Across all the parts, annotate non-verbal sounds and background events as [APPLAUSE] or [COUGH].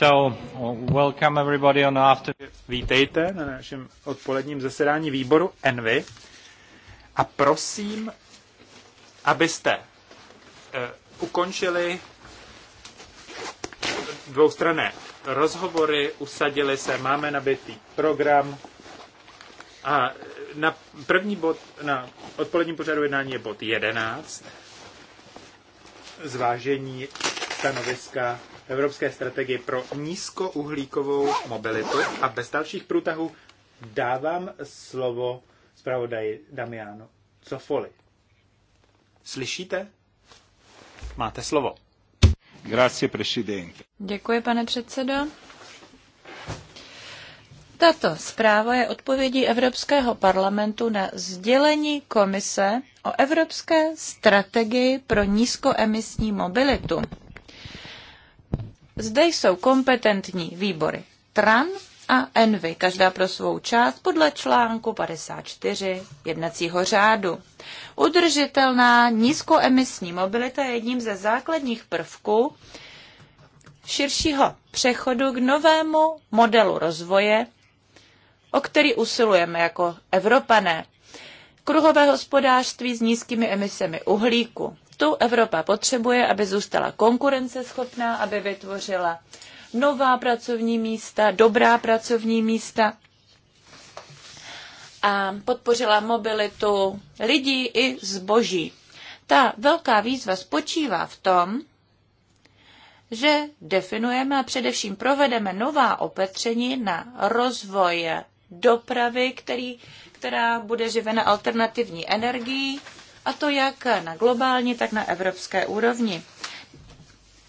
So, welcome everybody on after... Vítejte na našem odpoledním zasedání výboru Envy a prosím, abyste uh, ukončili dvoustrané rozhovory, usadili se, máme nabitý program a na první bod, na odpoledním pořadu jednání je bod 11, zvážení stanoviska evropské strategie pro nízkouhlíkovou mobilitu a bez dalších průtahů dávám slovo zpravodaji Damiano Cofoli. Slyšíte? Máte slovo. Grazie, presidente. Děkuji, pane předsedo. Tato zpráva je odpovědí Evropského parlamentu na sdělení komise o evropské strategii pro nízkoemisní mobilitu. Zde jsou kompetentní výbory TRAN a ENVY, každá pro svou část podle článku 54 jednacího řádu. Udržitelná nízkoemisní mobilita je jedním ze základních prvků širšího přechodu k novému modelu rozvoje, o který usilujeme jako Evropané. Kruhové hospodářství s nízkými emisemi uhlíku tu Evropa potřebuje, aby zůstala konkurenceschopná, aby vytvořila nová pracovní místa, dobrá pracovní místa a podpořila mobilitu lidí i zboží. Ta velká výzva spočívá v tom, že definujeme a především provedeme nová opatření na rozvoj dopravy, který, která bude živena alternativní energií a to jak na globální, tak na evropské úrovni.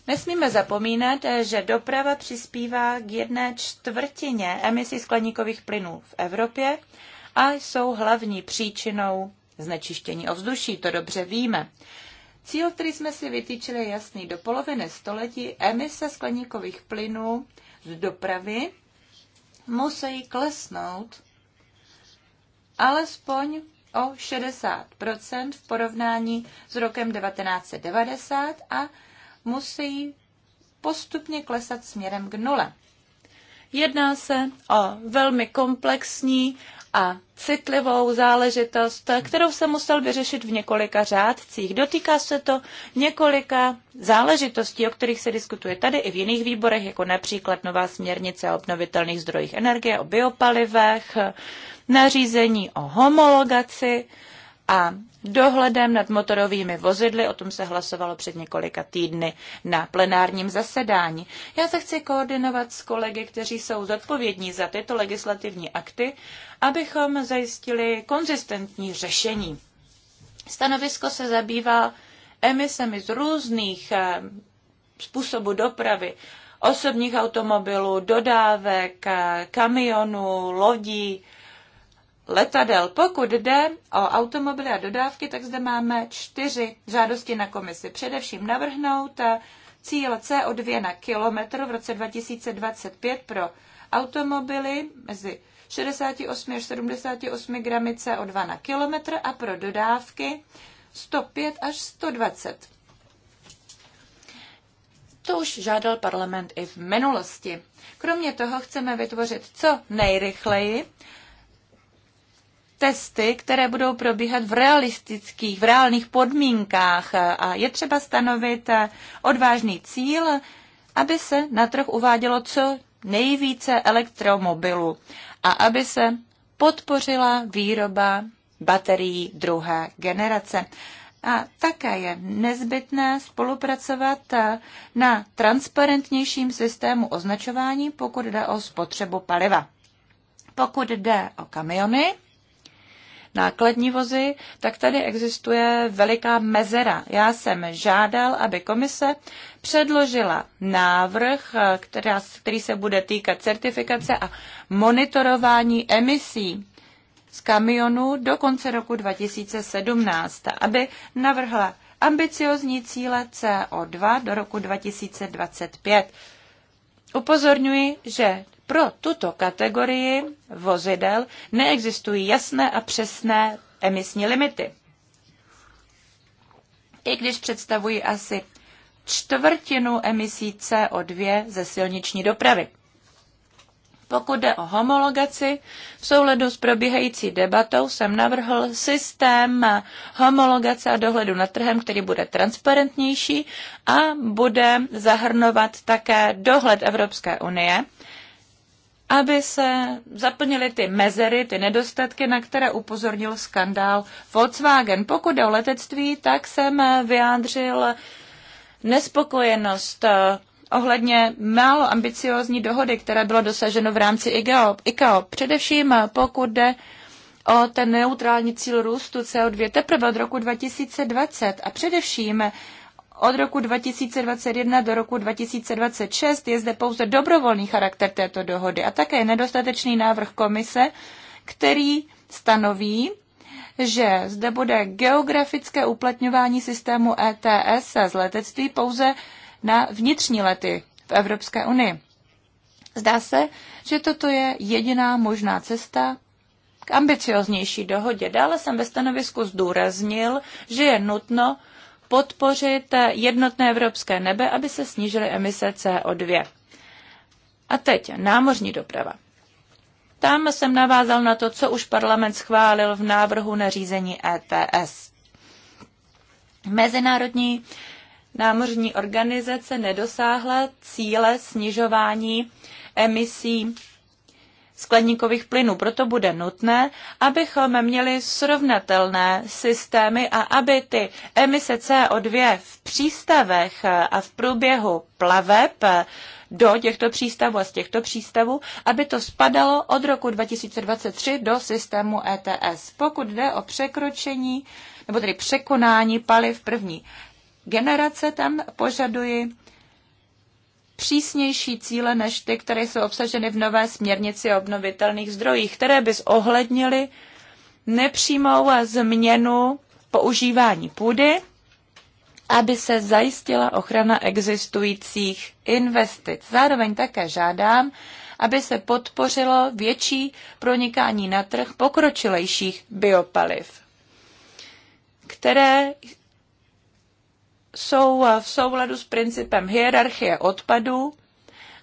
Nesmíme zapomínat, že doprava přispívá k jedné čtvrtině emisí skleníkových plynů v Evropě a jsou hlavní příčinou znečištění ovzduší, to dobře víme. Cíl, který jsme si vytýčili, je jasný. Do poloviny století emise skleníkových plynů z dopravy musí klesnout alespoň o 60 v porovnání s rokem 1990 a musí postupně klesat směrem k nule. Jedná se o velmi komplexní a citlivou záležitost, kterou se musel vyřešit v několika řádcích. Dotýká se to několika záležitostí, o kterých se diskutuje tady i v jiných výborech, jako například nová směrnice o obnovitelných zdrojích energie, o biopalivech, nařízení o homologaci a dohledem nad motorovými vozidly, o tom se hlasovalo před několika týdny na plenárním zasedání. Já se chci koordinovat s kolegy, kteří jsou zodpovědní za tyto legislativní akty, abychom zajistili konzistentní řešení. Stanovisko se zabývá emisemi z různých eh, způsobů dopravy, osobních automobilů, dodávek, eh, kamionů, lodí, letadel. Pokud jde o automobily a dodávky, tak zde máme čtyři žádosti na komisi. Především navrhnout eh, cíl CO2 na kilometr v roce 2025 pro automobily mezi 68 až 78 gramy CO2 na kilometr a pro dodávky 105 až 120. To už žádal parlament i v minulosti. Kromě toho chceme vytvořit co nejrychleji testy, které budou probíhat v realistických, v reálných podmínkách a je třeba stanovit odvážný cíl, aby se na trh uvádělo co nejvíce elektromobilů a aby se podpořila výroba baterií druhé generace. A také je nezbytné spolupracovat na transparentnějším systému označování, pokud jde o spotřebu paliva. Pokud jde o kamiony, nákladní vozy, tak tady existuje veliká mezera. Já jsem žádal, aby komise předložila návrh, eh, která, který se bude týkat certifikace a monitorování emisí z kamionů do konce roku 2017, aby navrhla ambiciozní cíle CO2 do roku 2025. Upozorňuji, že pro tuto kategorii vozidel neexistují jasné a přesné emisní limity. I když představují asi čtvrtinu emisí CO2 ze silniční dopravy. Pokud jde o homologaci, v souladu s probíhající debatou jsem navrhl systém homologace a dohledu nad trhem, který bude transparentnější a bude zahrnovat také dohled Evropské unie aby se zaplnily ty mezery, ty nedostatky, na které upozornil skandál Volkswagen. Pokud jde o letectví, tak jsem vyjádřil nespokojenost eh, ohledně málo ambiciózní dohody, která byla dosaženo v rámci ICAO především eh, pokud jde o ten neutrální cíl růstu CO2 teprve od roku 2020 a především eh, od roku 2021 do roku 2026 je zde pouze dobrovolný charakter této dohody a také nedostatečný návrh komise, který stanoví, že zde bude geografické uplatňování systému ETS z letectví pouze na vnitřní lety v Evropské unii. Zdá se, že toto je jediná možná cesta k ambicioznější dohodě. Dále jsem ve stanovisku zdůraznil, že je nutno podpořit jednotné evropské nebe, aby se snížily emise CO2. A teď námořní doprava. Tam jsem navázal na to, co už parlament schválil v návrhu na řízení ETS. Mezinárodní námořní organizace nedosáhla cíle snižování emisí skleníkových plynů. Proto bude nutné, abychom měli srovnatelné systémy a aby ty emise CO2 v přístavech a v průběhu plaveb do těchto přístavů a z těchto přístavů, aby to spadalo od roku 2023 do systému ETS. Pokud jde o překročení, nebo tedy překonání paliv první generace, tam požaduji přísnější cíle než ty, které jsou obsaženy v nové směrnici o obnovitelných zdrojích, které by zohlednily nepřímou změnu používání půdy, aby se zajistila ochrana existujících investic. Zároveň také žádám, aby se podpořilo větší pronikání na trh pokročilejších biopaliv, které jsou eh, v souladu s principem hierarchie odpadů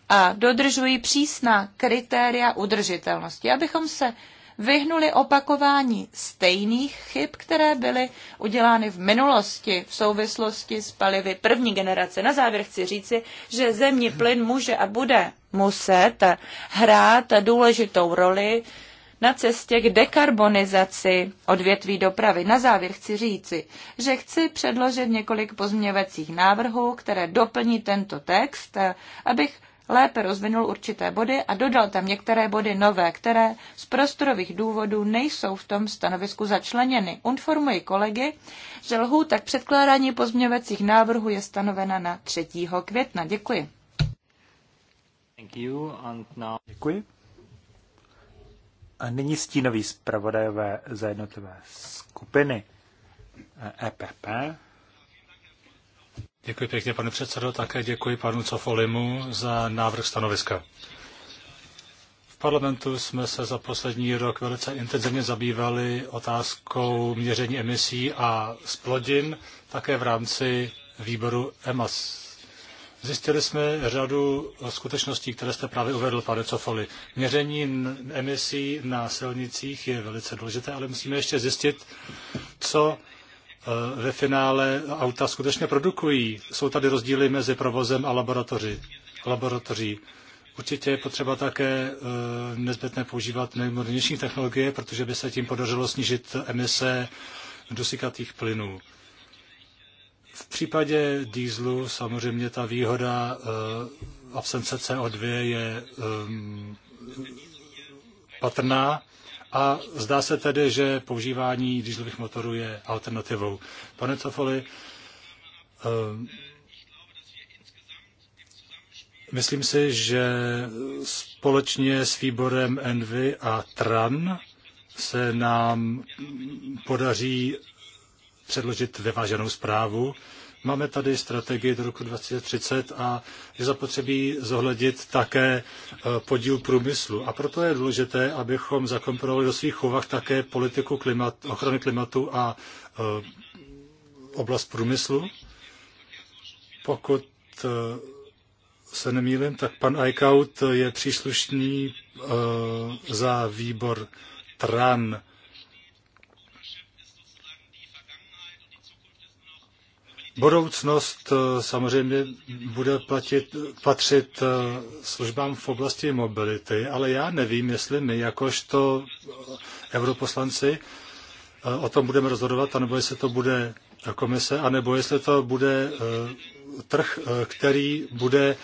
a dodržují přísná kritéria udržitelnosti, abychom se vyhnuli opakování stejných chyb, které byly udělány v minulosti v souvislosti s palivy první generace. Na závěr chci říci, že zemní plyn může a bude muset hrát důležitou roli na cestě k dekarbonizaci odvětví dopravy. Na závěr chci říci, že chci předložit několik pozměňovacích návrhů, které doplní tento text, eh, abych lépe rozvinul určité body a dodal tam některé body nové, které z prostorových důvodů nejsou v tom stanovisku začleněny. Informuji kolegy, že lhůta tak předkládání pozměňovacích návrhů je stanovena na 3. května. Děkuji. Now... Děkuji. A nyní stínový zpravodajové za jednotlivé skupiny EPP. Děkuji pěkně, pane předsedo. Také děkuji panu Cofolimu za návrh stanoviska. V parlamentu jsme se za poslední rok velice intenzivně zabývali otázkou měření emisí a splodin, také v rámci výboru EMAS, Zjistili jsme řadu skutečností, které jste právě uvedl, pane Cofoli. Měření emisí na silnicích je velice důležité, ale musíme ještě zjistit, co e, ve finále auta skutečně produkují. Jsou tady rozdíly mezi provozem a laboratoři. laboratoří. Určitě je potřeba také e, nezbytné používat nejmodernější technologie, protože by se tím podařilo snížit emise dusíkatých plynů. V případě dýzlu samozřejmě ta výhoda eh, absence CO2 je eh, patrná a zdá se tedy, že používání dýzlových motorů je alternativou. Pane Cofoli, eh, Myslím si, že společně s výborem Envy a TRAN se nám podaří předložit vyváženou zprávu. Máme tady strategii do roku 2030 a je zapotřebí zohlednit také e, podíl průmyslu. A proto je důležité, abychom zakomponovali do svých chovách také politiku klimat, ochrany klimatu a e, oblast průmyslu. Pokud e, se nemýlím, tak pan Eichaut je příslušný za výbor TRAN. Budoucnost eh, samozřejmě bude platit, patřit eh, službám v oblasti mobility, ale já nevím, jestli my jakožto eh, europoslanci o tom budeme rozhodovat, anebo jestli to bude komise, anebo jestli to bude trh, který bude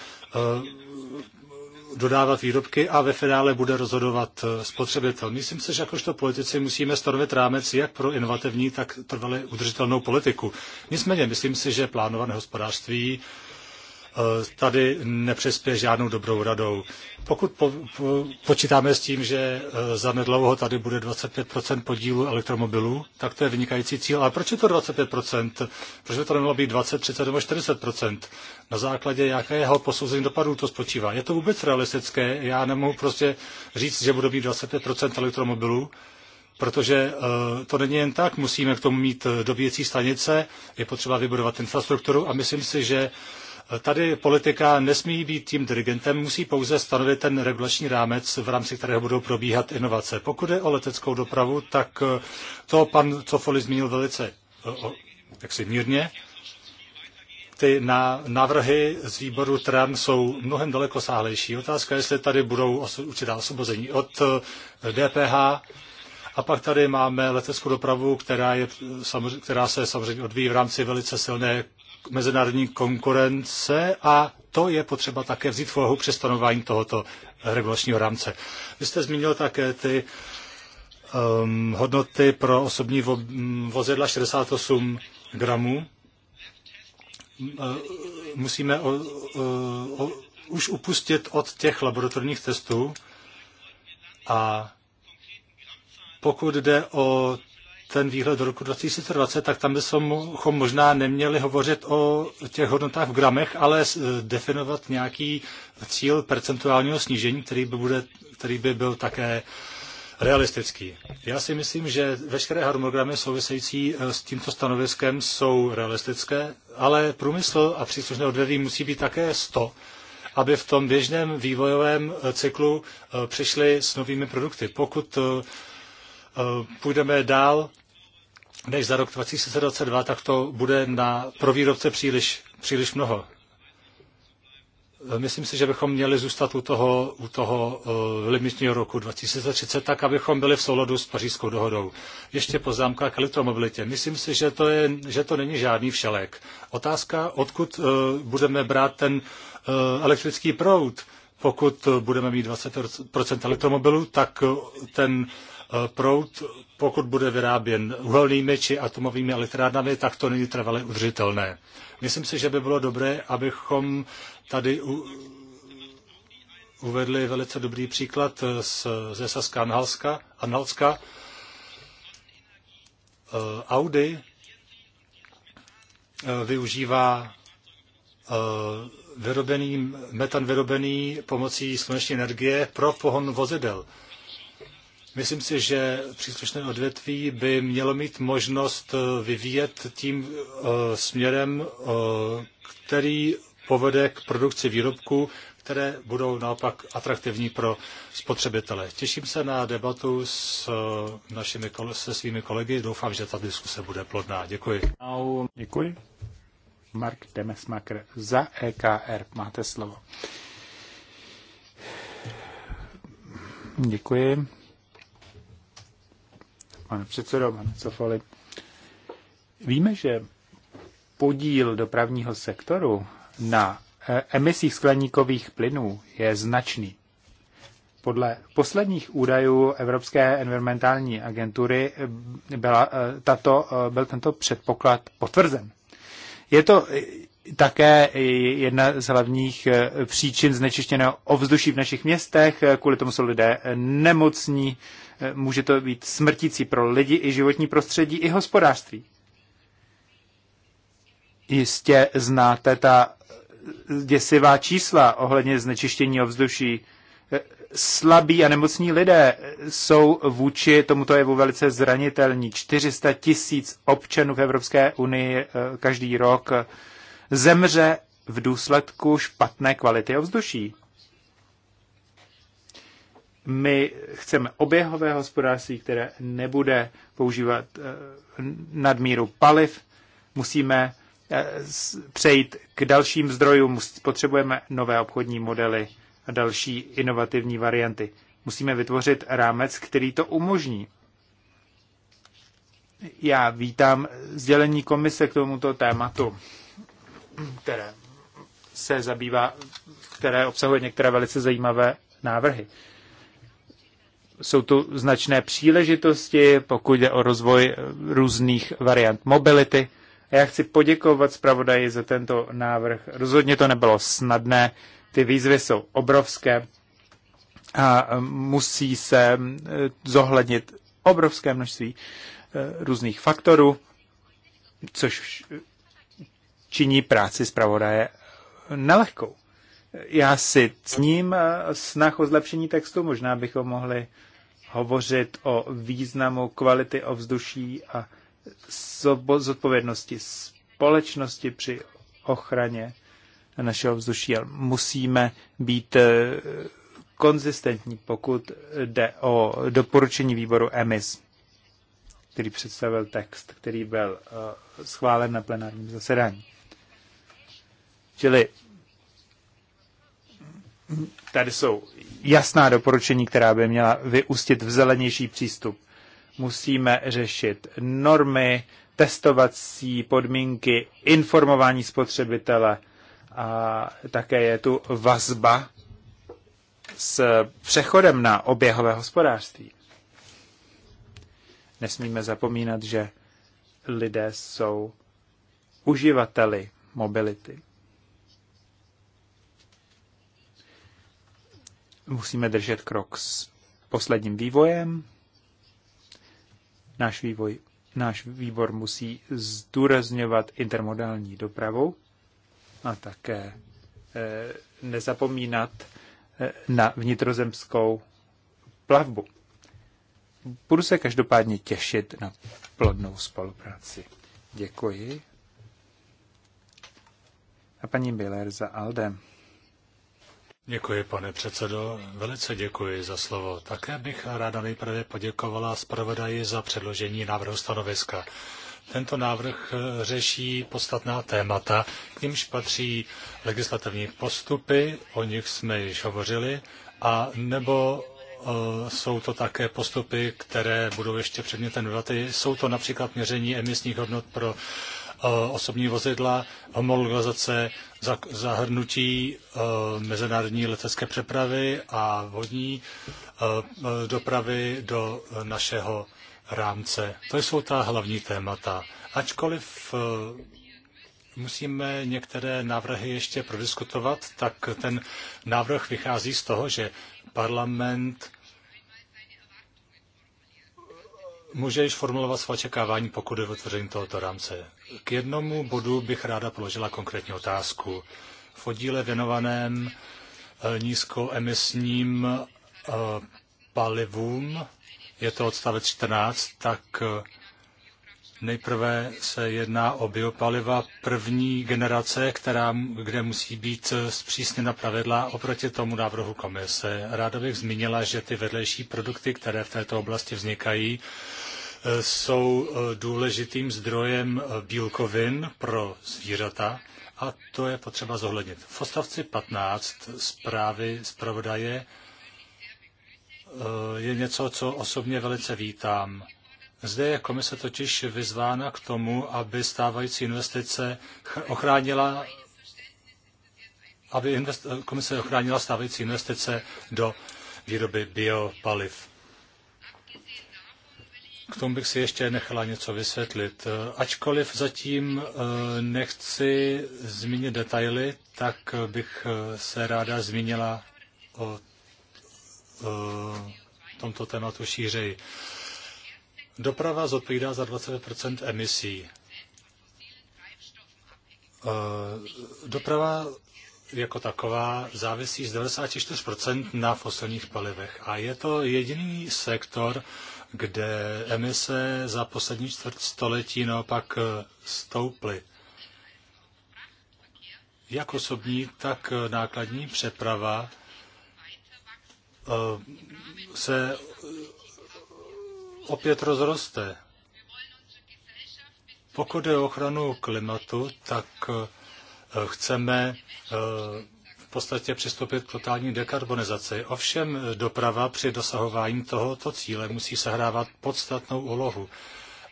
dodávat výrobky a ve finále bude rozhodovat eh, spotřebitel. Myslím si, že jakožto politici musíme stanovit rámec jak pro inovativní, tak trvale udržitelnou politiku. Nicméně, myslím si, že plánované hospodářství Eh, tady nepřispěje žádnou dobrou radou. Pokud po, po, počítáme s tím, že eh, za nedlouho tady bude 25% podílu elektromobilů, tak to je vynikající cíl. Ale proč je to 25%? Proč by to nemělo být 20, 30 nebo 40%? Na základě jakého posouzení dopadů to spočívá? Je to vůbec realistické? Já nemohu prostě říct, že budu mít 25% elektromobilů, protože eh, to není jen tak. Musíme k tomu mít dobíjecí stanice, je potřeba vybudovat infrastrukturu a myslím si, že Tady politika nesmí být tím dirigentem, musí pouze stanovit ten regulační rámec, v rámci kterého budou probíhat inovace. Pokud je o leteckou dopravu, tak eh, to pan Cofoli zmínil velice eh, jaksi mírně. Ty návrhy z výboru TRAN jsou mnohem dalekosáhlejší. Otázka, je, jestli tady budou osu, určitá osvobození od DPH, eh, a pak tady máme leteckou dopravu, která, je, která se samozřejmě odvíjí v rámci velice silné mezinárodní konkurence a to je potřeba také vzít v úvahu při stanování tohoto regulačního rámce. Vy jste zmínil také ty um, hodnoty pro osobní vo, mm, vozidla 68 gramů. Uh, musíme o, o, uh, o, už upustit od těch laboratorních testů a pokud jde o ten výhled do roku 2020, tak tam bychom možná neměli hovořit o těch hodnotách v gramech, ale eh, definovat nějaký cíl percentuálního snížení, který by, bude, který by byl také realistický. Já si myslím, že veškeré harmonogramy související eh, s tímto stanoviskem jsou realistické, ale průmysl a příslušné odvětví musí být také 100, aby v tom běžném vývojovém eh, cyklu přišli s novými produkty. Pokud Eh, půjdeme dál než za rok 2022, tak to bude na, pro výrobce příliš, příliš mnoho. Eh, myslím si, že bychom měli zůstat u toho, u toho eh, limitního roku 2030, tak abychom byli v souladu s pařížskou dohodou. Ještě poznámka k elektromobilitě. Myslím si, že to, je, že to není žádný všelek. Otázka, odkud budeme brát ten elektrický proud. Pokud budeme mít 20 elektromobilů, tak ten Eh, proud, pokud bude vyráběn uhelnými či atomovými elektrárnami, tak to není trvale udržitelné. Myslím si, že by bylo dobré, abychom tady u, uvedli velice dobrý příklad eh, z, ze Saska Anhalska, Anhalska. Eh, Audi využívá vyrobený, metan vyrobený pomocí sluneční energie pro pohon vozidel. Myslím si, že příslušné odvětví by mělo mít možnost eh, vyvíjet tím eh, směrem, eh, který povede k produkci výrobků, které budou naopak atraktivní pro spotřebitele. Těším se na debatu s našimi, se svými kolegy. Doufám, že ta diskuse bude plodná. Děkuji. Děkuji. Mark Demesmaker za EKR. Máte slovo. Děkuji pane předsedo, pane Cofoli. Víme, že podíl dopravního sektoru na eh, emisích skleníkových plynů je značný. Podle posledních údajů Evropské environmentální agentury eh, byla eh, tato, byl tento předpoklad potvrzen. Je to také jedna z hlavních příčin znečištěného ovzduší v našich městech. Kvůli tomu jsou lidé nemocní, Může to být smrtící pro lidi i životní prostředí, i hospodářství. Jistě znáte ta děsivá čísla ohledně znečištění ovzduší. Slabí a nemocní lidé jsou vůči tomuto jevu velice zranitelní. 400 tisíc občanů v Evropské unii eh, každý rok zemře v důsledku špatné kvality ovzduší. My chceme oběhové hospodářství, které nebude používat eh, nadmíru paliv. Musíme eh, přejít k dalším zdrojům. Potřebujeme nové obchodní modely a další inovativní varianty. Musíme vytvořit rámec, který to umožní. Já vítám sdělení komise k tomuto tématu, které se zabývá, které obsahuje některé velice zajímavé návrhy jsou tu značné příležitosti, pokud jde o rozvoj různých variant mobility. A já chci poděkovat zpravodaji za tento návrh. Rozhodně to nebylo snadné, ty výzvy jsou obrovské a musí se eh, zohlednit obrovské množství eh, různých faktorů, což činí práci zpravodaje nelehkou. Já si cním eh, snah o zlepšení textu, možná bychom mohli hovořit o významu kvality ovzduší a zodpovědnosti společnosti při ochraně našeho vzduší. Ale musíme být eh, konzistentní, pokud jde o doporučení výboru EMIS, který představil text, který byl eh, schválen na plenárním zasedání. Čili tady jsou jasná doporučení, která by měla vyústit v zelenější přístup. Musíme řešit normy, testovací podmínky, informování spotřebitele a také je tu vazba s přechodem na oběhové hospodářství. Nesmíme zapomínat, že lidé jsou uživateli mobility. musíme držet krok s posledním vývojem. Náš, vývoj, náš výbor musí zdůrazňovat intermodální dopravu a také eh, nezapomínat eh, na vnitrozemskou plavbu. Budu se každopádně těšit na plodnou spolupráci. Děkuji. A paní Biller za Aldem. Děkuji, pane předsedo. Velice děkuji za slovo. Také bych ráda nejprve poděkovala zpravodaji za předložení návrhu stanoviska. Tento návrh eh, řeší podstatná témata, k nímž patří legislativní postupy, o nich jsme již hovořili, a nebo eh, jsou to také postupy, které budou ještě předmětem debaty. Jsou to například měření emisních hodnot pro Eh, osobní vozidla, homologizace, zahrnutí eh, mezinárodní letecké přepravy a vodní eh, dopravy do našeho rámce. To jsou ta hlavní témata. Ačkoliv musíme některé návrhy ještě prodiskutovat, tak ten návrh vychází z toho, že parlament může již formulovat svá očekávání, pokud je vytvoření tohoto rámce. K jednomu bodu bych ráda položila konkrétní otázku. V oddíle věnovaném eh, nízkoemisním eh, palivům, je to odstavec 14, tak eh, Nejprve se jedná o biopaliva první generace, která, kde musí být zpřísněna pravidla oproti tomu návrhu komise. Ráda bych zmínila, že ty vedlejší produkty, které v této oblasti vznikají, e, jsou e, důležitým zdrojem e, bílkovin pro zvířata a to je potřeba zohlednit. V odstavci 15 zprávy zpravodaje je něco, co osobně velice vítám. Zde je komise totiž vyzvána k tomu, aby stávající investice ochránila aby komise ochránila stávající investice do výroby biopaliv. K tomu bych si ještě nechala něco vysvětlit. Ačkoliv zatím eh, nechci zmínit detaily, tak bych eh, se ráda zmínila o eh, tomto tématu šířeji. Doprava zodpovídá za 20 emisí. Eh, doprava jako taková závisí z 94 na fosilních palivech a je to jediný sektor, kde emise za poslední čtvrt století naopak eh, stouply. Jak osobní, tak eh, nákladní přeprava se opět rozroste. Pokud je ochranu klimatu, tak eh, chceme eh, v podstatě přistoupit k totální dekarbonizaci. Ovšem eh, doprava při dosahování tohoto cíle musí sehrávat podstatnou úlohu.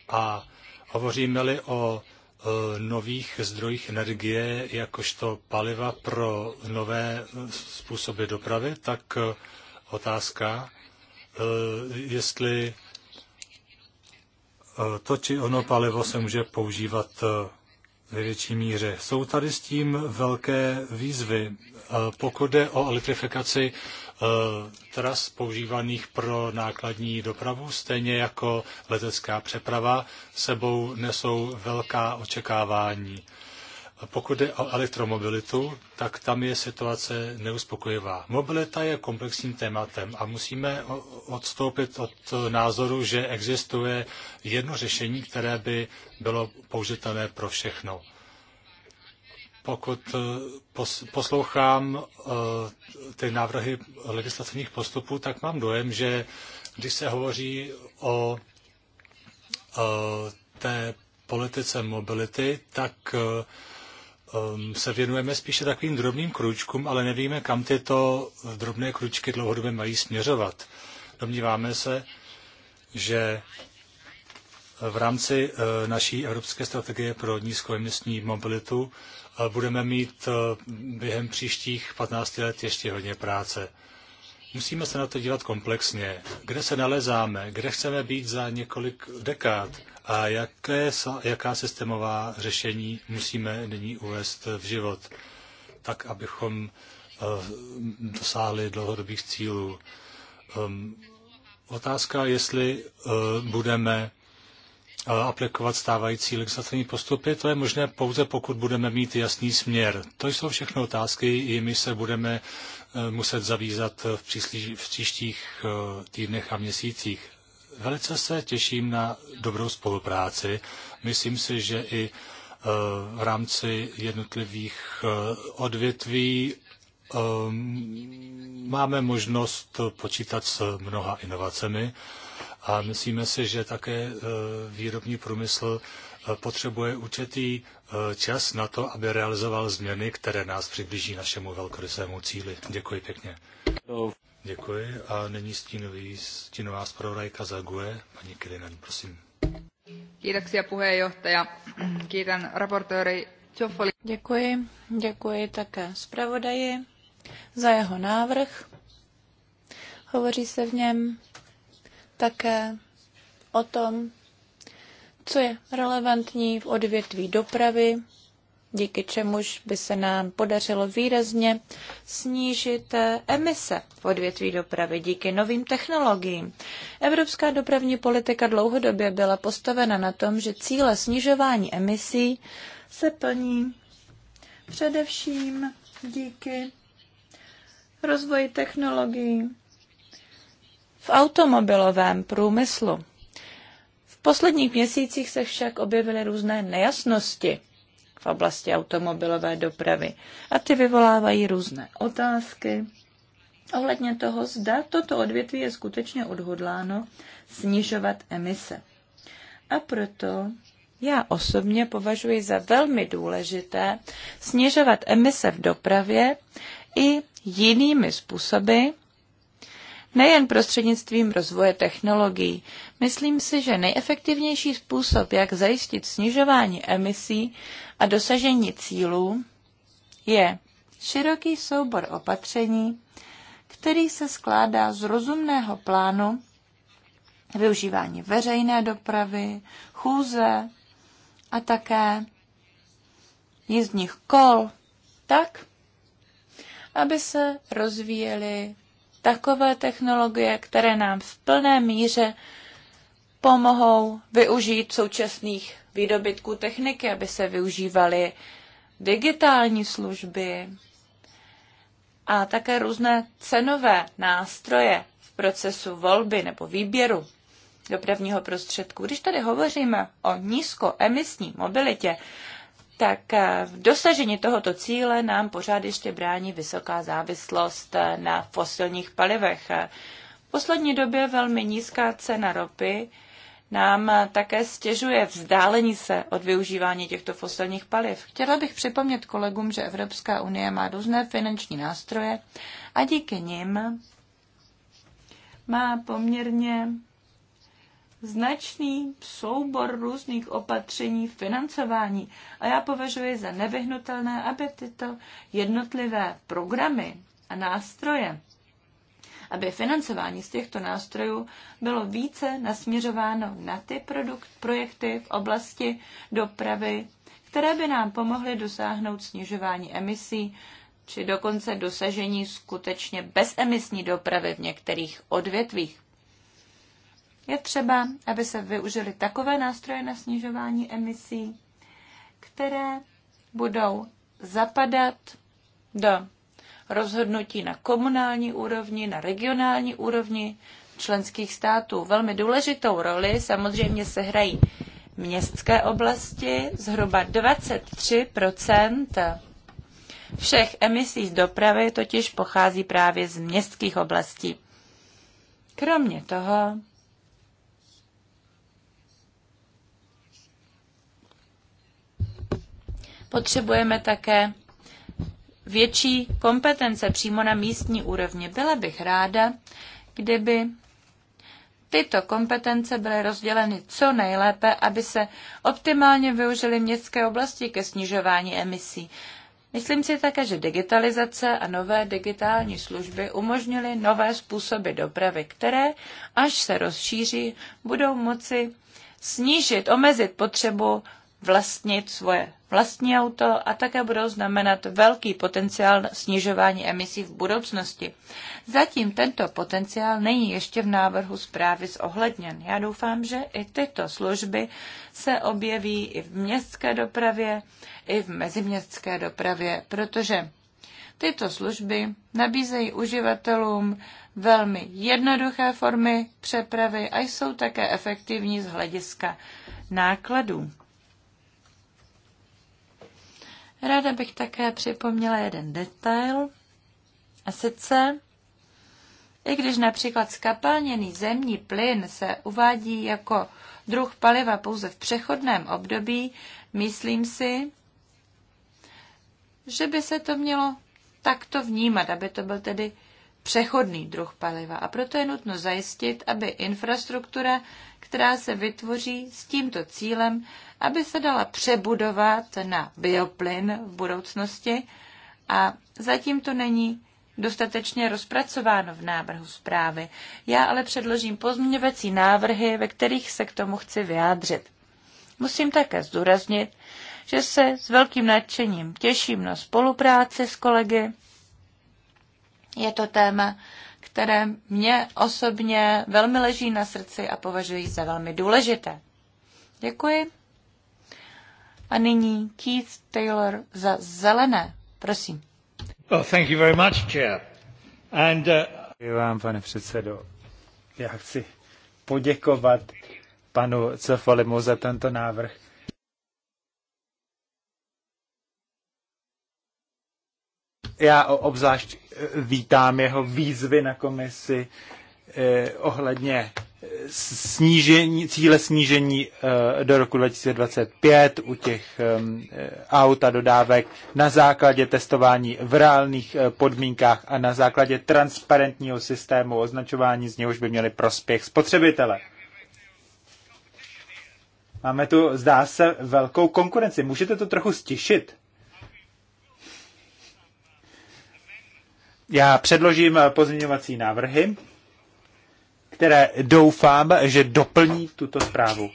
A hovoříme-li o nových zdrojích energie jakožto paliva pro nové způsoby dopravy, tak otázka, jestli Eh, to či ono palivo se může používat eh, ve větší míře. Jsou tady s tím velké výzvy. Eh, pokud jde o elektrifikaci tras používaných pro nákladní dopravu, stejně jako letecká přeprava, sebou nesou velká očekávání pokud jde o elektromobilitu, tak tam je situace neuspokojivá. Mobilita je komplexním tématem a musíme odstoupit od názoru, že existuje jedno řešení, které by bylo použitelné pro všechno. Pokud eh, poslouchám eh, ty návrhy legislativních postupů, tak mám dojem, že když se hovoří o eh, té politice mobility, tak uh, Ehm, se věnujeme spíše takovým drobným kručkům, ale nevíme, kam tyto drobné kručky dlouhodobě mají směřovat. Domníváme se, že v rámci eh, naší evropské strategie pro nízkoemisní mobilitu eh, budeme mít eh, během příštích 15 let ještě hodně práce. Musíme se na to dívat komplexně. Kde se nalezáme, kde chceme být za několik dekád a jaké, jaká systémová řešení musíme nyní uvést v život, tak abychom eh, dosáhli dlouhodobých cílů. Ehm, otázka, jestli eh, budeme eh, aplikovat stávající legislativní postupy, to je možné pouze pokud budeme mít jasný směr. To jsou všechno otázky, jimi se budeme muset zavízat v, příslí, v příštích eh, týdnech a měsících. Velice se těším na dobrou spolupráci. Myslím si, že i eh, v rámci jednotlivých eh, odvětví máme možnost počítat s mnoha inovacemi a myslíme si, že také výrobní průmysl Eh, potřebuje určitý eh, čas na to, aby realizoval změny, které nás přiblíží našemu velkorysému cíli. Děkuji pěkně. Děkuji a nyní stínový, stínová zpravodajka za GUE, paní Kirinen, prosím. Kiitoksia puheenjohtaja. Kiitän raportööri Tjoffoli. Děkuji. Děkuji také zpravodaji za jeho návrh. Hovoří se v něm také o tom, co je relevantní v odvětví dopravy, díky čemuž by se nám podařilo výrazně snížit eh, emise v odvětví dopravy díky novým technologiím. Evropská dopravní politika dlouhodobě byla postavena na tom, že cíle snižování emisí se plní především díky rozvoji technologií v automobilovém průmyslu posledních měsících se však objevily různé nejasnosti v oblasti automobilové dopravy a ty vyvolávají různé otázky ohledně toho, zda toto odvětví je skutečně odhodláno snižovat emise. A proto já osobně považuji za velmi důležité snižovat emise v dopravě i jinými způsoby, nejen prostřednictvím rozvoje technologií. Myslím si, že nejefektivnější způsob, jak zajistit snižování emisí a dosažení cílů, je široký soubor opatření, který se skládá z rozumného plánu využívání veřejné dopravy, chůze a také jízdních kol, tak, aby se rozvíjely takové technologie, které nám v plné míře pomohou využít současných výdobytků techniky, aby se využívaly digitální služby a také různé cenové nástroje v procesu volby nebo výběru dopravního prostředku. Když tady hovoříme o nízkoemisní mobilitě, tak eh, v dosažení tohoto cíle nám pořád ještě brání vysoká závislost eh, na fosilních palivech. Eh, v poslední době velmi nízká cena ropy nám také stěžuje vzdálení se od využívání těchto fosilních paliv. Chtěla bych připomnět kolegům, že Evropská unie má různé finanční nástroje a díky nim má poměrně značný soubor různých opatření financování a já považuji za nevyhnutelné, aby tyto jednotlivé programy a nástroje, aby financování z těchto nástrojů bylo více nasměřováno na ty produkt, projekty v oblasti dopravy, které by nám pomohly dosáhnout snižování emisí či dokonce dosažení skutečně bezemisní dopravy v některých odvětvích. Je třeba, aby se využily takové nástroje na snižování emisí, které budou zapadat do rozhodnutí na komunální úrovni, na regionální úrovni členských států. Velmi důležitou roli samozřejmě se hrají městské oblasti, zhruba 23 všech emisí z dopravy totiž pochází právě z městských oblastí. Kromě toho Potřebujeme také větší kompetence přímo na místní úrovni. Byla bych ráda, kdyby tyto kompetence byly rozděleny co nejlépe, aby se optimálně využily městské oblasti ke snižování emisí. Myslím si také, že digitalizace a nové digitální služby umožnily nové způsoby dopravy, které, až se rozšíří, budou moci snížit, omezit potřebu vlastnit svoje vlastní auto a také budou znamenat velký potenciál snižování emisí v budoucnosti. Zatím tento potenciál není ještě v návrhu zprávy zohledněn. Já doufám, že i tyto služby se objeví i v městské dopravě, i v meziměstské dopravě, protože tyto služby nabízejí uživatelům velmi jednoduché formy přepravy a jsou také efektivní z hlediska nákladů. Ráda bych také připomněla jeden detail, a sice, i když například skapalněný zemní plyn se uvádí jako druh paliva pouze v přechodném období, myslím si, že by se to mělo takto vnímat, aby to byl tedy přechodný druh paliva a proto je nutno zajistit, aby infrastruktura, která se vytvoří s tímto cílem, aby se dala přebudovat na bioplyn v budoucnosti a zatím to není dostatečně rozpracováno v návrhu zprávy. Já ale předložím pozměňovací návrhy, ve kterých se k tomu chci vyjádřit. Musím také zdůraznit, že se s velkým nadšením těším na spolupráci s kolegy je to téma, které mě osobně velmi leží na srdci a považuji za velmi důležité. Děkuji. A nyní Keith Taylor za zelené. Prosím. Well, thank you very much, Chair. And, uh... Děkuji vám, pane předsedo. Já chci poděkovat panu Cefalimu za tento návrh, Já obzvlášť eh, vítám jeho výzvy na komisi eh, ohledně eh, snížení, cíle snížení do roku 2025 u těch eh, auta dodávek na základě testování v reálných podmínkách a na základě transparentního systému označování, z něhož by měli prospěch spotřebitele. Máme tu, zdá se, velkou konkurenci. Můžete to trochu stišit? Já předložím eh, pozměňovací návrhy, které doufám, že doplní tuto zprávu.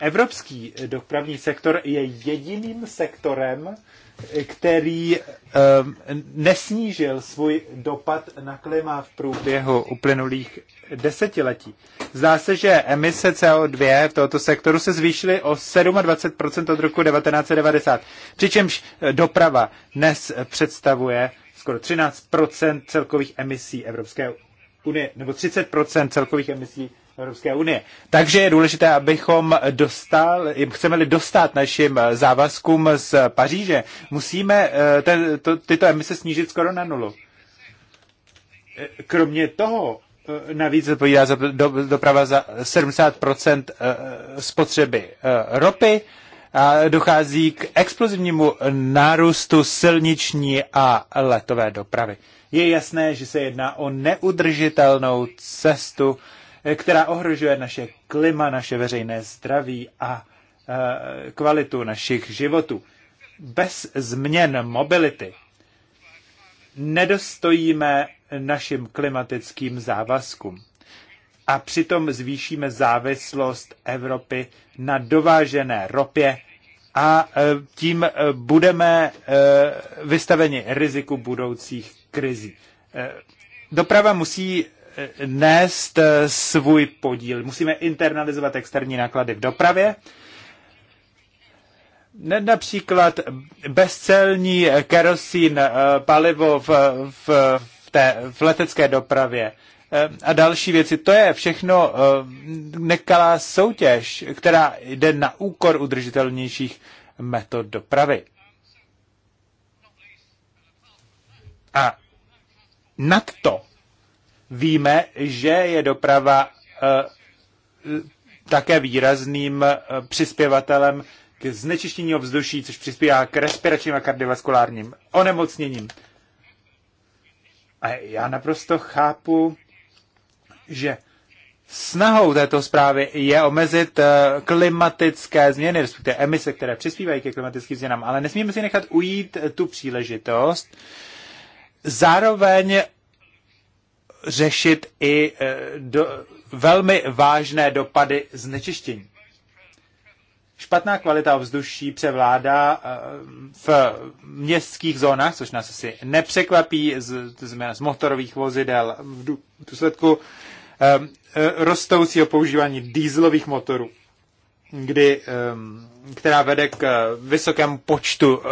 Evropský dopravní sektor je jediným sektorem, který um, nesnížil svůj dopad na klima v průběhu uplynulých desetiletí. Zdá se, že emise CO2 v tohoto sektoru se zvýšily o 27% od roku 1990, přičemž doprava dnes představuje skoro 13 celkových emisí Evropské unie, nebo 30 celkových emisí Evropské unie. Takže je důležité, abychom dostal, chceme-li dostat našim závazkům z Paříže, musíme eh, ten, to, tyto emise snížit skoro na nulu. Eh, kromě toho, eh, navíc odpovídá doprava za 70 spotřeby ropy, dochází k explozivnímu nárůstu silniční a letové dopravy. Je jasné, že se jedná o neudržitelnou cestu, eh, která ohrožuje naše klima, naše veřejné zdraví a eh, kvalitu našich životů. Bez změn mobility nedostojíme našim klimatickým závazkům a přitom zvýšíme závislost Evropy na dovážené ropě a e, tím e, budeme e, vystaveni riziku budoucích krizí. Doprava musí nést svůj podíl. Musíme internalizovat externí náklady v dopravě. Například bezcelní kerosín, palivo v, v, v, té, v letecké dopravě, Eh, a další věci. To je všechno eh, nekalá soutěž, která jde na úkor udržitelnějších metod dopravy. A nad to víme, že je doprava eh, také výrazným přispěvatelem k znečištění ovzduší, což přispívá k respiračním a kardiovaskulárním onemocněním. A já naprosto chápu že snahou této zprávy je omezit eh, klimatické změny, respektive emise, které přispívají ke klimatickým změnám, ale nesmíme si nechat ujít eh, tu příležitost, zároveň řešit i eh, do, velmi vážné dopady znečištění. Špatná kvalita ovzduší převládá v městských zónách, což nás asi nepřekvapí, z, z, z motorových vozidel v důsledku Ehm, e, rostoucího používání dýzlových motorů, kdy, ehm, která vede k e, vysokému počtu e,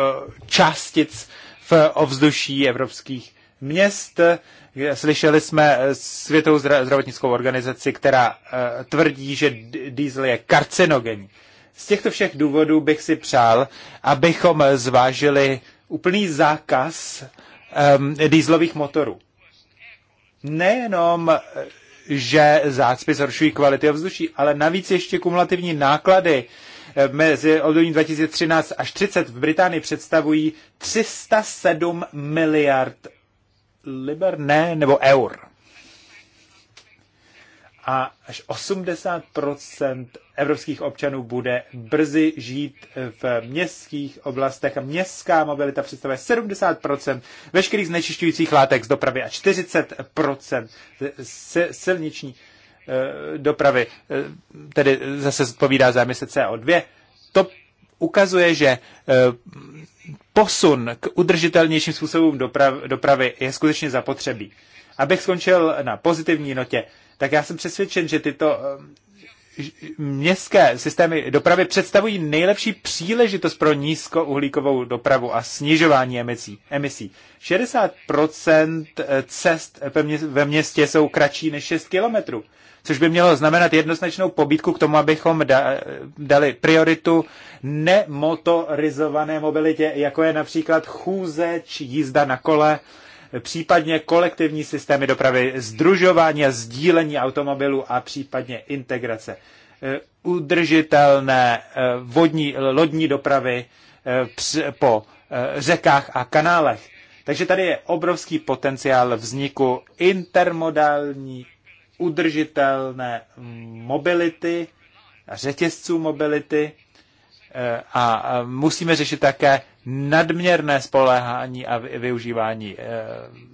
částic v ovzduší evropských měst. Slyšeli jsme Světovou zdravotnickou organizaci, která tvrdí, že diesel je karcinogenní. Z těchto všech důvodů bych si přál, abychom zvážili úplný zákaz um, dýzlových motorů. Nejenom že zácpy zhoršují kvality ovzduší, ale navíc ještě kumulativní náklady eh, mezi období 2013 až 30 v Británii představují 307 miliard liber, ne, nebo eur a až 80 evropských občanů bude brzy žít v městských oblastech a městská mobilita představuje 70 veškerých znečišťujících látek z dopravy a 40 silniční eh, dopravy, eh, tedy zase zodpovídá za emise CO2. To ukazuje, že eh, posun k udržitelnějším způsobům dopravy je skutečně zapotřebí. Abych skončil na pozitivní notě, tak já jsem přesvědčen, že tyto eh, městské systémy dopravy představují nejlepší příležitost pro nízkouhlíkovou dopravu a snižování emisí. emisí. 60% eh, cest ve městě jsou kratší než 6 kilometrů, což by mělo znamenat jednoznačnou pobídku k tomu, abychom dali prioritu nemotorizované mobilitě, jako je například chůze či jízda na kole, případně kolektivní systémy dopravy, združování a sdílení automobilů a případně integrace e, udržitelné e, vodní, lodní dopravy e, po řekách a kanálech. Takže tady je obrovský potenciál vzniku intermodální udržitelné mobility, řetězců mobility a musíme řešit také nadměrné spoléhání a využívání eh,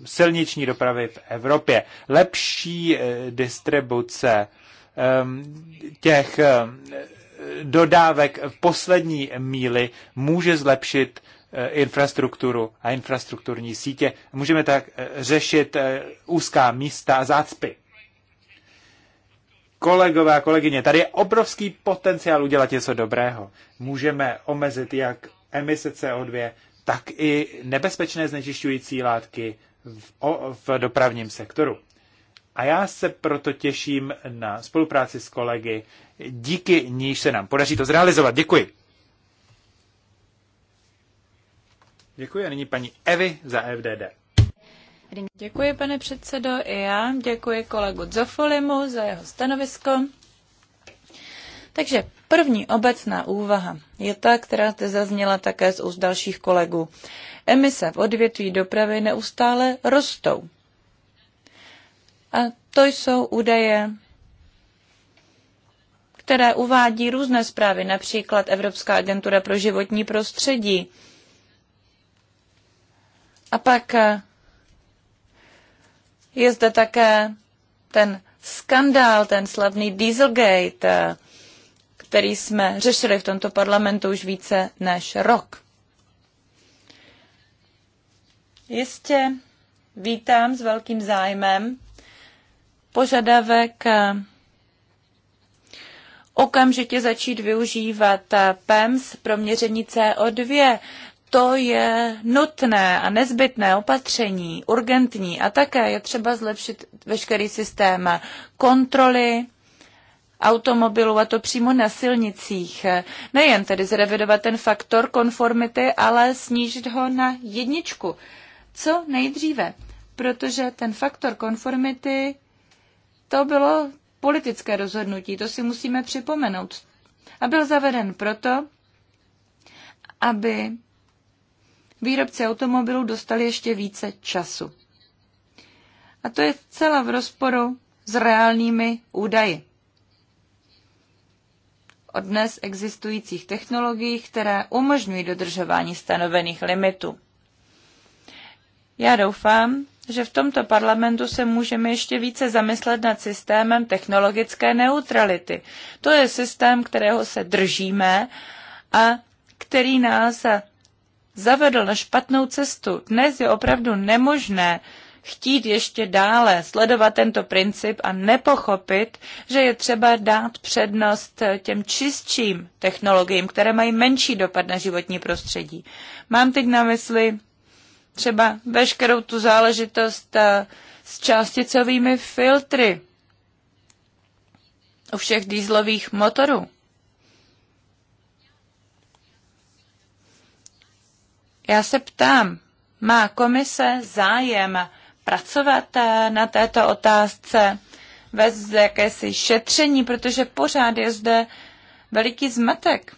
silniční dopravy v Evropě, lepší eh, distribuce ehm, těch eh, dodávek v poslední míli může zlepšit infrastrukturu a infrastrukturní sítě. Můžeme tak řešit úzká místa a zácpy. Kolegové a kolegyně, tady je obrovský potenciál udělat něco dobrého. Můžeme omezit jak emise CO2, tak i nebezpečné znečišťující látky v, o, v dopravním sektoru. A já se proto těším na spolupráci s kolegy, díky níž se nám podaří to zrealizovat. Děkuji. Děkuji a nyní paní Evy za FDD. Děkuji, pane předsedo, i já. Děkuji kolegu Zofolimu za jeho stanovisko. Takže První obecná úvaha je ta, která zde zazněla také z úst dalších kolegů. Emise v odvětví dopravy neustále rostou. A to jsou údaje, které uvádí různé zprávy, například Evropská agentura pro životní prostředí. A pak eh, je zde také ten skandál, ten slavný Dieselgate, eh, který jsme řešili v tomto parlamentu už více než rok. Jistě vítám s velkým zájmem požadavek okamžitě začít využívat PEMS pro měření CO2. To je nutné a nezbytné opatření, urgentní a také je třeba zlepšit veškerý systém kontroly automobilů, a to přímo na silnicích. Nejen tedy zrevidovat ten faktor konformity, ale snížit ho na jedničku. Co nejdříve, protože ten faktor konformity, to bylo politické rozhodnutí, to si musíme připomenout. A byl zaveden proto, aby výrobci automobilů dostali ještě více času. A to je celá v rozporu s reálnými údaji o dnes existujících technologiích, které umožňují dodržování stanovených limitů. Já doufám, že v tomto parlamentu se můžeme ještě více zamyslet nad systémem technologické neutrality. To je systém, kterého se držíme a který nás zavedl na špatnou cestu. Dnes je opravdu nemožné chtít ještě dále sledovat tento princip a nepochopit, že je třeba dát přednost těm čistším technologiím, které mají menší dopad na životní prostředí. Mám teď na mysli třeba veškerou tu záležitost eh, s částicovými filtry u všech dýzlových motorů. Já se ptám, má komise zájem pracovat eh, na této otázce, vést jakési šetření, protože pořád je zde veliký zmatek.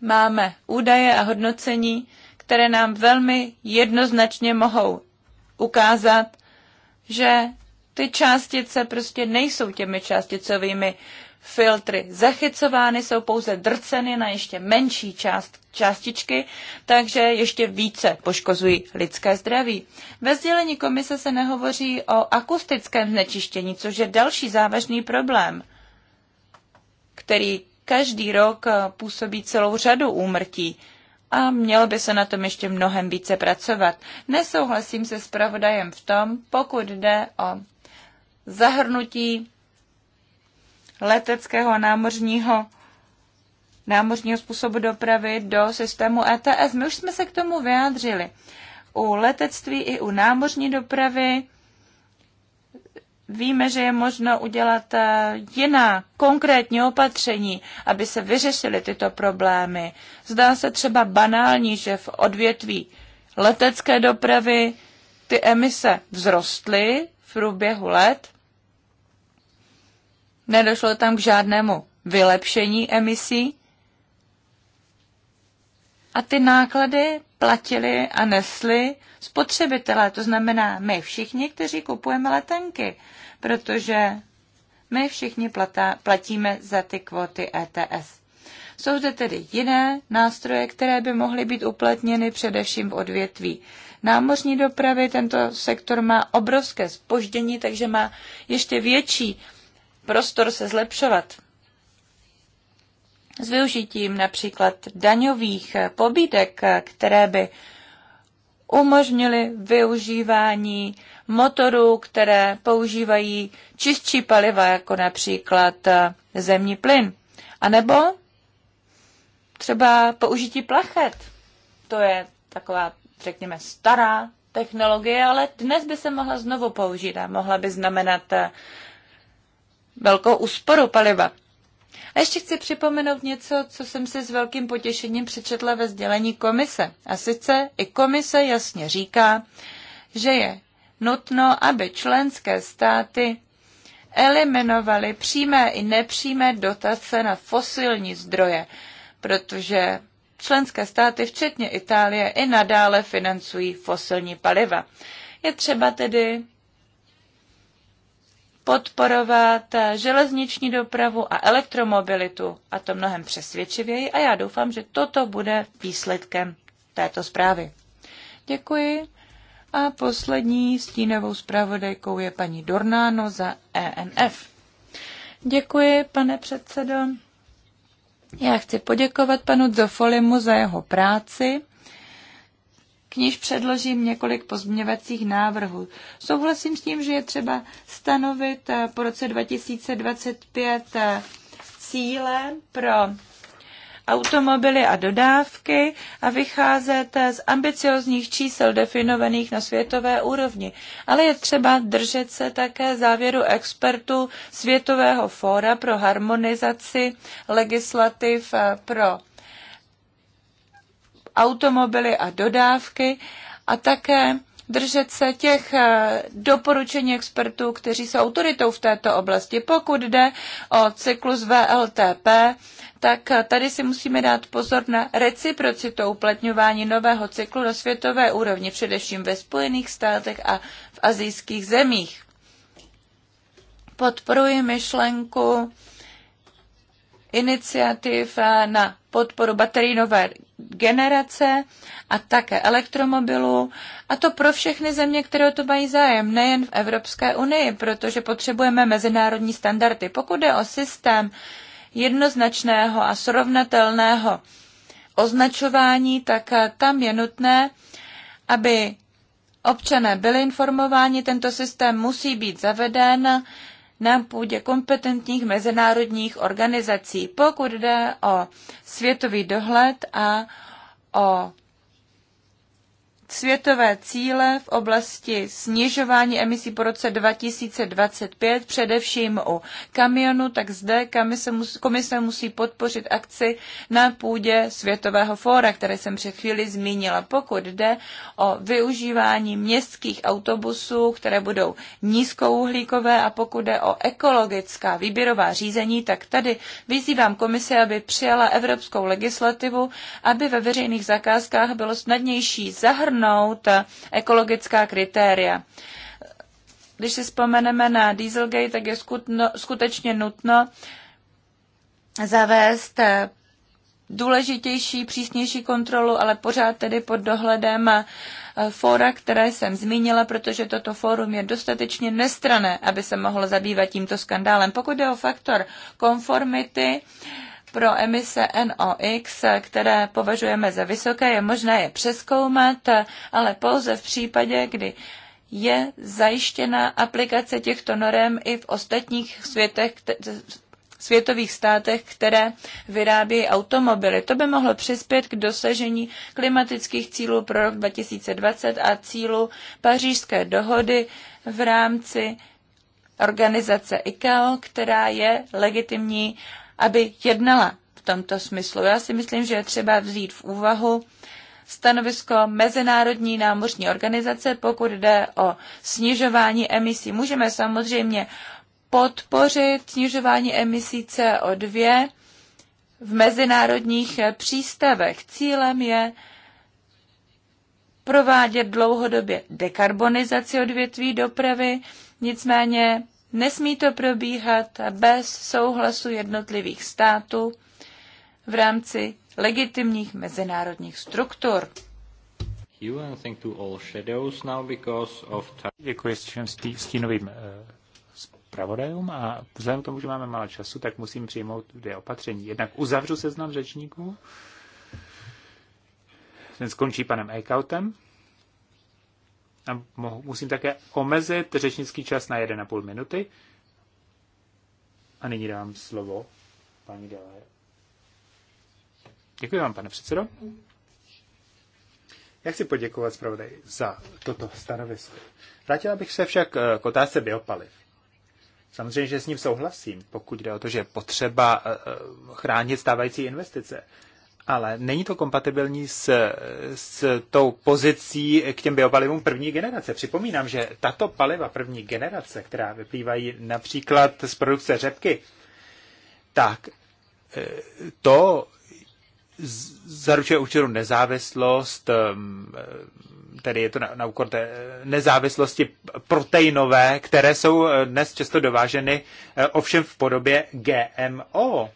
Máme údaje a hodnocení, které nám velmi jednoznačně mohou ukázat, že ty částice prostě nejsou těmi částicovými filtry zachycovány, jsou pouze drceny na ještě menší část, částičky, takže ještě více poškozují lidské zdraví. Ve sdělení komise se nehovoří o akustickém znečištění, což je další závažný problém, který každý rok eh, působí celou řadu úmrtí a mělo by se na tom ještě mnohem více pracovat. Nesouhlasím se s pravodajem v tom, pokud jde o zahrnutí leteckého a námořního námořního způsobu dopravy do systému ETS. My už jsme se k tomu vyjádřili. U letectví i u námořní dopravy víme, že je možno udělat eh, jiná konkrétní opatření, aby se vyřešily tyto problémy. Zdá se třeba banální, že v odvětví letecké dopravy ty emise vzrostly v průběhu let, nedošlo tam k žádnému vylepšení emisí a ty náklady platili a nesli spotřebitelé, to znamená my všichni, kteří kupujeme letenky, protože my všichni platá, platíme za ty kvóty ETS. Jsou zde tedy jiné nástroje, které by mohly být uplatněny především v odvětví námořní dopravy. Tento sektor má obrovské spoždění, takže má ještě větší prostor se zlepšovat. S využitím například daňových pobídek, které by umožnili využívání motorů, které používají čistší paliva, jako například eh, zemní plyn. A nebo třeba použití plachet. To je taková, řekněme, stará technologie, ale dnes by se mohla znovu použít a mohla by znamenat eh, velkou úsporu paliva. A ještě chci připomenout něco, co jsem si s velkým potěšením přečetla ve sdělení komise. A sice i komise jasně říká, že je nutno, aby členské státy eliminovaly přímé i nepřímé dotace na fosilní zdroje, protože členské státy, včetně Itálie, i nadále financují fosilní paliva. Je třeba tedy podporovat železniční dopravu a elektromobilitu, a to mnohem přesvědčivěji, a já doufám, že toto bude výsledkem této zprávy. Děkuji. A poslední stínovou zpravodajkou je paní Dornáno za ENF. Děkuji, pane předsedo. Já chci poděkovat panu Zofolimu za jeho práci k níž předložím několik pozměňovacích návrhů. Souhlasím s tím, že je třeba stanovit eh, po roce 2025 eh, cíle pro automobily a dodávky a vycházet eh, z ambiciozních čísel definovaných na světové úrovni. Ale je třeba držet se také závěru expertů Světového fóra pro harmonizaci legislativ pro automobily a dodávky a také držet se těch eh, doporučení expertů, kteří jsou autoritou v této oblasti. Pokud jde o cyklus VLTP, tak eh, tady si musíme dát pozor na reciprocitu uplatňování nového cyklu na světové úrovni, především ve Spojených státech a v azijských zemích. Podporuji myšlenku iniciativ eh, na podporu baterií nové generace a také elektromobilů. A to pro všechny země, které to mají zájem, nejen v Evropské unii, protože potřebujeme mezinárodní standardy. Pokud je o systém jednoznačného a srovnatelného označování, tak eh, tam je nutné, aby občané byli informováni, tento systém musí být zaveden na půdě kompetentních mezinárodních organizací, pokud jde o světový dohled a o světové cíle v oblasti snižování emisí po roce 2025, především u kamionu, tak zde komise musí, komise musí podpořit akci na půdě Světového fóra, které jsem před chvíli zmínila. Pokud jde o využívání městských autobusů, které budou nízkouhlíkové a pokud jde o ekologická výběrová řízení, tak tady vyzývám komise, aby přijala evropskou legislativu, aby ve veřejných zakázkách bylo snadnější zahrnout zahrnout ekologická kritéria. Když si vzpomeneme na Dieselgate, tak je skutečně nutno zavést důležitější, přísnější kontrolu, ale pořád tedy pod dohledem fóra, které jsem zmínila, protože toto fórum je dostatečně nestrané, aby se mohlo zabývat tímto skandálem. Pokud jde o faktor konformity, pro emise NOx, které považujeme za vysoké, je možné je přeskoumat, ale pouze v případě, kdy je zajištěna aplikace těchto norem i v ostatních světech, světových státech, které vyrábějí automobily. To by mohlo přispět k dosažení klimatických cílů pro rok 2020 a cílu pařížské dohody v rámci organizace ICAO, která je legitimní aby jednala v tomto smyslu. Já si myslím, že je třeba vzít v úvahu stanovisko Mezinárodní námořní organizace, pokud jde o snižování emisí. Můžeme samozřejmě podpořit snižování emisí CO2 v mezinárodních přístavech. Cílem je provádět dlouhodobě dekarbonizaci odvětví dopravy, nicméně Nesmí to probíhat bez souhlasu jednotlivých států v rámci legitimních mezinárodních struktur. Děkuji všem stínovým eh, zpravodajům a vzhledem k tomu, že máme málo času, tak musím přijmout dvě opatření. Jednak uzavřu seznam řečníků, ten skončí panem Eichautem musím také omezit řečnický čas na 1,5 minuty. A nyní dám slovo paní Delé. Děkuji vám, pane předsedo. Já chci poděkovat zpravodaj za toto stanovisko. Vrátila bych se však eh, k otázce biopaliv. Samozřejmě, že s ním souhlasím, pokud jde o to, že je potřeba eh, eh, chránit stávající investice ale není to kompatibilní s, s tou pozicí k těm biopalivům první generace. Připomínám, že tato paliva první generace, která vyplývají například z produkce řepky, tak e, to zaručuje určitou nezávislost, e, tedy je to na, na úkor té e, nezávislosti proteinové, které jsou dnes často dováženy ovšem v podobě GMO.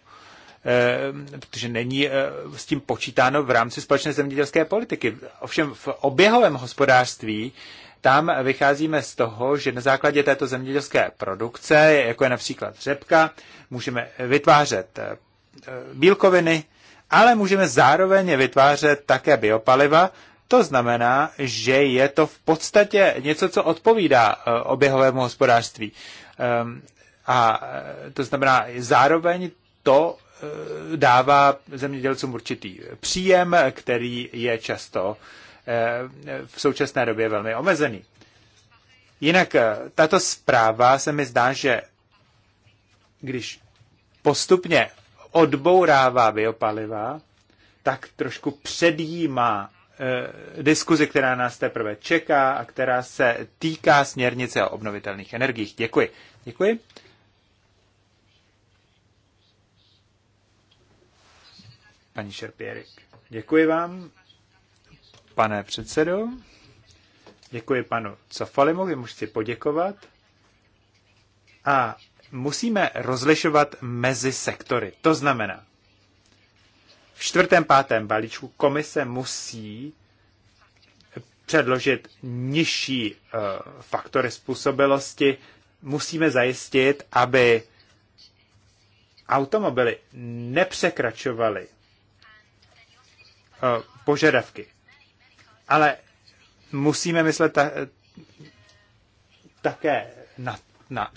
Eh, protože není eh, s tím počítáno v rámci společné zemědělské politiky. Ovšem v oběhovém hospodářství tam vycházíme z toho, že na základě této zemědělské produkce, jako je například řepka, můžeme vytvářet eh, bílkoviny, ale můžeme zároveň vytvářet také biopaliva. To znamená, že je to v podstatě něco, co odpovídá oběhovému hospodářství. Ehm, a to znamená, zároveň to Eh, dává zemědělcům určitý příjem, který je často eh, v současné době velmi omezený. Jinak eh, tato zpráva se mi zdá, že když postupně odbourává biopaliva, tak trošku předjímá e, diskuzi, která nás teprve čeká a která se týká směrnice o obnovitelných energiích. Děkuji. Děkuji. Paní Šerpěrik. Děkuji vám, pane předsedo. Děkuji panu Cafalimovi, mu poděkovat. A musíme rozlišovat mezi sektory. To znamená, v čtvrtém, pátém balíčku komise musí předložit nižší eh, faktory způsobilosti. Musíme zajistit, aby automobily nepřekračovaly Eh, požadavky. Ale musíme myslet ta, eh, také na, na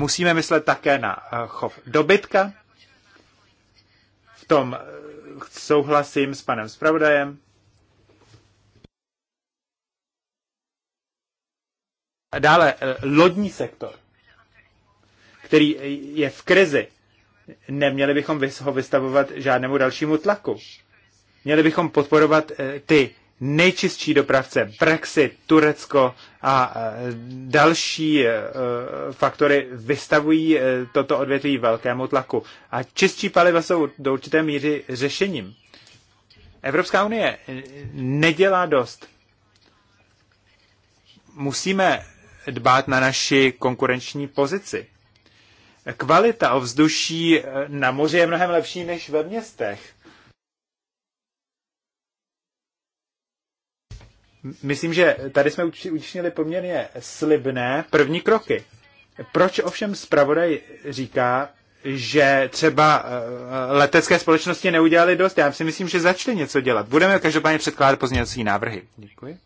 musíme myslet také na eh, chov dobytka. V tom souhlasím s panem zpravodajem. Dále lodní sektor, který je v krizi neměli bychom ho vystavovat žádnému dalšímu tlaku. Měli bychom podporovat eh, ty nejčistší dopravce, Brexit, Turecko a eh, další eh, faktory vystavují toto odvětví velkému tlaku. A čistší paliva jsou do určité míry řešením. Evropská unie nedělá dost. Musíme dbát na naši konkurenční pozici kvalita ovzduší eh, na moři je mnohem lepší než ve městech. Myslím, že tady jsme učinili poměrně slibné první kroky. Proč ovšem zpravodaj říká, že třeba eh, eh, letecké společnosti neudělali dost? Já si myslím, že začali něco dělat. Budeme každopádně předkládat pozměňovací návrhy. Děkuji.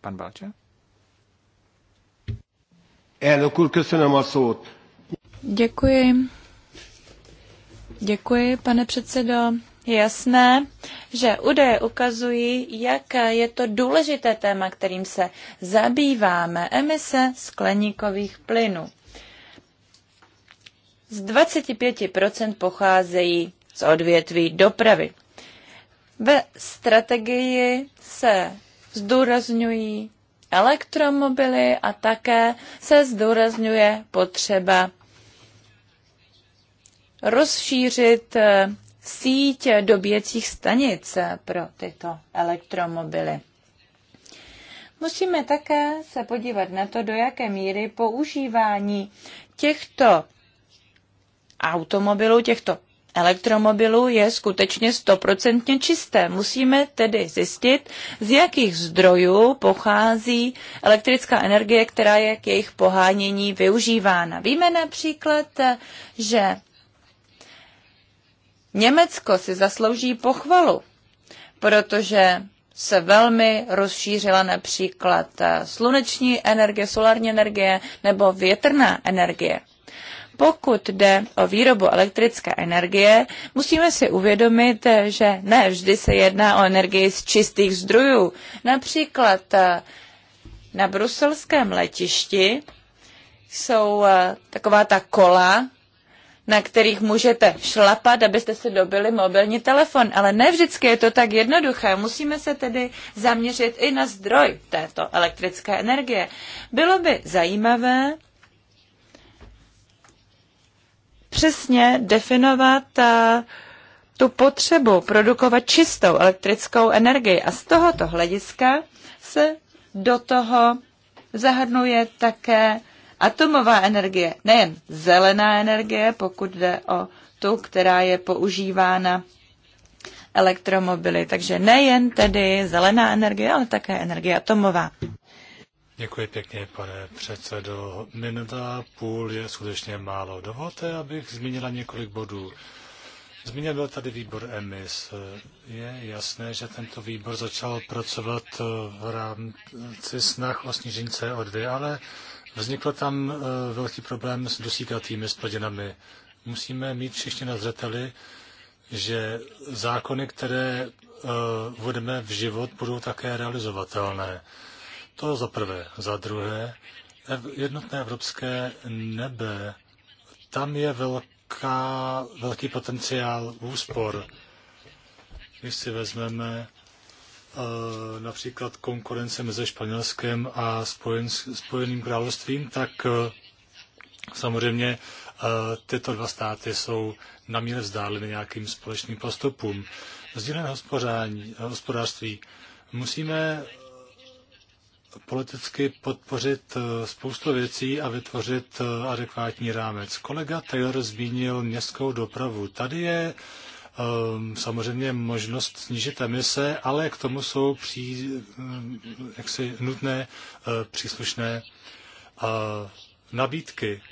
Pan Balča? Elnök úr, köszönöm a szót. Děkuji. Děkuji, pane předsedo. Je jasné, že údaje ukazují, jak je to důležité téma, kterým se zabýváme, emise skleníkových plynů. Z 25% pocházejí z odvětví dopravy. Ve strategii se zdůrazňují elektromobily a také se zdůrazňuje potřeba rozšířit eh, síť dobíjecích stanic eh, pro tyto elektromobily. Musíme také se podívat na to, do jaké míry používání těchto automobilů, těchto elektromobilů je skutečně stoprocentně čisté. Musíme tedy zjistit, z jakých zdrojů pochází elektrická energie, která je k jejich pohánění využívána. Víme například, že Německo si zaslouží pochvalu, protože se velmi rozšířila například sluneční energie, solární energie nebo větrná energie. Pokud jde o výrobu elektrické energie, musíme si uvědomit, že ne vždy se jedná o energii z čistých zdrojů. Například eh, na bruselském letišti jsou eh, taková ta kola, na kterých můžete šlapat, abyste si dobili mobilní telefon. Ale ne vždycky je to tak jednoduché. Musíme se tedy zaměřit i na zdroj této elektrické energie. Bylo by zajímavé přesně definovat eh, tu potřebu produkovat čistou elektrickou energii. A z tohoto hlediska se do toho zahrnuje také atomová energie, nejen zelená energie, pokud jde o tu, která je používána elektromobily. Takže nejen tedy zelená energie, ale také energie atomová. Děkuji pěkně, pane předsedo. Minuta půl je skutečně málo. Dovolte, abych zmínila několik bodů. Zmíněn byl tady výbor EMIS. Je jasné, že tento výbor začal pracovat v rámci snah o snížení CO2, ale vznikl tam eh, velký problém s dusíkatými splodinami. Musíme mít všichni na zřeteli, že zákony, které budeme eh, v život, budou také realizovatelné. To za prvé. Za druhé, jednotné evropské nebe, tam je velká, velký potenciál úspor. Když si vezmeme eh, například konkurence mezi Španělskem a spojen, Spojeným královstvím, tak eh, samozřejmě eh, tyto dva státy jsou na míle vzdáleny nějakým společným postupům. Sdílené hospodářství musíme politicky podpořit eh, spoustu věcí a vytvořit eh, adekvátní rámec. Kolega Taylor zmínil městskou dopravu. Tady je ehm, samozřejmě možnost snížit emise, ale k tomu jsou pří, eh, jaksi nutné příslušné nabídky.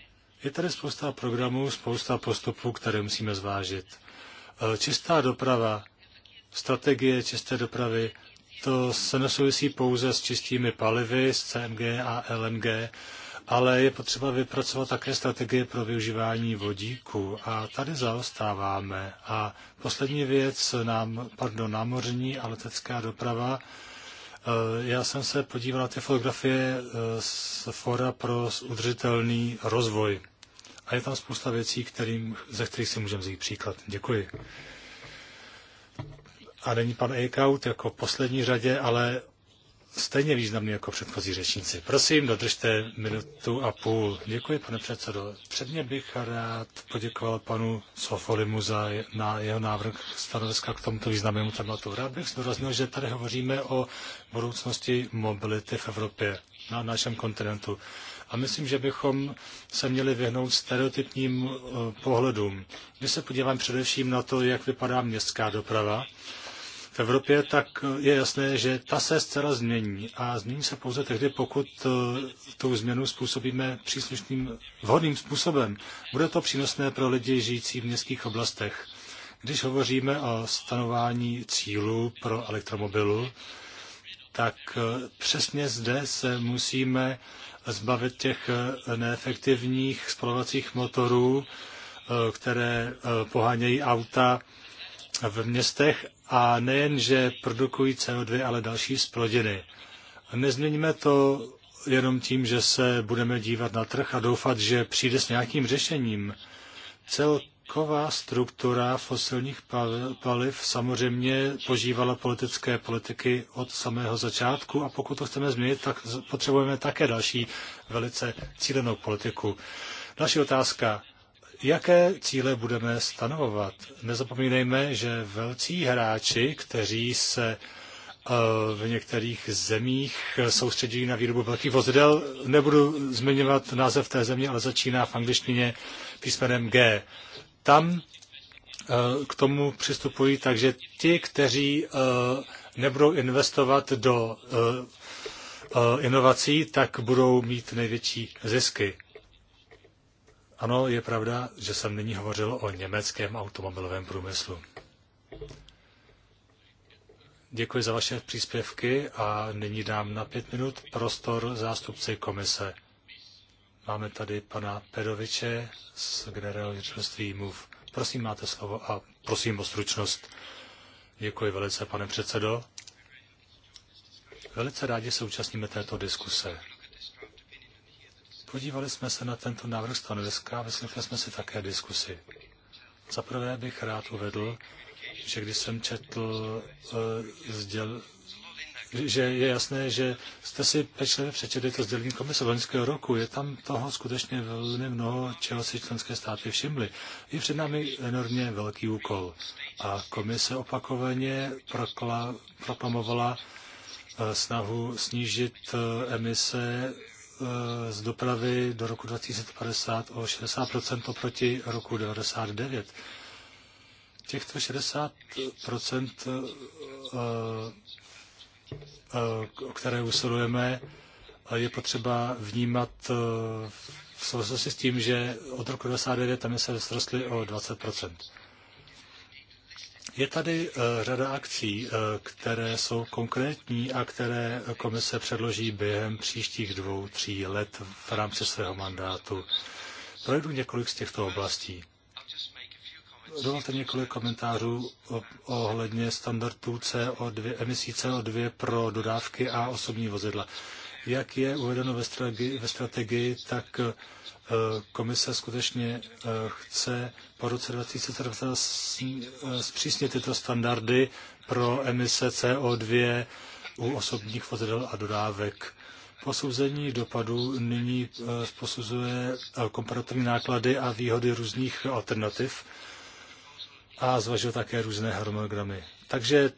Je tady spousta programů, spousta postupů, které musíme zvážit. Čistá doprava, strategie čisté dopravy, to se nesouvisí pouze s čistými palivy, s CNG a LNG, ale je potřeba vypracovat také strategie pro využívání vodíku. A tady zaostáváme. A poslední věc, nám, pardon, námořní a letecká doprava. Eh, já jsem se podíval na ty fotografie eh, z Fora pro udržitelný rozvoj. A je tam spousta věcí, kterým, ze kterých si můžeme vzít příklad. Děkuji a není pan Eichhout jako poslední řadě, ale stejně významný jako předchozí řečníci. Prosím, dodržte minutu a půl. Děkuji, pane předsedo. Předně bych rád poděkoval panu Sofolimu za na jeho návrh stanoviska k tomuto významnému tématu. Rád bych zdůraznil, že tady hovoříme o budoucnosti mobility v Evropě, na našem kontinentu. A myslím, že bychom se měli vyhnout stereotypním eh, pohledům. Když se podívám především na to, jak vypadá městská doprava, v Evropě, tak je jasné, že ta se zcela změní. A změní se pouze tehdy, pokud eh, tou změnu způsobíme příslušným vhodným způsobem. Bude to přínosné pro lidi žijící v městských oblastech. Když hovoříme o stanování cílů pro elektromobilu, tak eh, přesně zde se musíme zbavit těch eh, neefektivních spalovacích motorů, které pohánějí auta v městech a nejen, že produkují CO2, ale další splodiny. Nezměníme to jenom tím, že se budeme dívat na trh a doufat, že přijde s nějakým řešením. Celková struktura fosilních paliv samozřejmě požívala politické politiky od samého začátku a pokud to chceme změnit, tak potřebujeme také další velice cílenou politiku. Další otázka. Jaké cíle budeme stanovovat? Nezapomínejme, že velcí hráči, kteří se eh, v některých zemích soustředí na výrobu velkých vozidel. Nebudu zmiňovat název té země, ale začíná v angličtině písmenem G. Tam eh, k tomu přistupují, takže ti, kteří eh, nebudou investovat do inovací, tak budou mít největší zisky. Ano, je pravda, že jsem nyní hovořil o německém automobilovém průmyslu. Děkuji za vaše příspěvky a nyní dám na pět minut prostor zástupci komise. Máme tady pana Pedoviče z generálního ředitelství MUV. Prosím, máte slovo a prosím o stručnost. Děkuji velice, pane předsedo. Velice rádi se účastníme této diskuse. Podívali jsme se na tento návrh stanoviska a vyslechli jsme si také diskusi. Za prvé bych rád uvedl, že když jsem četl uh, sděl, že je jasné, že jste si pečlivě přečetli to sdělení komise loňského roku. Je tam toho skutečně velmi mnoho, čeho si členské státy všimly. Je před námi enormně velký úkol. A komise opakovaně prokla, proklamovala eh, snahu snížit eh, emise Eh, z dopravy do roku 2050 o 60 oproti roku 99. Těchto 60 o eh, eh, které usilujeme, je potřeba vnímat v souvislosti s tím, že od roku 1999 tam se vzrostly o 20 je tady eh, řada akcí, eh, které jsou konkrétní a které komise předloží během příštích dvou, tří let v rámci svého mandátu. Projdu několik z těchto oblastí. Dovolte několik komentářů ohledně standardů CO2, emisí CO2 pro dodávky a osobní vozidla. Jak je uvedeno ve strategii, ve strategii tak Eh, komise skutečně eh, chce po roce 2020 eh, zpřísnit tyto standardy pro emise CO2 u osobních vozidel a dodávek. Posouzení dopadů nyní posuzuje komparativní náklady a výhody různých alternativ a zvažil také různé harmonogramy. Takže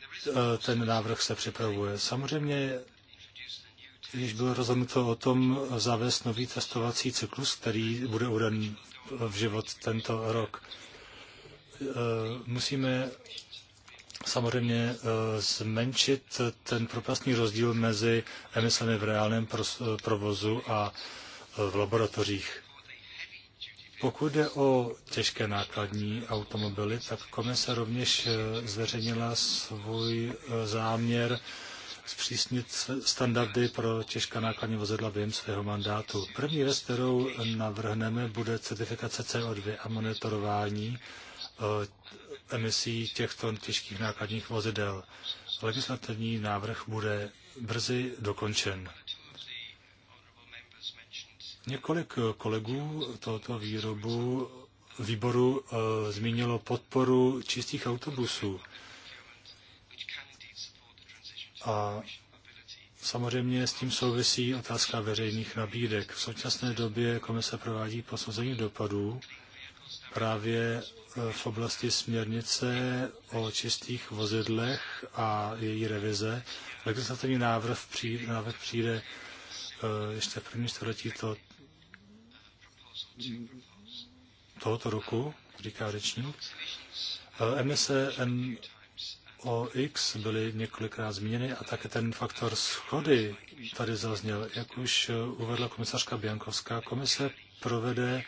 ten návrh se připravuje. Samozřejmě když bylo rozhodnuto o tom zavést nový testovací cyklus, který bude uveden v život tento rok. Eh, musíme samozřejmě eh, zmenšit ten propastní rozdíl mezi emisemi v reálném eh, provozu a v laboratořích. Pokud jde o těžké nákladní automobily, tak komise rovněž zveřejnila svůj záměr zpřísnit standardy pro těžká nákladní vozidla během svého mandátu. První věc, kterou navrhneme, bude certifikace CO2 a monitorování eh, emisí těchto těžkých nákladních vozidel. Legislativní návrh bude brzy dokončen. Několik kolegů tohoto výrobu výboru e, zmínilo podporu čistých autobusů. A samozřejmě s tím souvisí otázka veřejných nabídek. V současné době komise provádí posouzení dopadů právě e, v oblasti směrnice o čistých vozidlech a její revize. Legislativní návrh přijde, návrh přijde e, ještě v první století to, tohoto roku, říká řečník. E, emise OX byly několikrát zmíněny a také ten faktor schody tady zazněl. Jak už uvedla komisařka Biankovská, komise provede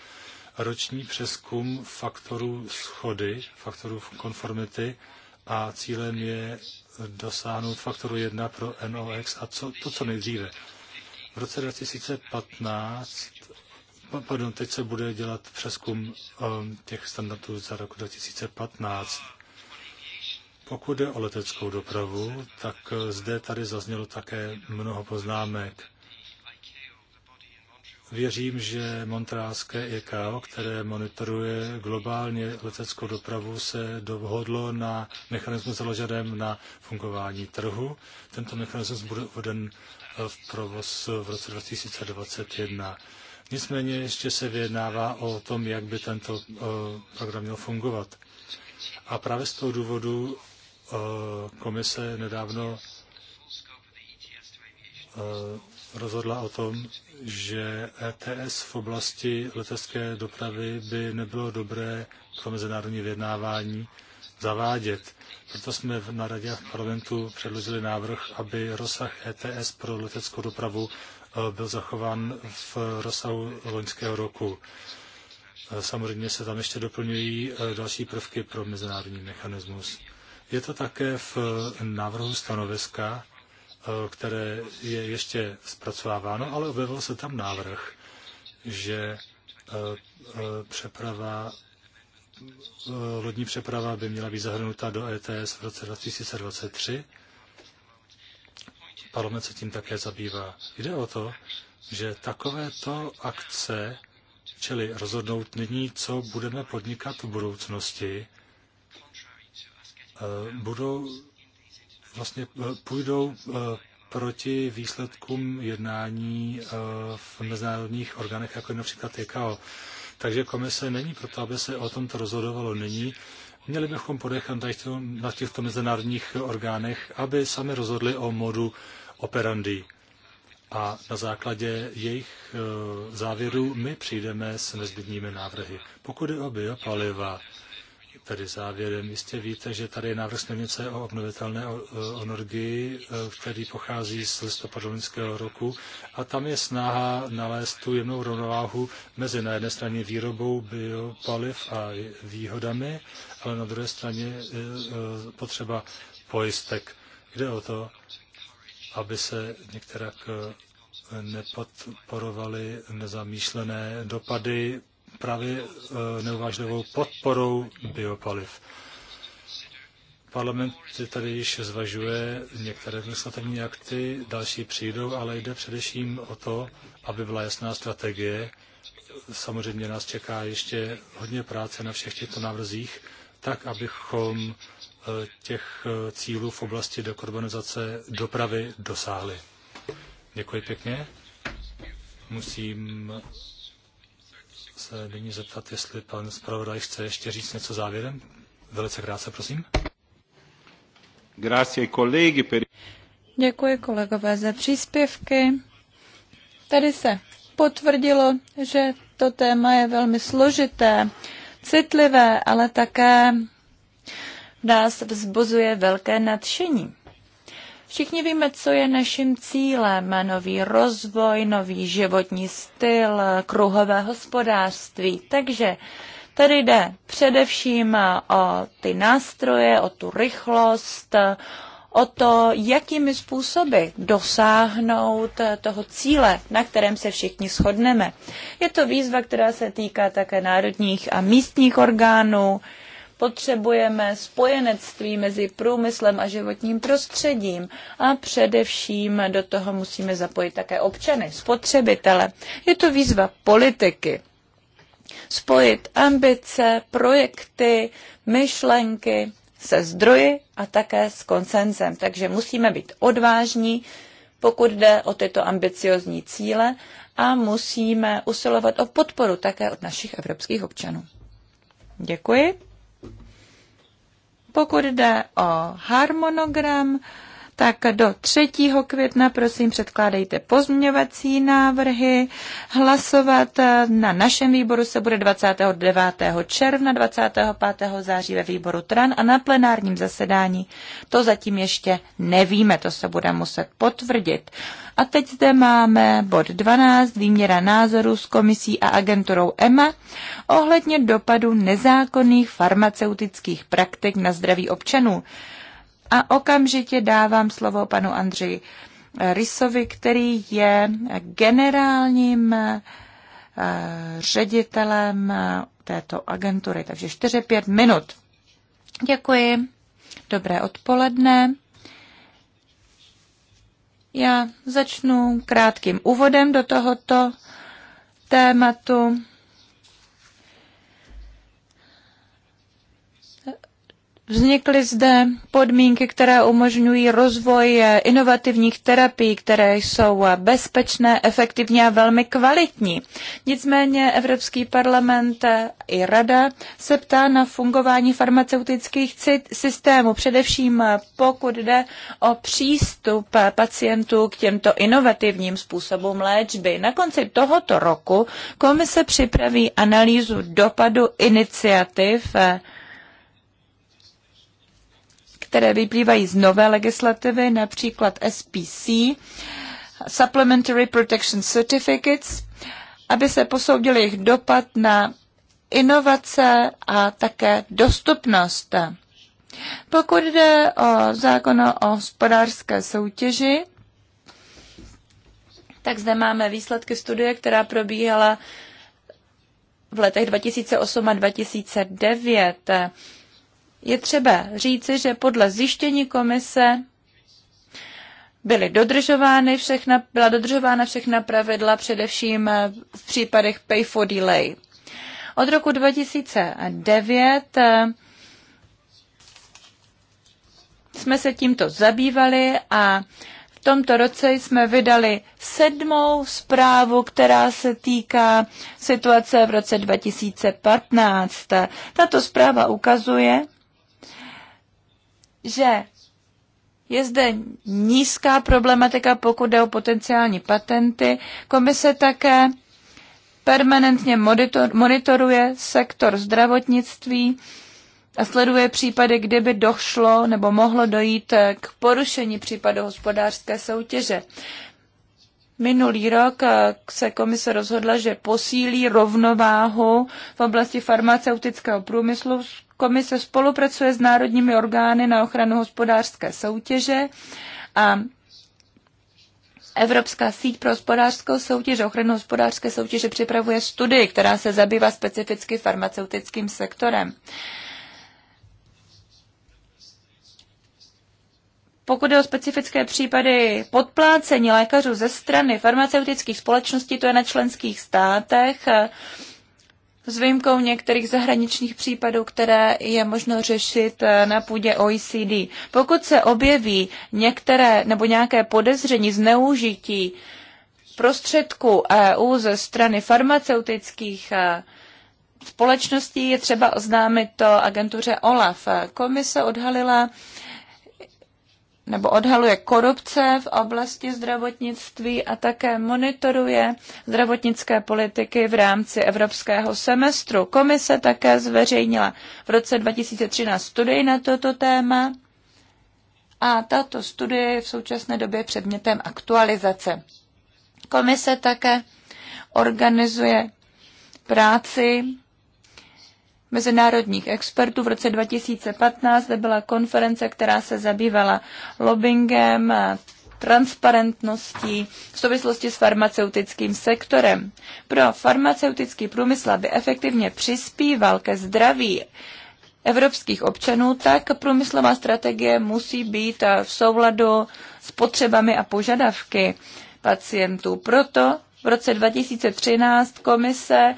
roční přeskum faktorů schody, faktorů konformity a cílem je dosáhnout faktoru 1 pro NOx a co, to co nejdříve. V roce 2015, pardon, teď se bude dělat přeskum um, těch standardů za rok 2015. Pokud jde o leteckou dopravu, tak zde tady zaznělo také mnoho poznámek. Věřím, že montrealské ICAO, které monitoruje globálně leteckou dopravu, se dohodlo na mechanismu založeném na fungování trhu. Tento mechanismus bude uveden eh, v provoz v roce 2021. Nicméně ještě se vyjednává o tom, jak by tento eh, program měl fungovat. A právě z toho důvodu komise nedávno rozhodla o tom, že ETS v oblasti letecké dopravy by nebylo dobré pro mezinárodní vyjednávání zavádět. Proto jsme na radě a v parlamentu předložili návrh, aby rozsah ETS pro leteckou dopravu byl zachován v rozsahu loňského roku. Samozřejmě se tam ještě doplňují další prvky pro mezinárodní mechanismus. Je to také v návrhu stanoviska, eh, které je ještě zpracováváno, ale objevil se tam návrh, že eh, eh, přeprava lodní přeprava by měla být zahrnuta do ETS v roce 2023. Parlament se tím také zabývá. Jde o to, že takovéto akce, čili rozhodnout nyní, co budeme podnikat v budoucnosti, Eh, budou vlastně eh, půjdou eh, proti výsledkům jednání v mezinárodních orgánech, jako je například TKO. Takže komise není proto, aby se o tomto rozhodovalo nyní. Měli bychom podechat na těchto mezinárodních orgánech, aby sami rozhodli o modu operandi. A na základě jejich závěrů my přijdeme s nezbytnými návrhy. Pokud je o biopaliva, Tedy závěrem jistě víte, že tady je návrh směrnice o obnovitelné energii, e, který pochází z listopadu loňského roku a tam je snaha nalézt tu jemnou rovnováhu mezi na jedné straně výrobou biopaliv a výhodami, ale na druhé straně e, e, potřeba pojistek. Jde o to, aby se některak nepodporovaly nezamýšlené dopady právě e, neuvážlivou podporou biopaliv. Parlament tady již zvažuje některé legislativní akty, další přijdou, ale jde především o to, aby byla jasná strategie. Samozřejmě nás čeká ještě hodně práce na všech těchto návrzích, tak abychom e, těch e, cílů v oblasti dekarbonizace dopravy dosáhli. Děkuji pěkně. Musím se nyní zeptat, jestli pan zpravodaj chce ještě říct něco závěrem. Velice krátce, prosím. Děkuji kolegové za příspěvky. Tady se potvrdilo, že to téma je velmi složité, citlivé, ale také nás vzbuzuje velké nadšení. Všichni víme, co je naším cílem. Nový rozvoj, nový životní styl, kruhové hospodářství. Takže tady jde především o ty nástroje, o tu rychlost, o to, jakými způsoby dosáhnout toho cíle, na kterém se všichni shodneme. Je to výzva, která se týká také národních a místních orgánů. Potřebujeme spojenectví mezi průmyslem a životním prostředím a především do toho musíme zapojit také občany, spotřebitele. Je to výzva politiky. Spojit ambice, projekty, myšlenky se zdroji a také s konsenzem. Takže musíme být odvážní, pokud jde o tyto ambiciozní cíle a musíme usilovat o podporu také od našich evropských občanů. Děkuji. Pokud jde o harmonogram, tak do 3. května prosím předkládejte pozměňovací návrhy. Hlasovat eh, na našem výboru se bude 29. června, 25. září ve výboru TRAN a na plenárním zasedání. To zatím ještě nevíme, to se bude muset potvrdit. A teď zde máme bod 12, výměra názorů s komisí a agenturou EMA ohledně dopadu nezákonných farmaceutických praktik na zdraví občanů. A okamžitě dávám slovo panu Andřeji eh, Rysovi, který je generálním eh, ředitelem eh, této agentury. Takže 4-5 minut. Děkuji. Dobré odpoledne. Já začnu krátkým úvodem do tohoto tématu. Vznikly zde podmínky, které umožňují rozvoj inovativních terapií, které jsou bezpečné, efektivní a velmi kvalitní. Nicméně Evropský parlament i Rada se ptá na fungování farmaceutických systémů, především pokud jde o přístup pacientů k těmto inovativním způsobům léčby. Na konci tohoto roku komise připraví analýzu dopadu iniciativ které vyplývají z nové legislativy, například SPC, Supplementary Protection Certificates, aby se posoudil jejich dopad na inovace a také dostupnost. Pokud jde o zákon o hospodářské soutěži, tak zde máme výsledky studie, která probíhala v letech 2008 a 2009 je třeba říci, že podle zjištění komise byly dodržovány všechna, byla dodržována všechna pravidla, především eh, v případech pay for delay. Od roku 2009 eh, jsme se tímto zabývali a v tomto roce jsme vydali sedmou zprávu, která se týká situace v roce 2015. Tato zpráva ukazuje, že je zde nízká problematika, pokud jde o potenciální patenty. Komise také permanentně monitor, monitoruje sektor zdravotnictví a sleduje případy, kdyby došlo nebo mohlo dojít eh, k porušení případu hospodářské soutěže. Minulý rok eh, se komise rozhodla, že posílí rovnováhu v oblasti farmaceutického průmyslu Komise spolupracuje s národními orgány na ochranu hospodářské soutěže a Evropská síť pro hospodářskou soutěž a ochranu hospodářské soutěže připravuje studii, která se zabývá specificky farmaceutickým sektorem. Pokud je o specifické případy podplácení lékařů ze strany farmaceutických společností, to je na členských státech s výjimkou některých zahraničních případů, které je možno řešit eh, na půdě OECD. Pokud se objeví některé nebo nějaké podezření zneužití prostředků EU ze strany farmaceutických eh, společností, je třeba oznámit to agentuře OLAF. Komise odhalila nebo odhaluje korupce v oblasti zdravotnictví a také monitoruje zdravotnické politiky v rámci evropského semestru. Komise také zveřejnila v roce 2013 studii na toto téma a tato studie je v současné době předmětem aktualizace. Komise také organizuje práci mezinárodních expertů. V roce 2015 zde byla konference, která se zabývala lobbyingem, transparentností v souvislosti s farmaceutickým sektorem. Pro farmaceutický průmysl, aby efektivně přispíval ke zdraví evropských občanů, tak průmyslová strategie musí být v souladu s potřebami a požadavky pacientů. Proto v roce 2013 komise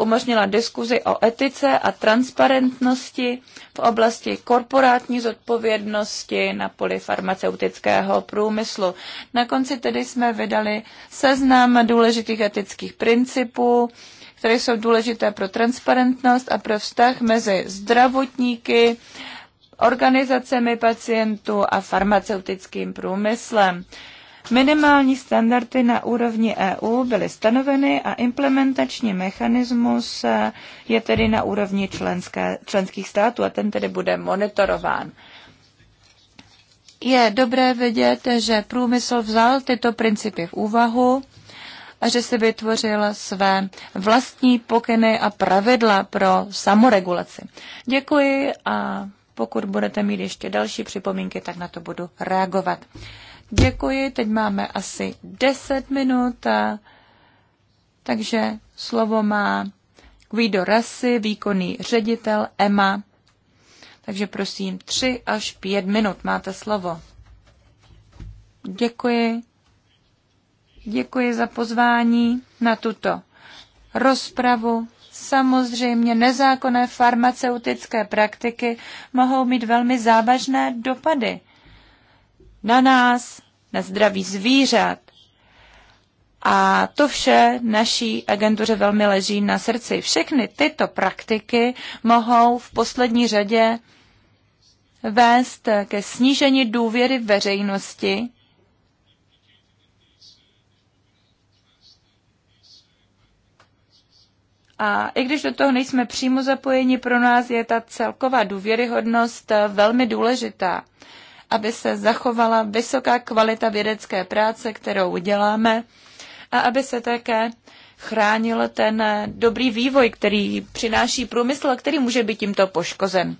umožnila diskuzi o etice a transparentnosti v oblasti korporátní zodpovědnosti na poli farmaceutického průmyslu. Na konci tedy jsme vydali seznam důležitých etických principů, které jsou důležité pro transparentnost a pro vztah mezi zdravotníky, organizacemi pacientů a farmaceutickým průmyslem. Minimální standardy na úrovni EU byly stanoveny a implementační mechanismus eh, je tedy na úrovni členské, členských států a ten tedy bude monitorován. Je dobré vědět, že průmysl vzal tyto principy v úvahu a že si vytvořil své vlastní pokyny a pravidla pro samoregulaci. Děkuji a pokud budete mít ještě další připomínky, tak na to budu reagovat. Děkuji, teď máme asi 10 minut, takže slovo má Guido Rassi, výkonný ředitel EMA. Takže prosím, 3 až 5 minut máte slovo. Děkuji. Děkuji za pozvání na tuto rozpravu. Samozřejmě nezákonné farmaceutické praktiky mohou mít velmi závažné dopady na nás, na zdraví zvířat. A to vše naší agentuře velmi leží na srdci. Všechny tyto praktiky mohou v poslední řadě vést ke snížení důvěry veřejnosti A i když do toho nejsme přímo zapojeni, pro nás je ta celková důvěryhodnost velmi důležitá aby se zachovala vysoká kvalita vědecké práce, kterou uděláme, a aby se také chránil ten dobrý vývoj, který přináší průmysl a který může být tímto poškozen.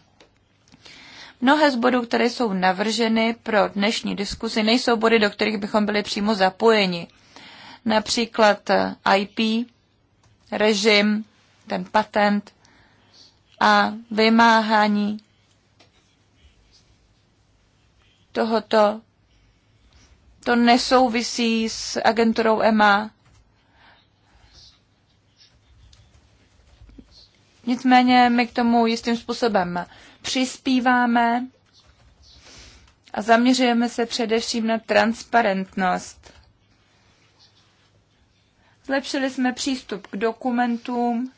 Mnohé z bodů, které jsou navrženy pro dnešní diskusi, nejsou body, do kterých bychom byli přímo zapojeni. Například IP, režim, ten patent a vymáhání tohoto. To nesouvisí s agenturou EMA. Nicméně my k tomu jistým způsobem přispíváme a zaměřujeme se především na transparentnost. Zlepšili jsme přístup k dokumentům,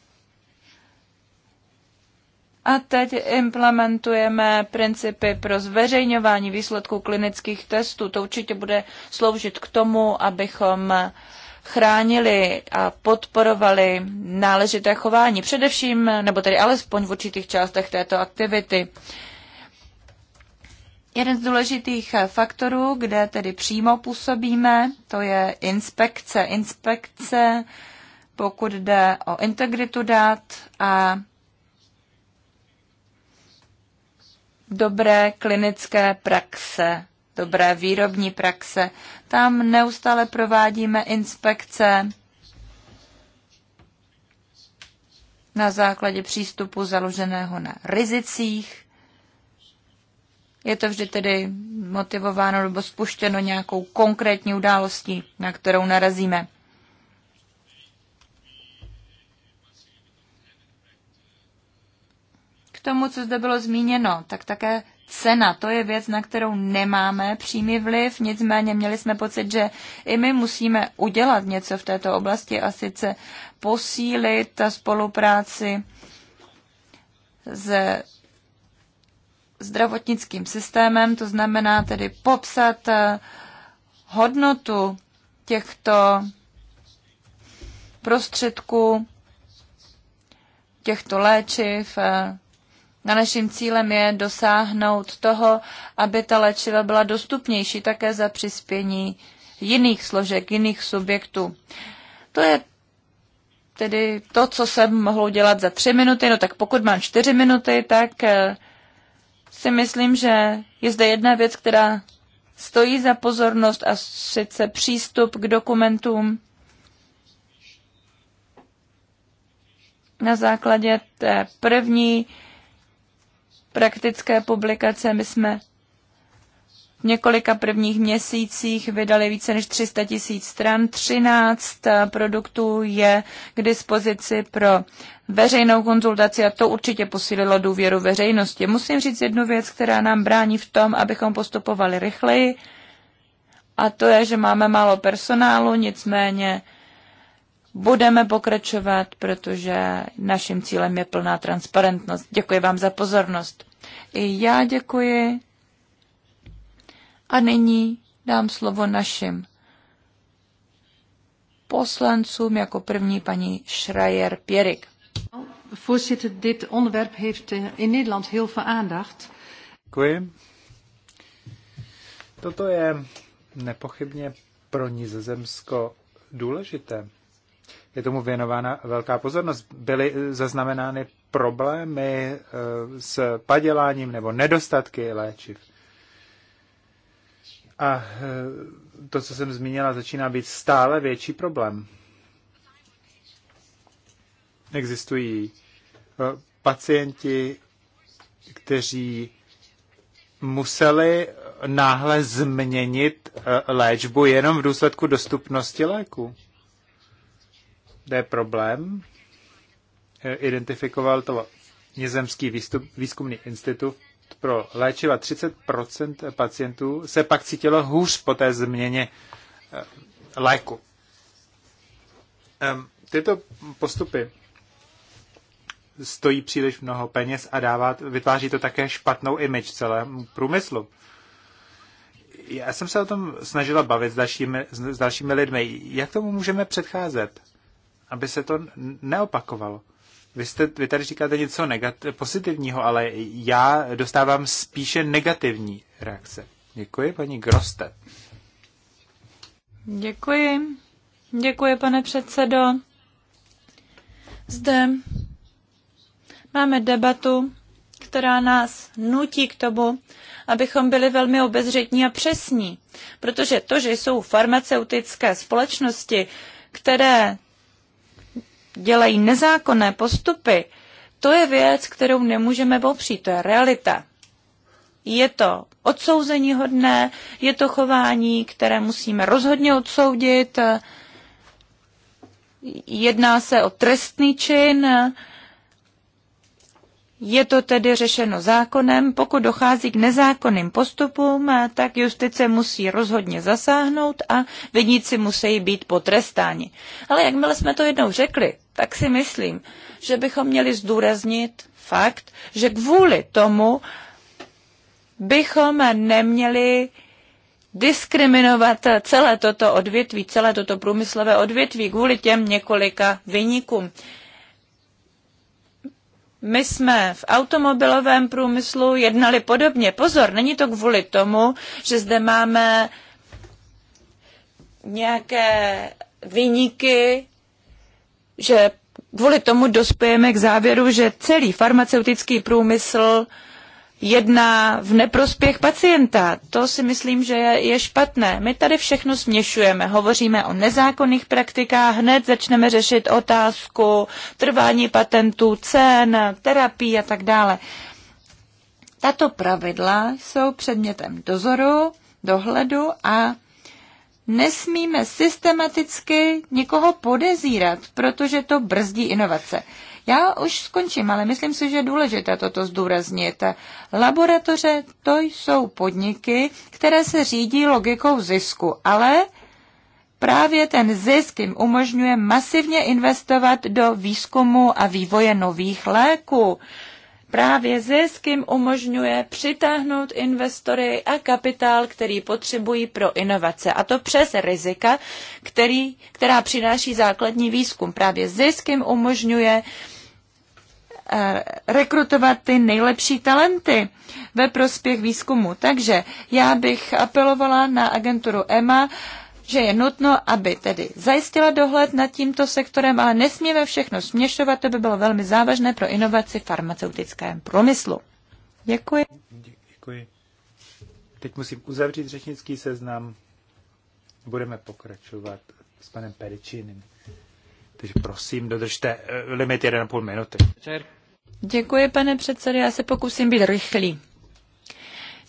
a teď implementujeme principy pro zveřejňování výsledků klinických testů. To určitě bude sloužit k tomu, abychom chránili a podporovali náležité chování, především, nebo tedy alespoň v určitých částech této aktivity. Jeden z důležitých faktorů, kde tedy přímo působíme, to je inspekce. Inspekce, pokud jde o integritu dat a dobré klinické praxe, dobré výrobní praxe. Tam neustále provádíme inspekce na základě přístupu založeného na rizicích. Je to vždy tedy motivováno nebo spuštěno nějakou konkrétní událostí, na kterou narazíme. tomu, co zde bylo zmíněno, tak také cena, to je věc, na kterou nemáme přímý vliv, nicméně měli jsme pocit, že i my musíme udělat něco v této oblasti a sice posílit ta spolupráci se zdravotnickým systémem, to znamená tedy popsat eh, hodnotu těchto prostředků, těchto léčiv, eh, a naším cílem je dosáhnout toho, aby ta léčiva byla dostupnější také za přispění jiných složek, jiných subjektů. To je tedy to, co jsem mohl dělat za tři minuty, no tak pokud mám čtyři minuty, tak eh, si myslím, že je zde jedna věc, která stojí za pozornost a sice přístup k dokumentům na základě té první praktické publikace. My jsme v několika prvních měsících vydali více než 300 tisíc stran. 13 eh, produktů je k dispozici pro veřejnou konzultaci a to určitě posílilo důvěru veřejnosti. Musím říct jednu věc, která nám brání v tom, abychom postupovali rychleji a to je, že máme málo personálu, nicméně budeme pokračovat, protože naším cílem je plná transparentnost. Děkuji vám za pozornost. I já děkuji. A nyní dám slovo našim poslancům jako první paní Schreier Pierik. Voorzitter, dit onderwerp heeft eh, in Nederland heel veel aandacht. Děkuji. Toto je nepochybně pro Nizozemsko důležité je tomu věnována velká pozornost. Byly zaznamenány problémy eh, s paděláním nebo nedostatky léčiv. A eh, to, co jsem zmínila, začíná být stále větší problém. Existují eh, pacienti, kteří museli náhle změnit léčbu jenom v důsledku dostupnosti léku to je problém. E, identifikoval to Nizemský výstup, výzkumný institut pro léčiva. 30% pacientů se pak cítilo hůř po té změně e, léku. E, tyto postupy stojí příliš mnoho peněz a dává, vytváří to také špatnou image celému průmyslu. Já jsem se o tom snažila bavit s dalšími, s dalšími lidmi. Jak tomu můžeme předcházet? aby se to neopakovalo. Vy, jste, vy tady říkáte něco negat- pozitivního, ale já dostávám spíše negativní reakce. Děkuji, paní Groste. Děkuji. Děkuji, pane předsedo. Zde máme debatu, která nás nutí k tomu, abychom byli velmi obezřetní a přesní. Protože to, že jsou farmaceutické společnosti, které dělají nezákonné postupy, to je věc, kterou nemůžeme popřít, to je realita. Je to odsouzení hodné, je to chování, které musíme rozhodně odsoudit. Jedná se o trestný čin, je to tedy řešeno zákonem. Pokud dochází k nezákonným postupům, tak justice musí rozhodně zasáhnout a viníci musí být potrestáni. Ale jakmile jsme to jednou řekli, tak si myslím, že bychom měli zdůraznit fakt, že kvůli tomu bychom neměli diskriminovat celé toto odvětví, celé toto průmyslové odvětví kvůli těm několika vynikům. My jsme v automobilovém průmyslu jednali podobně. Pozor, není to kvůli tomu, že zde máme nějaké vyniky že kvůli tomu dospějeme k závěru, že celý farmaceutický průmysl jedná v neprospěch pacienta. To si myslím, že je, je špatné. My tady všechno směšujeme. Hovoříme o nezákonných praktikách, hned začneme řešit otázku trvání patentů, cen, terapii a tak dále. Tato pravidla jsou předmětem dozoru, dohledu a nesmíme systematicky nikoho podezírat, protože to brzdí inovace. Já už skončím, ale myslím si, že je důležité toto zdůraznit. Laboratoře to jsou podniky, které se řídí logikou zisku, ale právě ten zisk jim umožňuje masivně investovat do výzkumu a vývoje nových léků. Právě zisk jim umožňuje přitáhnout investory a kapitál, který potřebují pro inovace. A to přes rizika, který, která přináší základní výzkum. Právě zisk jim umožňuje eh, rekrutovat ty nejlepší talenty ve prospěch výzkumu. Takže já bych apelovala na agenturu EMA, že je nutno, aby tedy zajistila dohled nad tímto sektorem, ale nesmíme všechno směšovat, to by bylo velmi závažné pro inovaci v farmaceutickém průmyslu. Děkuji. Děkuji. Teď musím uzavřít řečnický seznam. Budeme pokračovat s panem Peričinem. Takže prosím, dodržte eh, limit 1,5 minuty. Děkuji, pane předsedo, já se pokusím být rychlý.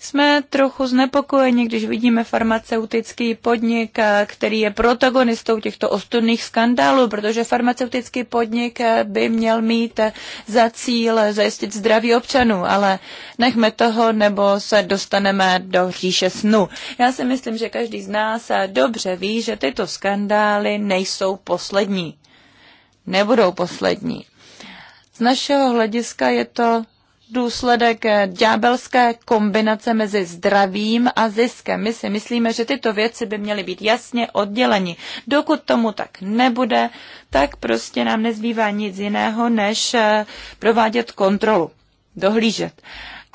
Jsme trochu znepokojeni, když vidíme farmaceutický podnik, eh, který je protagonistou těchto ostudných skandálů, protože farmaceutický podnik eh, by měl mít eh, za cíl zajistit zdraví občanů, ale nechme toho, nebo se dostaneme do říše snu. Já si myslím, že každý z nás dobře ví, že tyto skandály nejsou poslední. Nebudou poslední. Z našeho hlediska je to důsledek ďábelské kombinace mezi zdravím a ziskem. My si myslíme, že tyto věci by měly být jasně odděleni. Dokud tomu tak nebude, tak prostě nám nezbývá nic jiného, než eh, provádět kontrolu, dohlížet.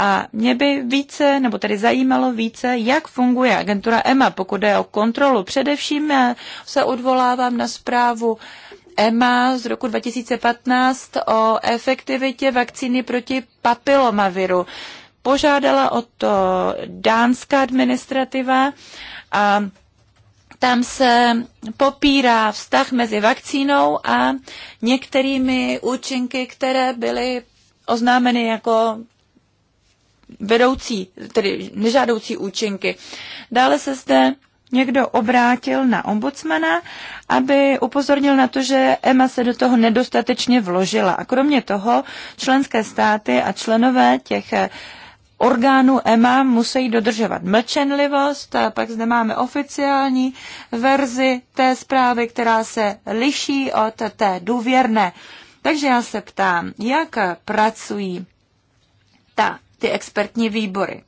A mě by více, nebo tedy zajímalo více, jak funguje agentura EMA, pokud je o kontrolu. Především eh, se odvolávám na zprávu uh, EMA z roku 2015 o efektivitě vakcíny proti papilomaviru. Požádala o to dánská administrativa a tam se popírá vztah mezi vakcínou a některými účinky, které byly oznámeny jako vedoucí, tedy nežádoucí účinky. Dále se zde někdo obrátil na ombudsmana aby upozornil na to, že EMA se do toho nedostatečně vložila. A kromě toho členské státy a členové těch eh, orgánů EMA musí dodržovat mlčenlivost, a pak zde máme oficiální verzi té zprávy, která se liší od té důvěrné. Takže já se ptám, jak pracují ta, ty expertní výbory?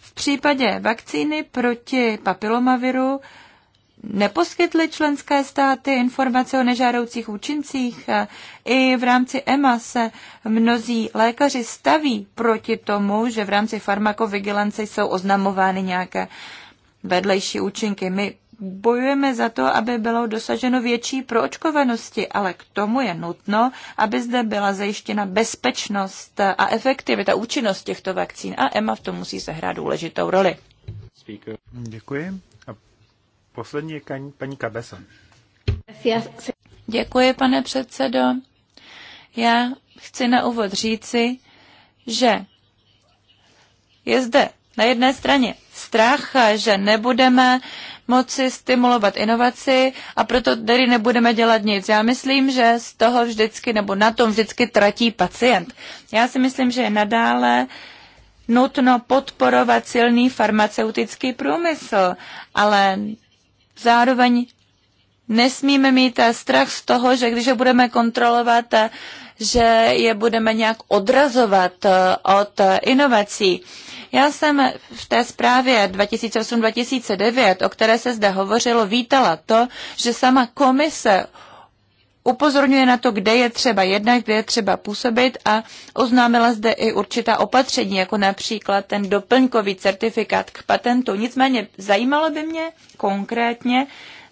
V případě vakcíny proti papilomaviru neposkytly členské státy informace o nežádoucích účincích. I v rámci EMA se mnozí lékaři staví proti tomu, že v rámci farmakovigilance jsou oznamovány nějaké vedlejší účinky. My bojujeme za to, aby bylo dosaženo větší proočkovanosti, ale k tomu je nutno, aby zde byla zajištěna bezpečnost a efektivita účinnost těchto vakcín a EMA v tom musí sehrát důležitou roli. Děkuji. Poslední je paní Kabeson. Děkuji, pane předsedo. Já chci na úvod říci, že je zde na jedné straně strach, že nebudeme moci stimulovat inovaci a proto tedy nebudeme dělat nic. Já myslím, že z toho vždycky nebo na tom vždycky tratí pacient. Já si myslím, že je nadále nutno podporovat silný farmaceutický průmysl, ale Zároveň nesmíme mít eh, strach z toho, že když je budeme kontrolovat, eh, že je budeme nějak odrazovat eh, od inovací. Já jsem v té zprávě 2008-2009, o které se zde hovořilo, vítala to, že sama komise upozorňuje na to, kde je třeba jednat, kde je třeba působit a oznámila zde i určitá opatření, jako například ten doplňkový certifikát k patentu. Nicméně zajímalo by mě konkrétně,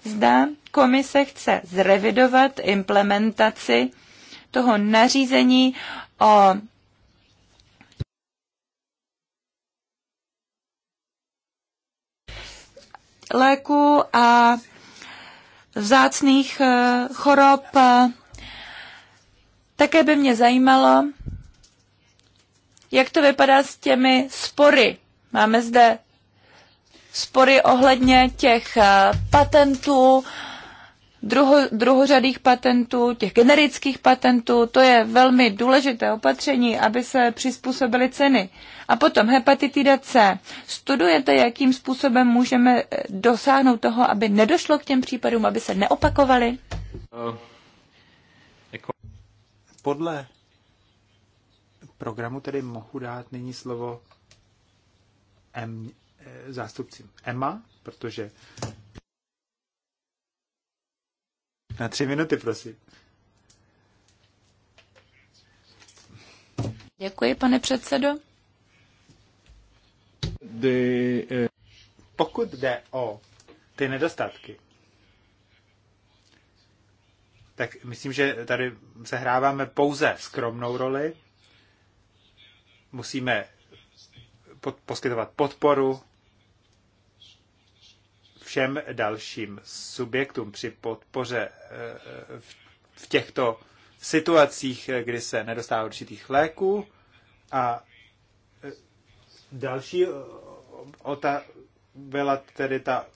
zda komise chce zrevidovat implementaci toho nařízení o léku a vzácných eh, chorob. Eh, také by mě zajímalo, jak to vypadá s těmi spory. Máme zde spory ohledně těch eh, patentů, druho, druhořadých patentů, těch generických patentů. To je velmi důležité opatření, aby se přizpůsobily ceny. A potom hepatitida C. Studujete, jakým způsobem můžeme eh, dosáhnout toho, aby nedošlo k těm případům, aby se neopakovaly? Eh, jako- Podle programu tedy mohu dát nyní slovo M, eh, zástupci EMA, protože na tři minuty, prosím. Děkuji, pane předsedo. The, uh... Pokud jde o ty nedostatky, tak myslím, že tady sehráváme pouze skromnou roli. Musíme pod, poskytovat podporu všem dalším subjektům při podpoře eh, v těchto situacích, eh, kdy se nedostává určitých léků. A eh, další ota- byla tedy ta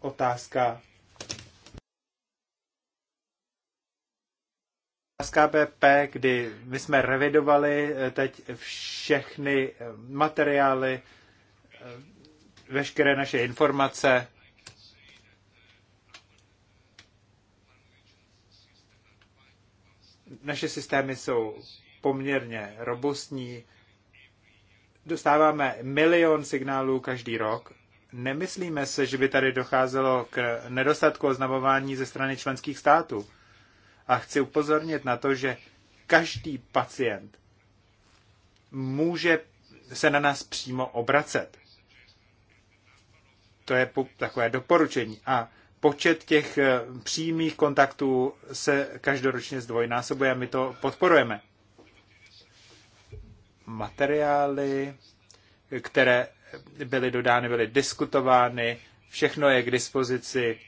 otázka SKPP, kdy my jsme revidovali teď všechny materiály, veškeré naše informace naše systémy jsou poměrně robustní. Dostáváme milion signálů každý rok. Nemyslíme se, že by tady docházelo k nedostatku oznamování ze strany členských států. A chci upozornit na to, že každý pacient může se na nás přímo obracet. To je takové doporučení. A počet těch eh, přímých kontaktů se každoročně zdvojnásobuje a my to podporujeme. Materiály, které byly dodány, byly diskutovány, všechno je k dispozici.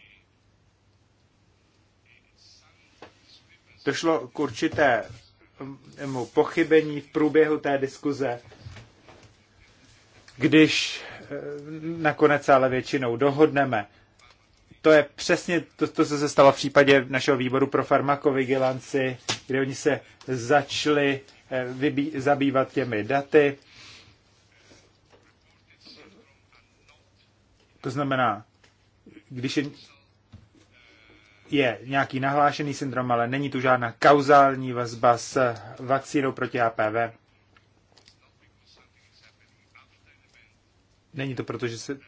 Došlo k určitému pochybení v průběhu té diskuze, když eh, nakonec ale většinou dohodneme to je přesně to, to, co se stalo v případě našeho výboru pro farmakovigilanci, kde oni se začali eh, vybí, zabývat těmi daty. To znamená, když je, je nějaký nahlášený syndrom, ale není tu žádná kauzální vazba s vakcínou proti HPV, není to proto, že se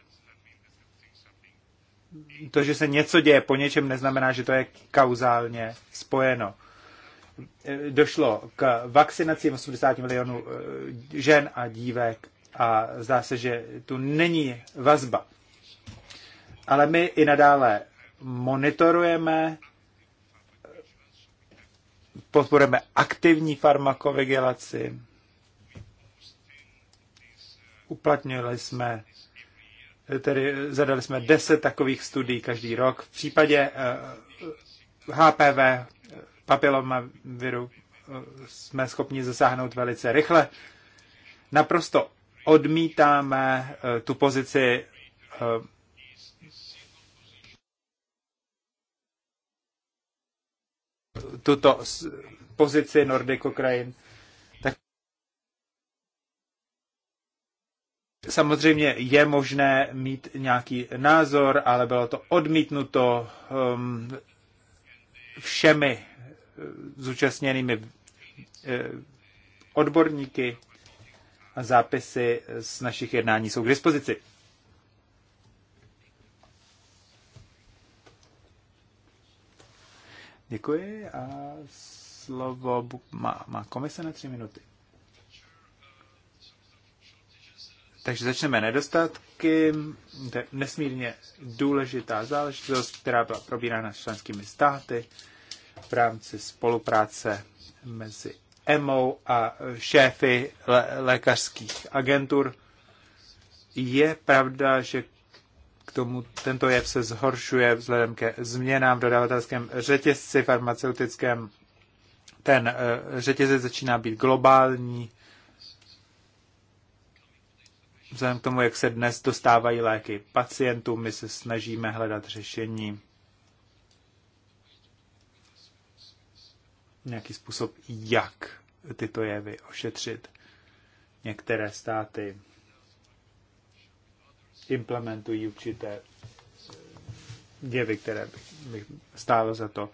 to, že se něco děje po něčem, neznamená, že to je kauzálně spojeno. Došlo k vakcinacím 80 milionů eh, žen a dívek a zdá se, že tu není vazba. Ale my i nadále monitorujeme, podporujeme aktivní farmakovigilaci, uplatnili jsme tedy zadali jsme 10 takových studií každý rok. V případě HPV, eh, papilomaviru, eh, jsme schopni zasáhnout velice rychle. Naprosto odmítáme eh, tu pozici tuto pozici Nordic Ukraine Samozřejmě je možné mít nějaký názor, ale bylo to odmítnuto um, všemi eh, zúčastněnými eh, odborníky a zápisy z našich jednání jsou k dispozici. Děkuji a slovo má, má komise na tři minuty. Takže začneme nedostatky. To je nesmírně důležitá záležitost, která byla probírána s členskými státy v rámci spolupráce mezi EMO a šéfy lé- lékařských agentur. Je pravda, že k tomu tento jev se zhoršuje vzhledem ke změnám v dodavatelském řetězci farmaceutickém. Ten eh, řetězec začíná být globální Vzhledem k tomu, jak se dnes dostávají léky pacientům, my se snažíme hledat řešení, nějaký způsob, jak tyto jevy ošetřit. Některé státy implementují určité jevy, které bych stálo za to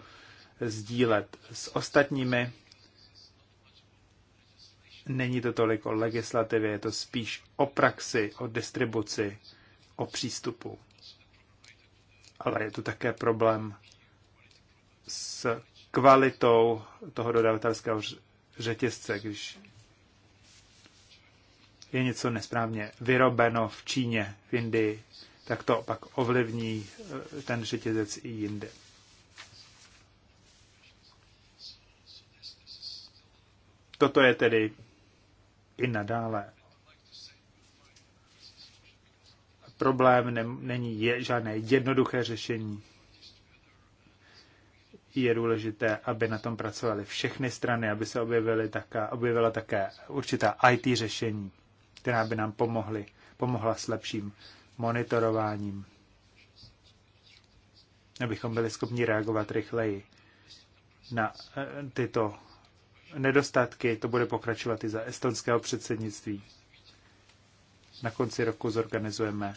sdílet s ostatními. Není to tolik o legislativě, je to spíš o praxi, o distribuci, o přístupu. Ale je tu také problém s kvalitou toho dodavatelského řetězce, když je něco nesprávně vyrobeno v Číně, v Indii, tak to pak ovlivní eh, ten řetězec i jinde. Toto je tedy i nadále. Problém ne, není je, žádné jednoduché řešení. Je důležité, aby na tom pracovaly všechny strany, aby se objevily také, objevila také určitá IT řešení, která by nám pomohly, pomohla s lepším monitorováním, abychom byli schopni reagovat rychleji na eh, tyto nedostatky, to bude pokračovat i za estonského předsednictví. Na konci roku zorganizujeme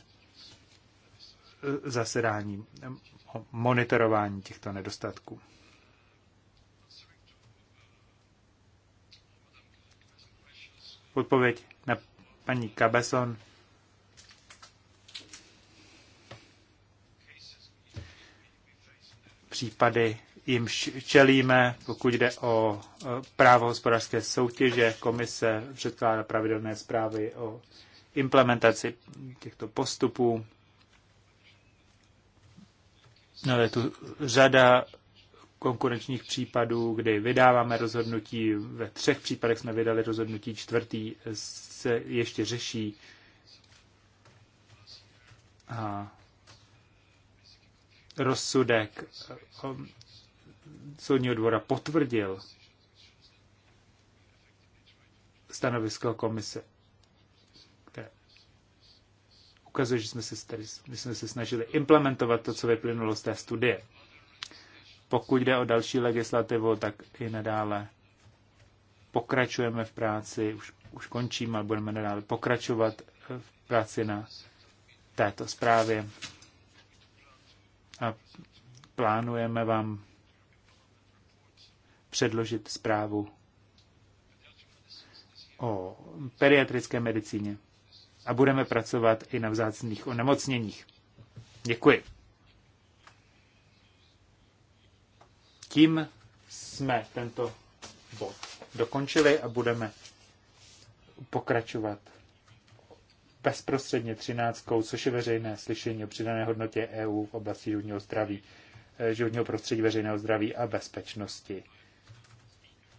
eh, zasedání eh, monitorování těchto nedostatků. Odpověď na paní Kabeson. Případy jim čelíme, pokud jde o e, právo hospodářské soutěže. Komise předkládá pravidelné zprávy o implementaci těchto postupů. No, je tu řada konkurenčních případů, kdy vydáváme rozhodnutí. Ve třech případech jsme vydali rozhodnutí, čtvrtý se ještě řeší. A rozsudek soudního dvora potvrdil stanovisko komise, které ukazuje, že jsme se, tady, my jsme se snažili implementovat to, co vyplynulo z té studie. Pokud jde o další legislativu, tak i nadále pokračujeme v práci, už, už končím, ale budeme nadále pokračovat v práci na této zprávě. A plánujeme vám předložit zprávu o pediatrické medicíně a budeme pracovat i na vzácných onemocněních. Děkuji. Tím jsme tento bod dokončili a budeme pokračovat bezprostředně třináctkou, což je veřejné slyšení o přidané hodnotě EU v oblasti životního zdraví, eh, životního prostředí veřejného zdraví a bezpečnosti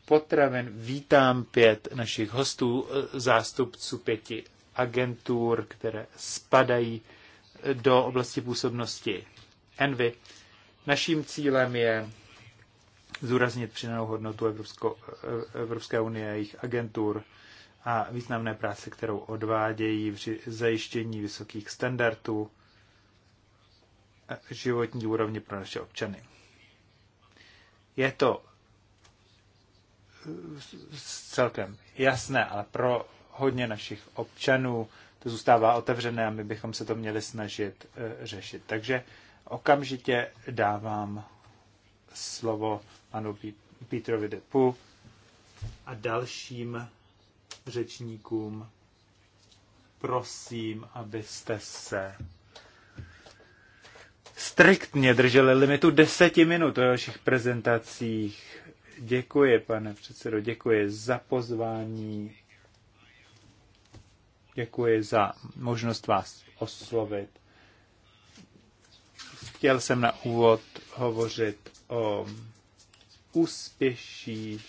potravin. Vítám pět našich hostů, eh, zástupců pěti agentur, které spadají eh, do oblasti působnosti Envy. Naším cílem je zúraznit přidanou hodnotu Evropsko, eh, Evropské unie, a jejich agentur a významné práce, kterou odvádějí při zajištění vysokých standardů životní úrovně pro naše občany. Je to celkem jasné, ale pro hodně našich občanů to zůstává otevřené a my bychom se to měli snažit eh, řešit. Takže okamžitě dávám slovo panu Petrovi Depu a dalším řečníkům. Prosím, abyste se striktně drželi limitu deseti minut o vašich prezentacích Děkuji, pane předsedo, děkuji za pozvání. Děkuji za možnost vás oslovit. Chtěl jsem na úvod hovořit o úspěších,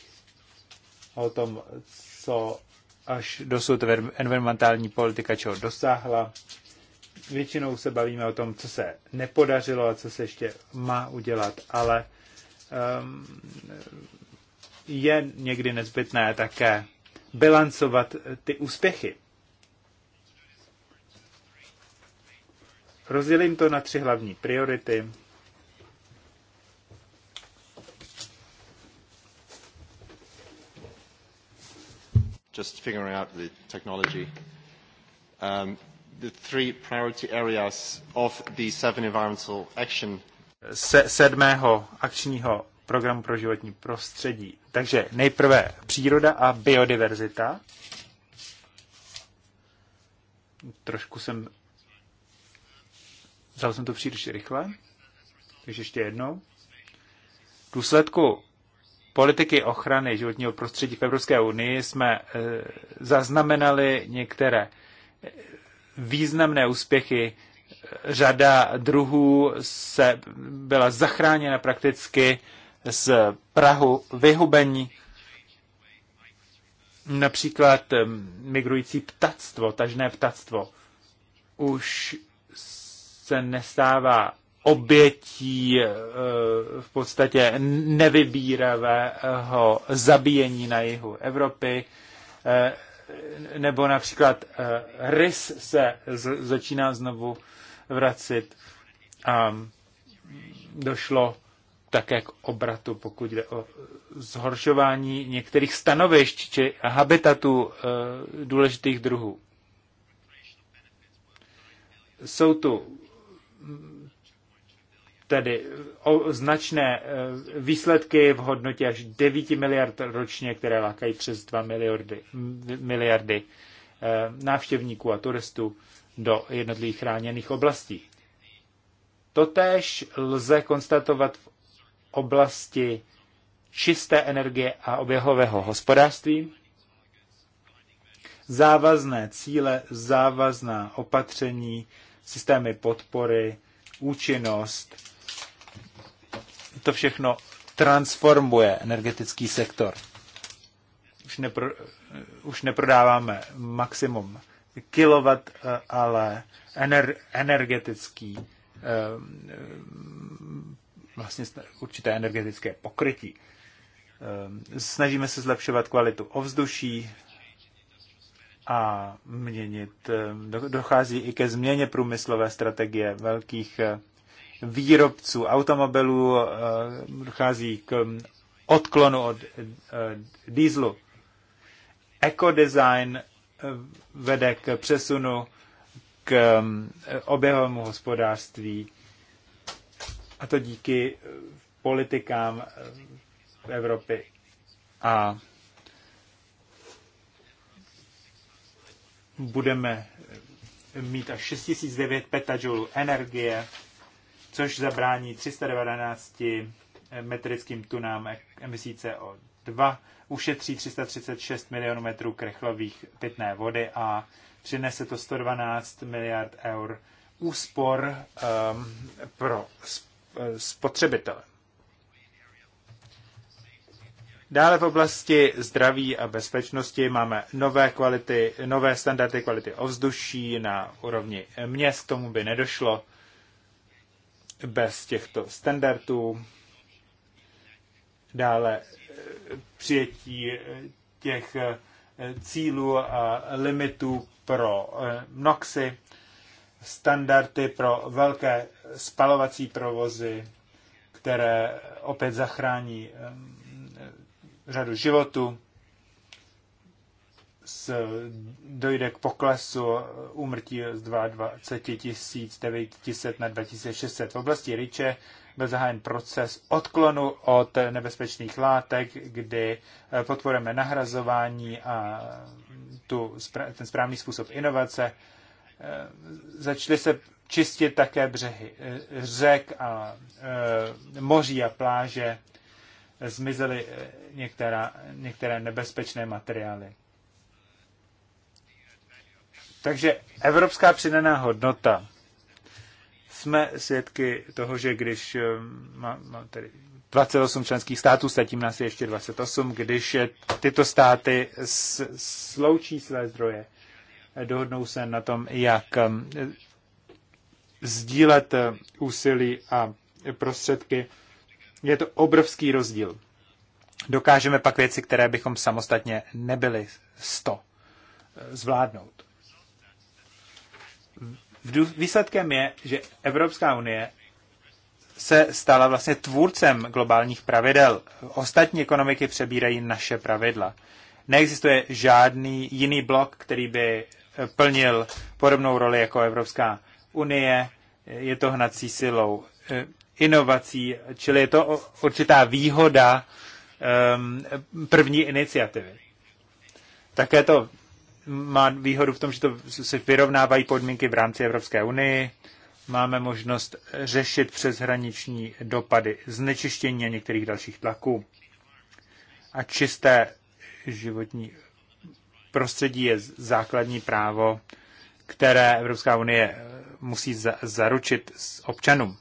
o tom, co až dosud environmentální politika čeho dosáhla. Většinou se bavíme o tom, co se nepodařilo a co se ještě má udělat, ale Ehm, je někdy nezbytné také bilancovat eh, ty úspěchy. Rozdělím to na tři hlavní priority. Just figuring out the technology. Um, the three priority areas of the seven environmental action se, sedmého akčního programu pro životní prostředí. Takže nejprve příroda a biodiverzita. Trošku jsem... Vzal jsem to příliš rychle. Takže ještě jednou. V důsledku politiky ochrany životního prostředí v Evropské unii jsme eh, zaznamenali některé eh, významné úspěchy řada druhů se byla zachráněna prakticky z Prahu vyhubení. Například migrující ptactvo, tažné ptactvo, už se nestává obětí e, v podstatě nevybíravého zabíjení na jihu Evropy, e, nebo například e, rys se začíná znovu vracit a došlo také k obratu, pokud jde o zhoršování některých stanovišť či habitatů eh, důležitých druhů. Jsou tu mm, tedy o značné eh, výsledky v hodnotě až 9 miliard ročně, které lákají přes 2 miliardy, miliardy eh, návštěvníků a turistů do jednotlivých chráněných oblastí. Totéž lze konstatovat v oblasti čisté energie a oběhového hospodářství, závazné cíle, závazná opatření, systémy podpory, účinnost. To všechno transformuje energetický sektor. Už, nepro, už neprodáváme maximum kilovat, eh, ale energetický eh, mm, vlastně určité energetické pokrytí. Eh, snažíme se zlepšovat kvalitu ovzduší a měnit. Dochází i ke změně průmyslové strategie velkých výrobců automobilů, dochází k mm, odklonu od dýzlu. Ekodesign vede k přesunu k mm, oběhovému hospodářství. A to díky politikám v mm, Evropy. A budeme mít až 6009 petajoulů energie, což zabrání 319 metrickým tunám emisí CO2 2 ušetří 336 milionů metrů krychlových pitné vody a přinese to 112 miliard eur úspor um, pro eh, spotřebitele. Dále v oblasti zdraví a bezpečnosti máme nové, kvality, nové standardy kvality ovzduší na úrovni měst. Tomu by nedošlo bez těchto standardů. Dále přijetí těch eh, cílů a limitů pro eh, NOXy, standardy pro velké spalovací provozy, které opět zachrání eh, řadu životů, s, dojde k poklesu úmrtí z 22 tisíc 900 na 2600. V oblasti Riče byl zahájen proces odklonu od nebezpečných látek, kdy eh, podporujeme nahrazování a mm, tu, ten správný způsob inovace. Eh, začaly se čistit také břehy eh, řek a moří a pláže. Zmizely některá, některé nebezpečné materiály. Takže evropská přidaná hodnota jsme svědky toho, že když eh, má, má tedy 28 členských států, zatím nás je ještě 28, když eh, tyto státy sloučí své zdroje, eh, dohodnou se na tom, jak sdílet úsilí a prostředky, je to obrovský rozdíl. Dokážeme pak věci, které bychom samostatně nebyli 100 zvládnout. Výsledkem je, že Evropská unie se stala vlastně tvůrcem globálních pravidel. Ostatní ekonomiky přebírají naše pravidla. Neexistuje žádný jiný blok, který by plnil podobnou roli jako Evropská unie. Je to hnací silou eh, inovací, čili je to určitá výhoda ehm, první iniciativy. Také to má výhodu v tom, že to se vyrovnávají podmínky v rámci Evropské unii. Máme možnost řešit přeshraniční dopady znečištění a některých dalších tlaků. A čisté životní prostředí je základní právo, které Evropská unie musí za- zaručit občanům.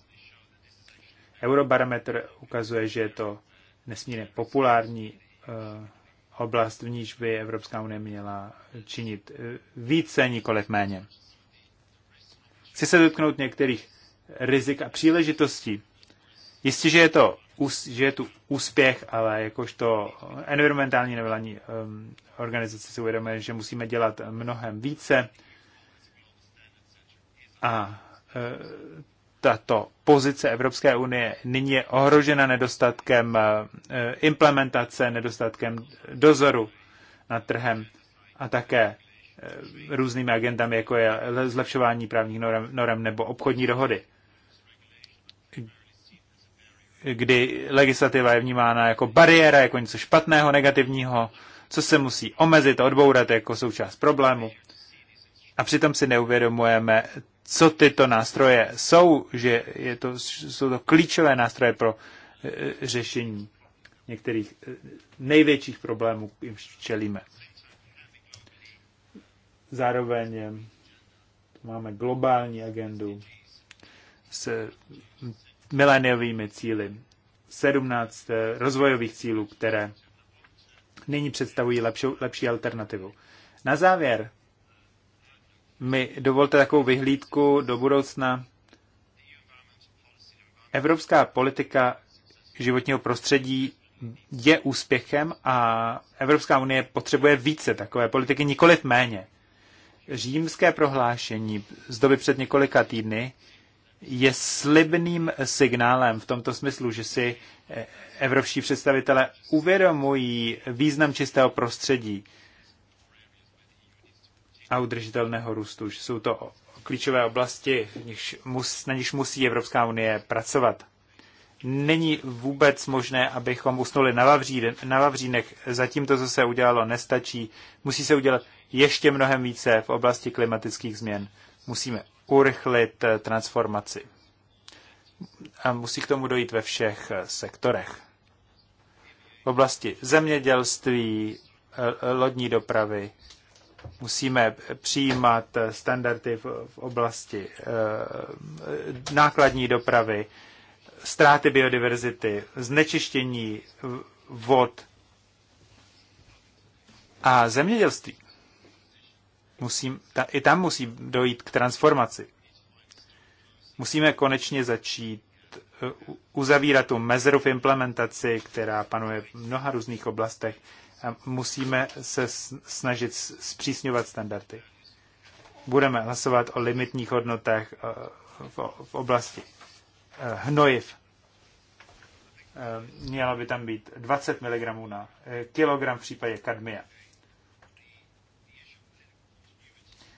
Eurobarometr ukazuje, že je to nesmírně populární uh, oblast, v níž by Evropská unie měla činit eh, více, nikoliv méně. Chci se dotknout některých rizik a příležitostí. Jistě, že je, to, že je tu úspěch, ale jakožto environmentální nevládní um, organizace si uvědomuje, že musíme dělat mnohem více. A eh, tato pozice Evropské unie nyní je ohrožena nedostatkem eh, implementace, nedostatkem dozoru nad trhem a také eh, různými agendami, jako je zlepšování právních norm norm nebo obchodní dohody, kdy legislativa je vnímána jako bariéra, jako něco špatného, negativního, co se musí omezit, odbourat jako součást problému. A přitom si neuvědomujeme co tyto nástroje jsou, že je to, jsou to klíčové nástroje pro eh, řešení některých eh, největších problémů, jim čelíme. Zároveň eh, máme globální agendu s hm, mileniovými cíly, 17 rozvojových cílů, které nyní představují lepšou, lepší alternativu. Na závěr mi dovolte takovou vyhlídku do budoucna. Evropská politika životního prostředí je úspěchem a Evropská unie potřebuje více takové politiky, nikoliv méně. Římské prohlášení z doby před několika týdny je slibným signálem v tomto smyslu, že si eh, evropští představitelé uvědomují význam čistého prostředí a udržitelného růstu. Že jsou to klíčové oblasti, na níž musí Evropská unie pracovat. Není vůbec možné, abychom usnuli na, Vavříden, na Vavřínech. Zatím to, co se udělalo, nestačí. Musí se udělat ještě mnohem více v oblasti klimatických změn. Musíme urychlit eh, transformaci. A musí k tomu dojít ve všech eh, sektorech. V oblasti zemědělství, eh, lodní dopravy, musíme přijímat standardy v oblasti eh, nákladní dopravy, ztráty biodiverzity, znečištění vod a zemědělství. Musím, ta, I tam musí dojít k transformaci. Musíme konečně začít eh, uzavírat tu mezeru v implementaci, která panuje v mnoha různých oblastech musíme se snažit zpřísňovat standardy. Budeme hlasovat o limitních hodnotách eh, v oblasti eh, hnojiv. Eh, Mělo by tam být 20 mg na kilogram v případě kadmia.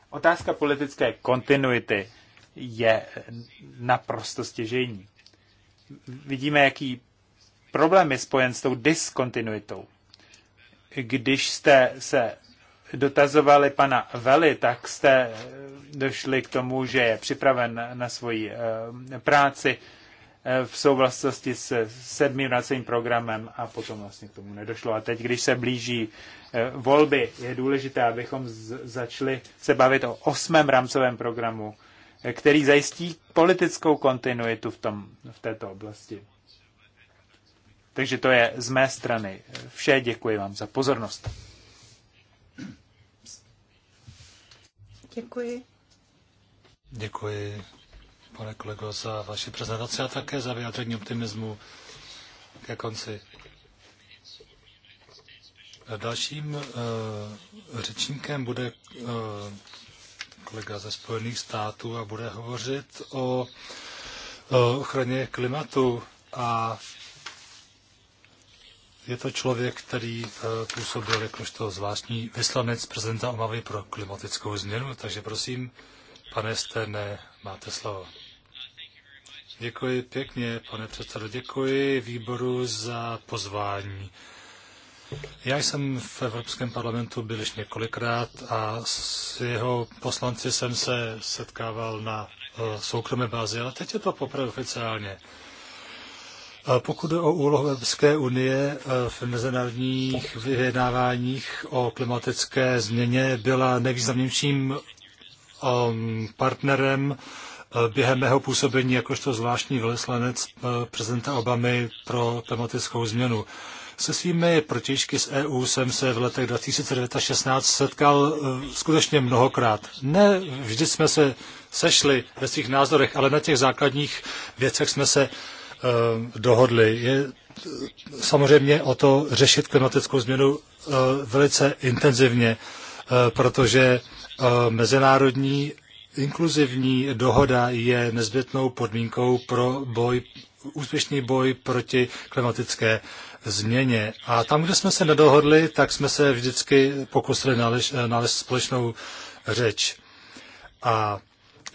Otázka politické kontinuity je naprosto stěžejní. Vidíme, jaký problém je spojen s tou diskontinuitou když jste se dotazovali pana Veli, tak jste došli k tomu, že je připraven na svoji eh, práci eh, v souvlastnosti s sedmým vracením programem a potom vlastně k tomu nedošlo. A teď, když se blíží eh, volby, je důležité, abychom začali se bavit o osmém rámcovém programu, který zajistí politickou kontinuitu v, tom, v této oblasti. Takže to je z mé strany vše. Děkuji vám za pozornost. Děkuji. Děkuji, pane kolego, za vaši prezentaci a také za vyjádření optimismu ke konci. Dalším uh, řečníkem bude uh, kolega ze Spojených států a bude hovořit o, o eh, ochraně klimatu a je to člověk, který eh, působil jakožto zvláštní vyslanec prezidenta Omavy pro klimatickou změnu, takže prosím, pane Sterne, máte slovo. Děkuji pěkně, pane předsedo, děkuji výboru za pozvání. Já jsem v Evropském parlamentu byl již několikrát a s jeho poslanci jsem se setkával na eh, soukromé bázi, ale teď je to poprvé oficiálně. Pokud je o úlohu Evropské unie eh, v mezinárodních vyjednáváních o klimatické změně, byla nejvýznamnějším um, partnerem eh, během mého působení jakožto zvláštní velvyslanec eh, prezidenta Obamy pro klimatickou změnu. Se svými protěžky z EU jsem se v letech 2009 a 2016 setkal skutečně mnohokrát. Ne vždy jsme se sešli ve svých názorech, ale na těch základních věcech jsme se Eh, dohodli. Je samozřejmě o to řešit klimatickou změnu eh, velice intenzivně, eh, protože mezinárodní inkluzivní dohoda je nezbytnou podmínkou pro boj, úspěšný boj proti klimatické změně. A tam, kde jsme se nedohodli, tak jsme se vždycky pokusili nalézt společnou řeč. A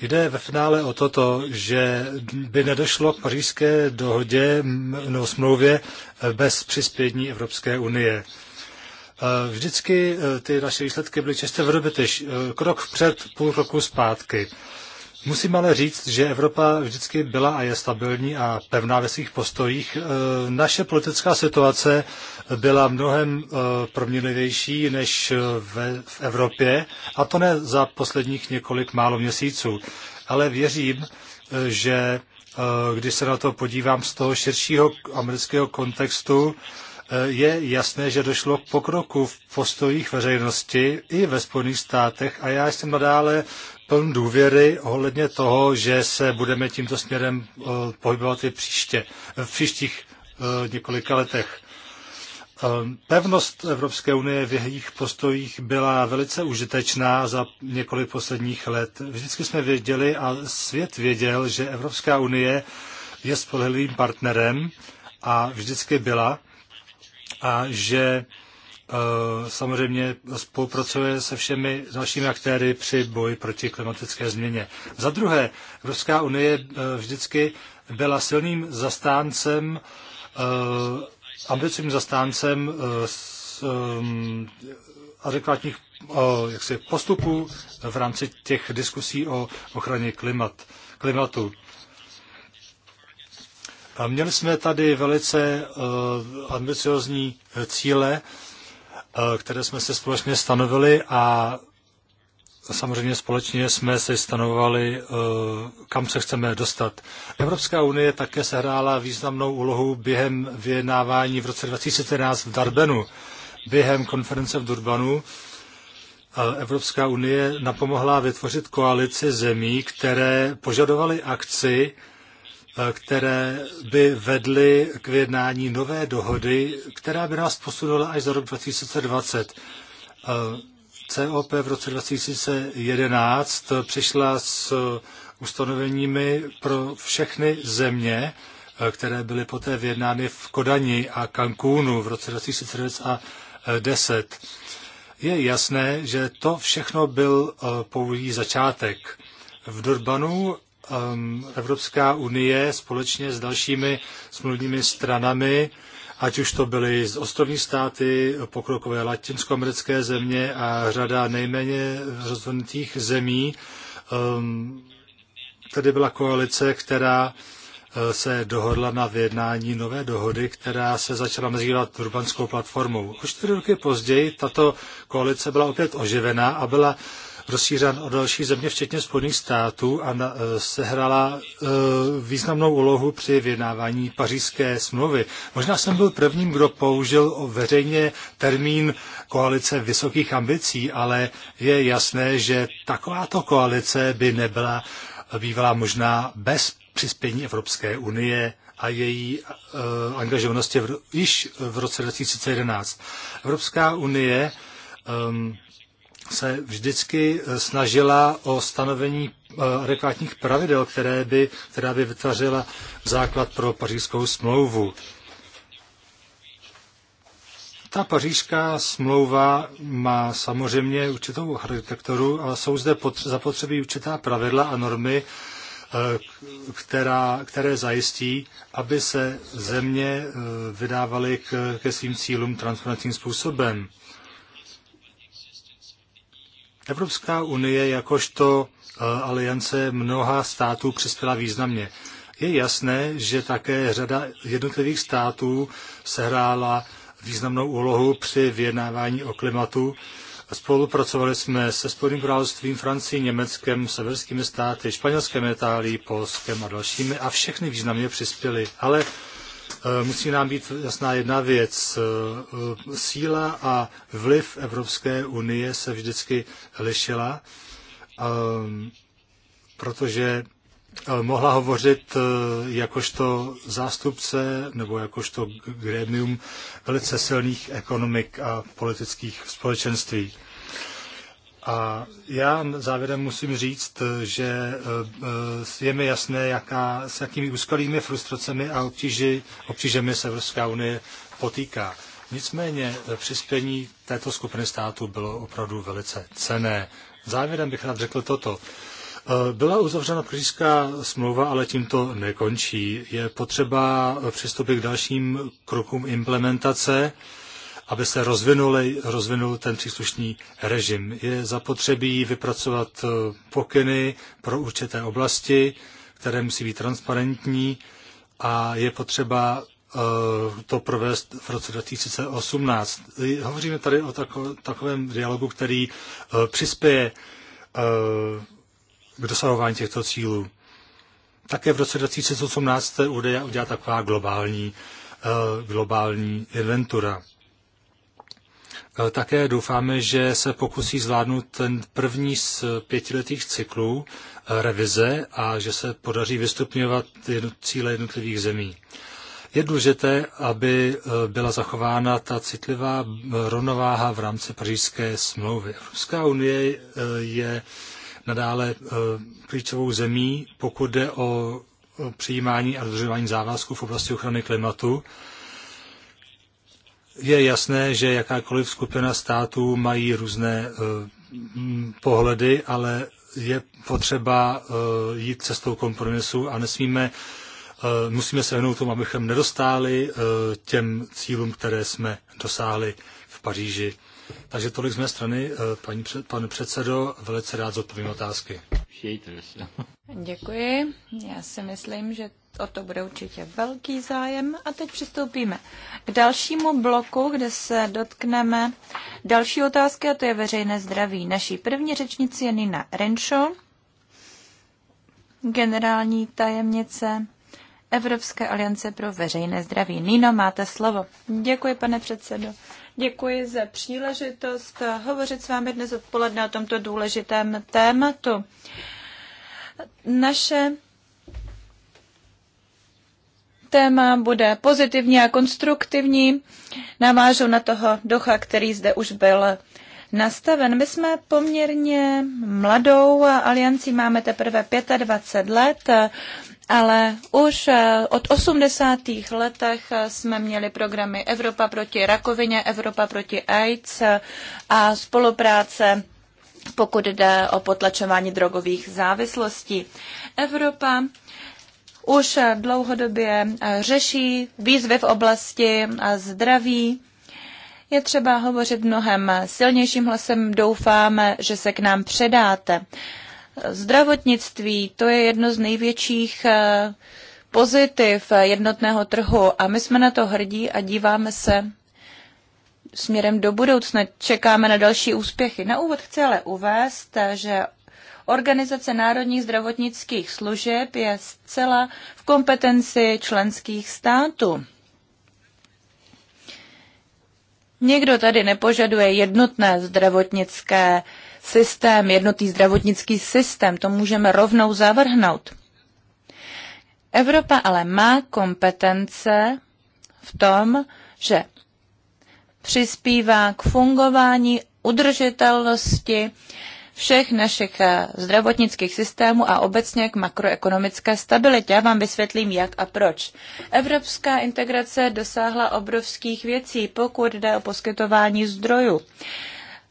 Jde ve finále o toto, že by nedošlo k pařížské dohodě nebo smlouvě eh, bez přispění Evropské unie. Eh, vždycky eh, ty naše výsledky byly často vrobitež. krok vpřed, půl roku zpátky. Musím ale říct, že Evropa vždycky byla a je stabilní a pevná ve svých postojích. E, naše politická situace byla mnohem e, proměnlivější než v Evropě, a to ne za posledních několik málo měsíců. Ale věřím, e, že když se na to podívám z toho širšího amerického kontextu, je jasné, že došlo k pokroku v postojích veřejnosti i ve Spojených státech a já jsem nadále pln důvěry ohledně toho, že se budeme tímto směrem eh, pohybovat i příště, v příštích eh, několika letech. Ehm, pevnost Evropské unie v jejich postojích byla velice užitečná za několik posledních let. Vždycky jsme věděli a svět věděl, že Evropská unie je spolehlivým partnerem a vždycky byla a že Eh, samozřejmě spolupracuje se všemi dalšími aktéry při boji proti klimatické změně. Za druhé, Evropská unie eh, vždycky byla silným zastáncem, eh, ambicím zastáncem adekvátních jaksi, postupů v rámci těch diskusí o ochraně klimat, klimatu. A měli jsme tady velice ambiciozní cíle, Eh, které jsme se společně stanovili a samozřejmě společně jsme se stanovali, eh, kam se chceme dostat. Evropská unie také sehrála významnou úlohu během vyjednávání v roce 2014 v Darbenu. Během konference v Durbanu eh, Evropská unie napomohla vytvořit koalici zemí, které požadovaly akci které by vedly k vyjednání nové dohody, která by nás posunula až za rok 2020. COP v roce 2011 přišla s ustanoveními pro všechny země, které byly poté vyjednány v Kodani a Cancúnu v roce 2010. Je jasné, že to všechno byl pouhý začátek. V Durbanu Ehm, Evropská unie společně s dalšími smluvními stranami, ať už to byly z ostrovní státy, pokrokové latinskoamerické země a řada nejméně rozvinutých zemí, ehm, tady byla koalice, která eh, se dohodla na vyjednání nové dohody, která se začala nazývat Urbanskou platformou. O čtyři roky později tato koalice byla opět oživena a byla rozšířen o další země, včetně Spojených států, a eh, sehrála eh, významnou úlohu při vyjednávání pařížské smlouvy. Možná jsem byl prvním, kdo použil veřejně termín koalice vysokých ambicí, ale je jasné, že takováto koalice by nebyla eh, bývala možná bez přispění Evropské unie a její uh, e, angažovanosti v, již v roce 2011. Evropská unie um, se vždycky eh, snažila o stanovení eh, adekvátních pravidel, které by, která by vytvořila základ pro pařížskou smlouvu. Ta pařížská smlouva má samozřejmě určitou architekturu, ale jsou zde zapotřebí určitá pravidla a normy, eh, která, které zajistí, aby se země vydávaly ke svým cílům transparentním způsobem. Evropská unie jakožto e, aliance mnoha států přispěla významně. Je jasné, že také řada jednotlivých států sehrála významnou úlohu při vyjednávání o klimatu. Spolupracovali jsme se Spojeným královstvím, Francií, Německem, severskými státy, Španělskem, Itálií, Polskem a dalšími a všechny významně přispěli. Ale Eh, musí nám být jasná jedna věc. Eh, eh, síla a vliv Evropské unie se vždycky lišila, ehm, protože mohla hovořit jakožto zástupce nebo jakožto grémium velice silných ekonomik a politických společenství. A já závěrem musím říct, že eh, je mi jasné, jaká, s jakými úskalými, frustracemi a obtíži, obtížemi se Evropská unie potýká. Nicméně eh, přispění této skupiny států bylo opravdu velice cené. Závěrem bych rád řekl toto. Eh, byla uzavřena pařížská smlouva, ale tím to nekončí. Je potřeba přistoupit k dalším krokům implementace aby se rozvinuli, rozvinul ten příslušný režim. Je zapotřebí vypracovat eh, pokyny pro určité oblasti, které musí být transparentní a je potřeba eh, to provést v roce 2018. Hovoříme tady o takovém dialogu, který eh, přispěje k dosahování těchto cílů. Také v roce 2018 údaje udělá taková globální, globální inventura. Eh, také doufáme, že se pokusí zvládnout ten první z pětiletých cyklů eh, revize a že se podaří vystupňovat cíle jednotlivých zemí. Je důležité, aby eh, byla zachována ta citlivá rovnováha v rámci pařížské smlouvy. Evropská unie je nadále klíčovou zemí, pokud jde o přijímání a dodržování závazků v oblasti ochrany klimatu je jasné, že jakákoliv skupina států mají různé eh, mm, pohledy, ale je potřeba eh, jít cestou kompromisu a nesmíme, eh, musíme se hnout tomu, abychom nedostáli těm cílům, které jsme dosáhli v Paříži takže tolik z mé strany, eh, paní před, pane předsedo, velice rád zodpovím otázky. Děkuji. Já si myslím, že o to bude určitě velký zájem. A teď přistoupíme k dalšímu bloku, kde se dotkneme další otázky, a to je veřejné zdraví. Naší první řečnici je Nina Renšo, generální tajemnice Evropské aliance pro veřejné zdraví. Nino, máte slovo. Děkuji, pane předsedo. Děkuji za příležitost hovořit s vámi dnes odpoledne o tomto důležitém tématu. Naše téma bude pozitivní a konstruktivní. Navážu na toho ducha, který zde už byl nastaven. My jsme poměrně mladou aliancí, máme teprve 25 let ale už eh, od 80. letech eh, jsme měli programy Evropa proti rakovině, Evropa proti AIDS eh, a spolupráce pokud jde o potlačování drogových závislostí. Evropa už dlouhodobě řeší výzvy v oblasti zdraví. Je třeba hovořit mnohem silnějším hlasem. Doufáme, že se k nám předáte. Zdravotnictví, to je jedno z největších eh, pozitiv eh, jednotného trhu a my jsme na to hrdí a díváme se směrem do budoucna. Čekáme na další úspěchy. Na úvod chci ale uvést, eh, že Organizace národních zdravotnických služeb je zcela v kompetenci členských států. Někdo tady nepožaduje jednotné zdravotnické systém, jednotný zdravotnický systém. To můžeme rovnou zavrhnout. Evropa ale má kompetence v tom, že přispívá k fungování udržitelnosti všech našich eh, zdravotnických systémů a obecně k makroekonomické stabilitě. Já vám vysvětlím, jak a proč. Evropská integrace dosáhla obrovských věcí, pokud jde o poskytování zdrojů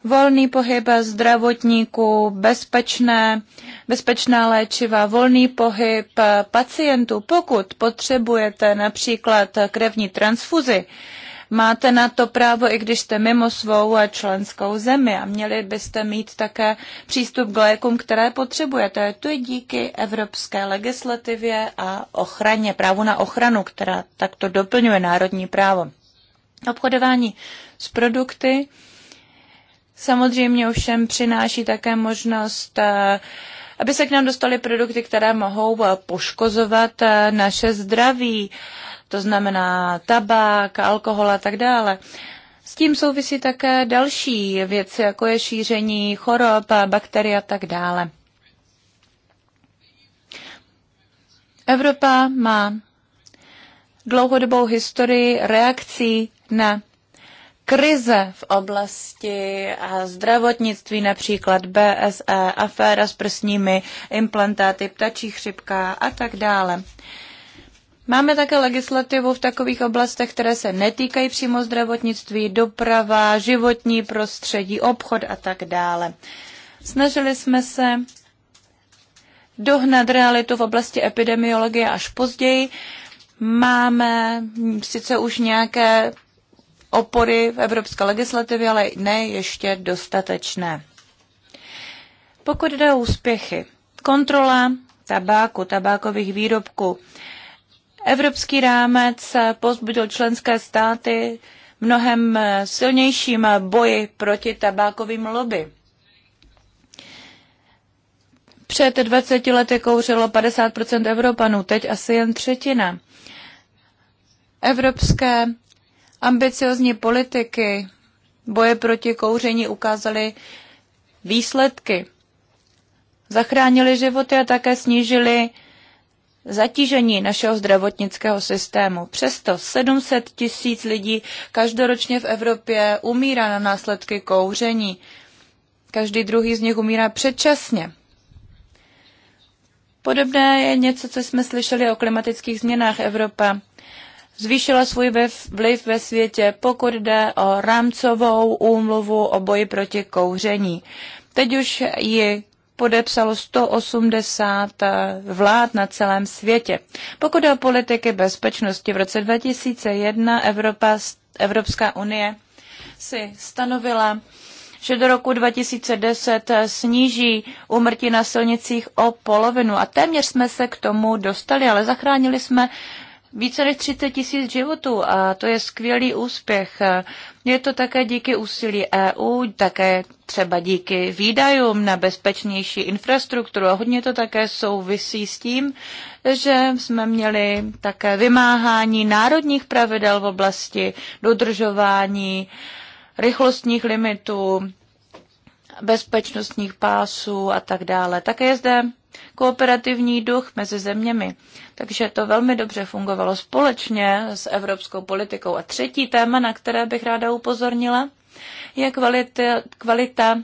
volný pohyb zdravotníků, bezpečné, bezpečná léčiva, volný pohyb pacientů. Pokud potřebujete například krevní transfuzi, máte na to právo, i když jste mimo svou členskou zemi a měli byste mít také přístup k lékům, které potřebujete. To je díky evropské legislativě a ochraně, právu na ochranu, která takto doplňuje národní právo. Obchodování s produkty Samozřejmě ovšem přináší také možnost, eh, aby se k nám dostaly produkty, které mohou eh, poškozovat eh, naše zdraví, to znamená tabák, alkohol a tak dále. S tím souvisí také další věci, jako je šíření chorob, bakterie a tak dále. Evropa má dlouhodobou historii reakcí na krize v oblasti eh, zdravotnictví, například BSE, aféra s prsními, implantáty, ptačí chřipka a tak dále. Máme také legislativu v takových oblastech, které se netýkají přímo zdravotnictví, doprava, životní prostředí, obchod a tak dále. Snažili jsme se dohnat realitu v oblasti epidemiologie až později. Máme sice už nějaké opory v evropské legislativě, ale ne ještě dostatečné. Pokud jde o úspěchy, kontrola tabáku, tabákových výrobků. Evropský rámec pozbudil členské státy mnohem silnějším boji proti tabákovým lobby. Před 20 lety kouřilo 50 Evropanů, teď asi jen třetina. Evropské Ambiciozní politiky boje proti kouření ukázaly výsledky. Zachránili životy a také snížili zatížení našeho zdravotnického systému. Přesto 700 tisíc lidí každoročně v Evropě umírá na následky kouření. Každý druhý z nich umírá předčasně. Podobné je něco, co jsme slyšeli o klimatických změnách. Evropa zvýšila svůj vliv ve světě, pokud jde o rámcovou úmluvu o boji proti kouření. Teď už ji podepsalo 180 eh, vlád na celém světě. Pokud jde o politiky bezpečnosti, v roce 2001 Evropa, Evropská unie si stanovila, že do roku 2010 eh, sníží úmrtí na silnicích o polovinu. A téměř jsme se k tomu dostali, ale zachránili jsme více než 30 tisíc životů a to je skvělý úspěch. Je to také díky úsilí EU, také třeba díky výdajům na bezpečnější infrastrukturu a hodně to také souvisí s tím, že jsme měli také vymáhání národních pravidel v oblasti dodržování rychlostních limitů, bezpečnostních pásů a tak dále. Také je zde kooperativní duch mezi zeměmi. Takže to velmi dobře fungovalo společně s evropskou politikou. A třetí téma, na které bych ráda upozornila, je kvalita, kvalita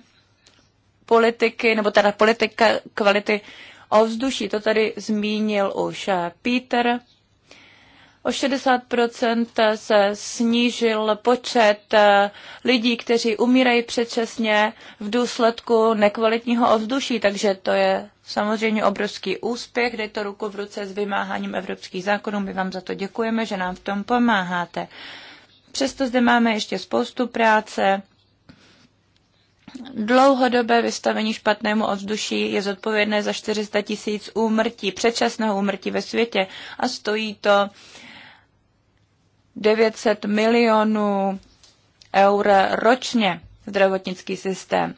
politiky, nebo teda politika kvality ovzduší. To tady zmínil už Peter. O 60% se snížil počet eh, lidí, kteří umírají předčasně v důsledku nekvalitního ovzduší, takže to je samozřejmě obrovský úspěch. Dej to ruku v ruce s vymáháním evropských zákonů. My vám za to děkujeme, že nám v tom pomáháte. Přesto zde máme ještě spoustu práce. Dlouhodobé vystavení špatnému ovzduší je zodpovědné za 400 tisíc úmrtí, předčasného úmrtí ve světě a stojí to 900 milionů eur ročně zdravotnický systém.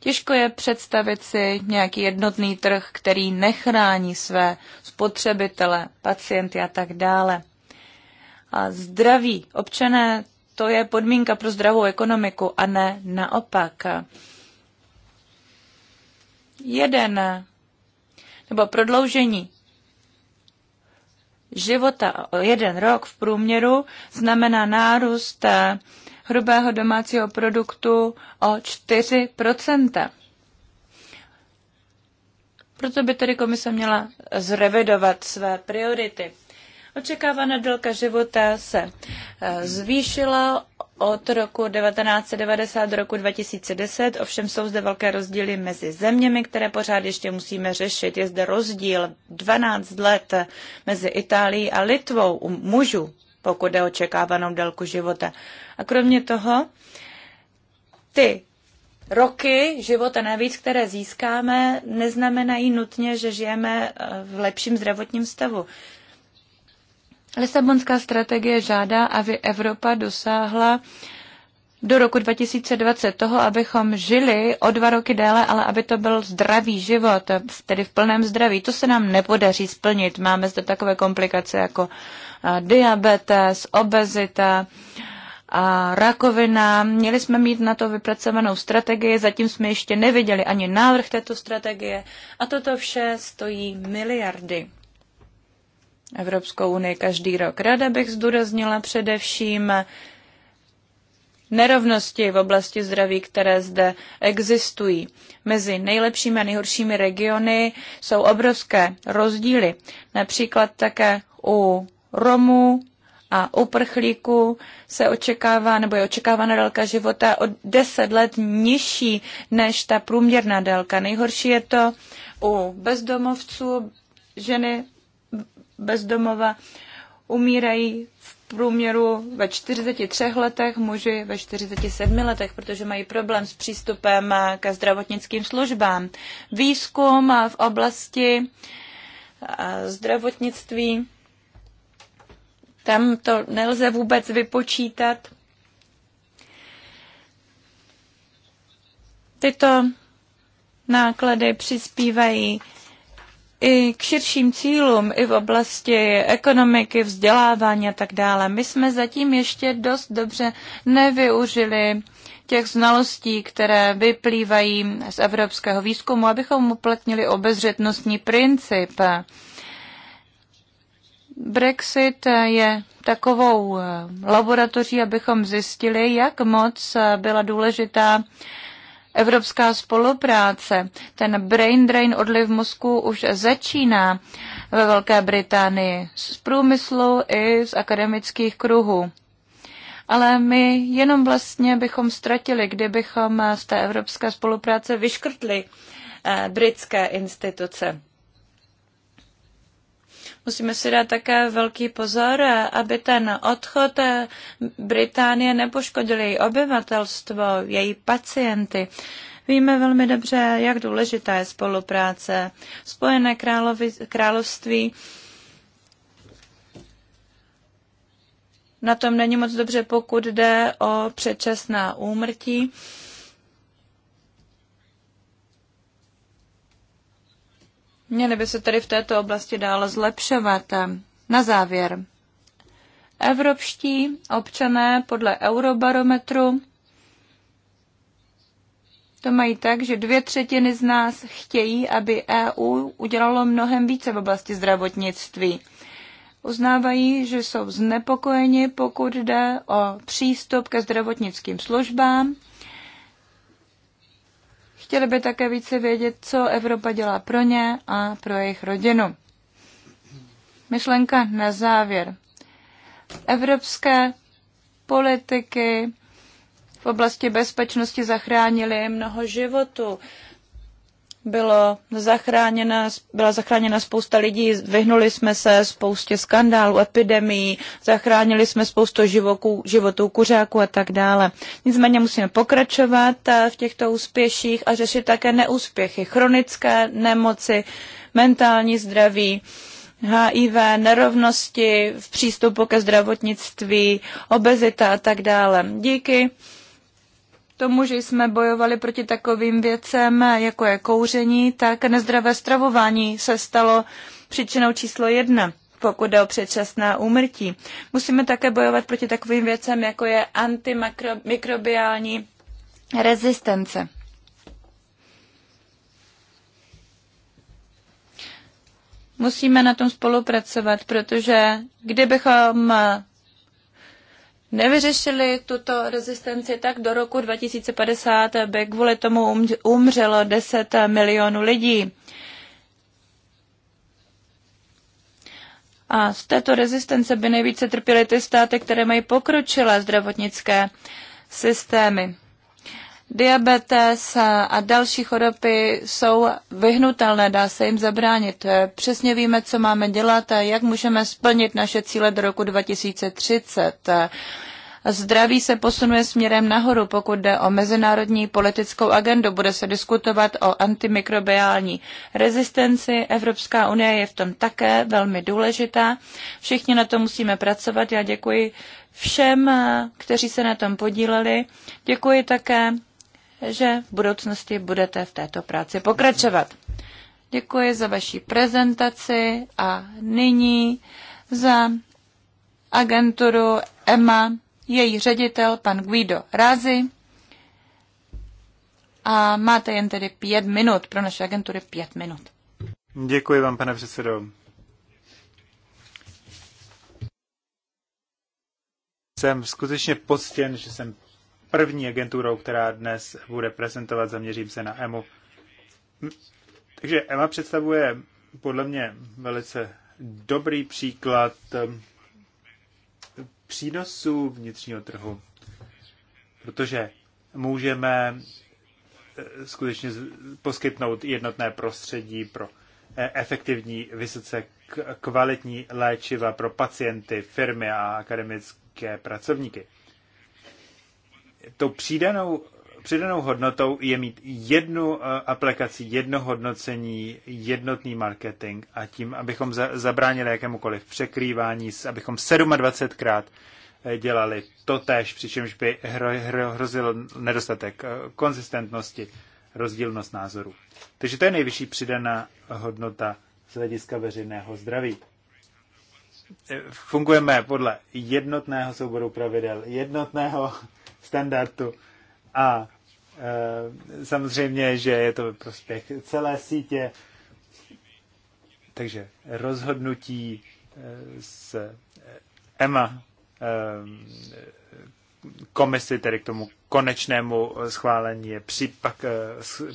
Těžko je představit si nějaký jednotný trh, který nechrání své spotřebitele, pacienty a tak dále. A zdraví občané to je podmínka pro zdravou ekonomiku a ne naopak. Jeden nebo prodloužení života o jeden rok v průměru znamená nárůst eh, hrubého domácího produktu o 4 Proto by tedy komise měla zrevidovat své priority. Očekávaná délka života se eh, zvýšila od roku 1990 do roku 2010, ovšem jsou zde velké rozdíly mezi zeměmi, které pořád ještě musíme řešit. Je zde rozdíl 12 let mezi Itálií a Litvou u mužů, pokud je očekávanou délku života. A kromě toho, ty roky života navíc, které získáme, neznamenají nutně, že žijeme eh, v lepším zdravotním stavu. Lisabonská strategie žádá, aby Evropa dosáhla do roku 2020 toho, abychom žili o dva roky déle, ale aby to byl zdravý život, tedy v plném zdraví. To se nám nepodaří splnit. Máme zde takové komplikace jako diabetes, obezita, a rakovina. Měli jsme mít na to vypracovanou strategii, zatím jsme ještě neviděli ani návrh této strategie a toto vše stojí miliardy. Evropskou unii každý rok. Rada bych zdůraznila především nerovnosti v oblasti zdraví, které zde existují. Mezi nejlepšími a nejhoršími regiony jsou obrovské rozdíly. Například také u Romů a u prchlíků se očekává, nebo je očekávána délka života o 10 let nižší než ta průměrná délka. Nejhorší je to u bezdomovců, ženy bezdomova umírají v průměru ve 43 letech, muži ve 47 letech, protože mají problém s přístupem ke zdravotnickým službám. Výzkum v oblasti eh, zdravotnictví, tam to nelze vůbec vypočítat. Tyto náklady přispívají i k širším cílům, i v oblasti ekonomiky, vzdělávání a tak dále. My jsme zatím ještě dost dobře nevyužili těch znalostí, které vyplývají z evropského výzkumu, abychom uplatnili obezřetnostní princip. Brexit je takovou laboratoří, abychom zjistili, jak moc byla důležitá evropská spolupráce. Ten brain drain odliv mozku už začíná ve Velké Británii z průmyslu i z akademických kruhů. Ale my jenom vlastně bychom ztratili, kdybychom z té evropské spolupráce vyškrtli eh, britské instituce. Musíme si dát také velký pozor, aby ten odchod Británie nepoškodil její obyvatelstvo, její pacienty. Víme velmi dobře, jak důležitá je spolupráce. Spojené královi, království na tom není moc dobře, pokud jde o předčasná úmrtí. Měly by se tedy v této oblasti dále zlepšovat. Na závěr. Evropští občané podle eurobarometru to mají tak, že dvě třetiny z nás chtějí, aby EU udělalo mnohem více v oblasti zdravotnictví. Uznávají, že jsou znepokojeni, pokud jde o přístup ke zdravotnickým službám Chtěli by také více vědět, co Evropa dělá pro ně a pro jejich rodinu. Myšlenka na závěr. Evropské politiky v oblasti bezpečnosti zachránili mnoho životů bylo zachráněna, byla zachráněna spousta lidí, vyhnuli jsme se spoustě skandálů, epidemií, zachránili jsme spoustu živoků, životů kuřáků a tak dále. Nicméně musíme pokračovat eh, v těchto úspěších a řešit také neúspěchy, chronické nemoci, mentální zdraví. HIV, nerovnosti v přístupu ke zdravotnictví, obezita a tak dále. Díky tomu, že jsme bojovali proti takovým věcem, jako je kouření, tak nezdravé stravování se stalo příčinou číslo jedna pokud jde o předčasná úmrtí. Musíme také bojovat proti takovým věcem, jako je antimikrobiální rezistence. Musíme na tom spolupracovat, protože kdybychom nevyřešili tuto rezistenci, tak do roku 2050 by kvůli tomu umřelo 10 milionů lidí. A z této rezistence by nejvíce trpěly ty státy, které mají pokročilé zdravotnické systémy diabetes a další choroby jsou vyhnutelné, dá se jim zabránit. Přesně víme, co máme dělat a jak můžeme splnit naše cíle do roku 2030. Zdraví se posunuje směrem nahoru, pokud jde o mezinárodní politickou agendu. Bude se diskutovat o antimikrobiální rezistenci. Evropská unie je v tom také velmi důležitá. Všichni na to musíme pracovat. Já děkuji všem, kteří se na tom podíleli. Děkuji také že v budoucnosti budete v této práci pokračovat. Děkuji za vaši prezentaci a nyní za agenturu EMA, její ředitel pan Guido Razi. A máte jen tedy pět minut, pro naše agentury pět minut. Děkuji vám, pane předsedo. Jsem skutečně poctěn, že jsem první agenturou, která dnes bude prezentovat, zaměřím se na EMU. Takže EMA představuje podle mě velice dobrý příklad um, přínosů vnitřního trhu, protože můžeme eh, skutečně poskytnout jednotné prostředí pro eh, efektivní, vysoce kvalitní léčiva pro pacienty, firmy a akademické pracovníky tou přidanou, přidanou hodnotou je mít jednu eh, aplikaci, jedno hodnocení, jednotný marketing a tím, abychom za, zabránili jakémukoliv překrývání, abychom 27krát eh, dělali to tež, přičemž by hro, hro, hrozil nedostatek eh, konzistentnosti, rozdílnost názorů. Takže to je nejvyšší přidaná hodnota z hlediska veřejného zdraví. Fungujeme podle jednotného souboru pravidel, jednotného standardu. A e, samozřejmě, že je to prospěch celé sítě. Takže rozhodnutí e, eh, s eh, EMA komisi, tedy k tomu konečnému schválení, je při, pak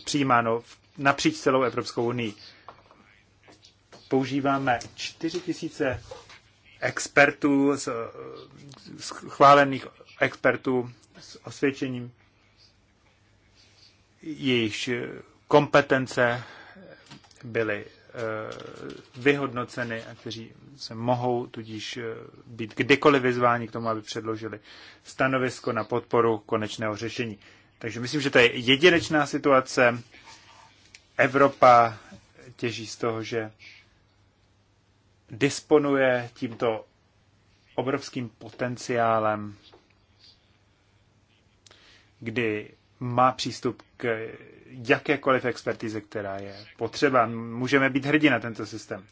přijímáno napříč celou Evropskou unii. Používáme expertů z, z chválených expertů s osvědčením, jejichž kompetence byly eh, vyhodnoceny a kteří se mohou tudíž eh, být kdykoliv vyzváni k tomu, aby předložili stanovisko na podporu konečného řešení. Takže myslím, že to je jedinečná situace. Evropa těží z toho, že disponuje tímto obrovským potenciálem kdy má přístup k jakékoliv expertize, která je potřeba. Můžeme být hrdí na tento systém.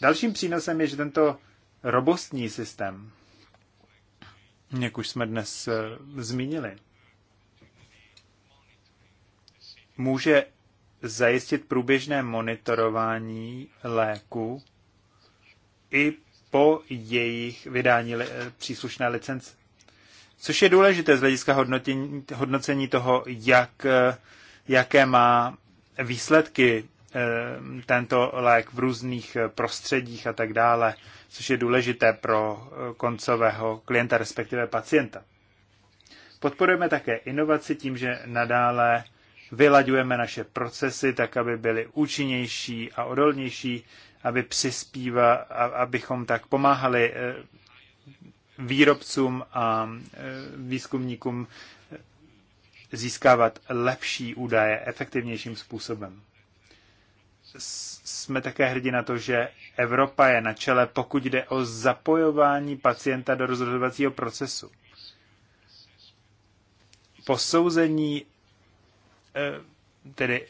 Dalším přínosem je, že tento robustní systém, jak už jsme dnes eh, zmínili, může zajistit průběžné monitorování léku i po jejich vydání eh, příslušné licence což je důležité z hlediska hodnocení toho, jak, eh, jaké má výsledky eh, tento lék v různých eh, prostředích a tak dále, což je důležité pro koncového klienta, respektive pacienta. Podporujeme také inovaci tím, že nadále vylaďujeme naše procesy tak, aby byly účinnější a odolnější, aby přispíva, abychom tak pomáhali výrobcům a e, výzkumníkům získávat lepší údaje efektivnějším způsobem. Jsme také hrdí na to, že Evropa je na čele, pokud jde o zapojování pacienta do rozhodovacího procesu. Posouzení e, tedy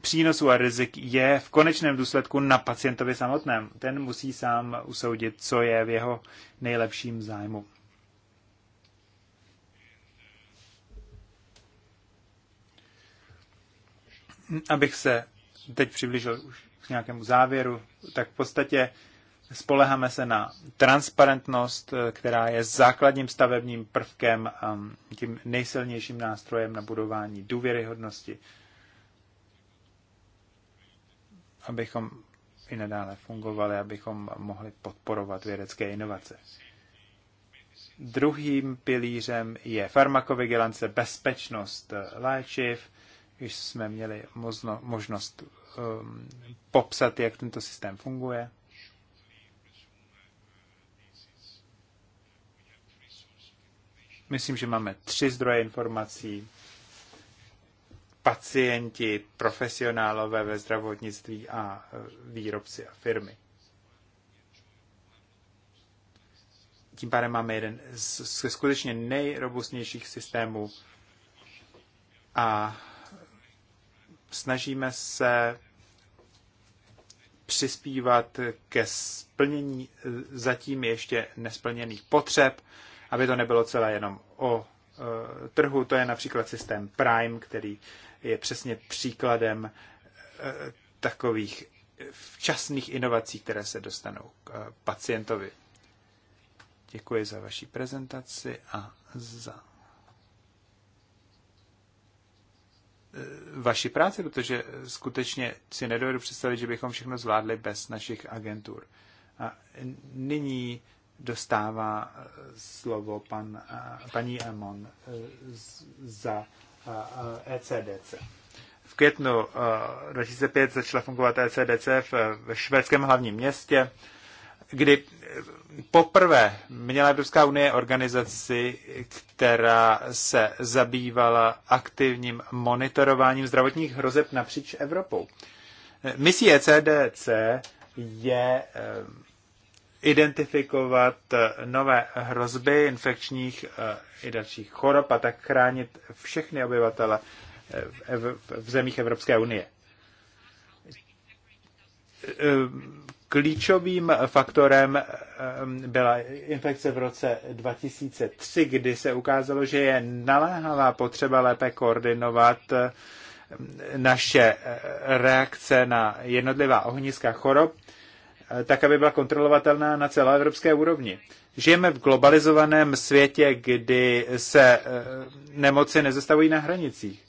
přínosů a rizik je v konečném důsledku na pacientovi samotném. Ten musí sám usoudit, co je v jeho nejlepším zájmu. Abych se teď přiblížil už k nějakému závěru, tak v podstatě spoleháme se na transparentnost, která je základním stavebním prvkem a tím nejsilnějším nástrojem na budování důvěryhodnosti abychom i nadále fungovali, abychom mohli podporovat vědecké inovace. Druhým pilířem je farmakovigilance, bezpečnost léčiv. Když jsme měli možno, možnost um, popsat, jak tento systém funguje. Myslím, že máme tři zdroje informací pacienti, profesionálové ve zdravotnictví a e, výrobci a firmy. Tím pádem máme jeden z skutečně nejrobustnějších systémů a snažíme se přispívat ke splnění e, zatím ještě nesplněných potřeb, aby to nebylo celé jenom o e, trhu. To je například systém Prime, který je přesně příkladem eh, takových včasných inovací, které se dostanou k eh, pacientovi. Děkuji za vaši prezentaci a za eh, vaši práci, protože skutečně si nedovedu představit, že bychom všechno zvládli bez našich agentur. A nyní dostává slovo pan, paní Amon za ECDC. V květnu 2005 eh, začala fungovat ECDC ve švédském hlavním městě, kdy eh, poprvé měla Evropská unie organizaci, která se zabývala aktivním monitorováním zdravotních hrozeb napříč Evropou. Eh, misí ECDC je identifikovat eh, nové hrozby infekčních eh, i dalších chorob a tak chránit všechny obyvatele eh, v zemích Evropské unie. Klíčovým faktorem byla infekce v roce 2003, kdy se ukázalo, že je naléhavá potřeba lépe koordinovat naše reakce na jednotlivá ohniska chorob Eh, tak aby byla kontrolovatelná na celé evropské úrovni. Žijeme v globalizovaném světě, kdy se eh, nemoci nezastavují na hranicích.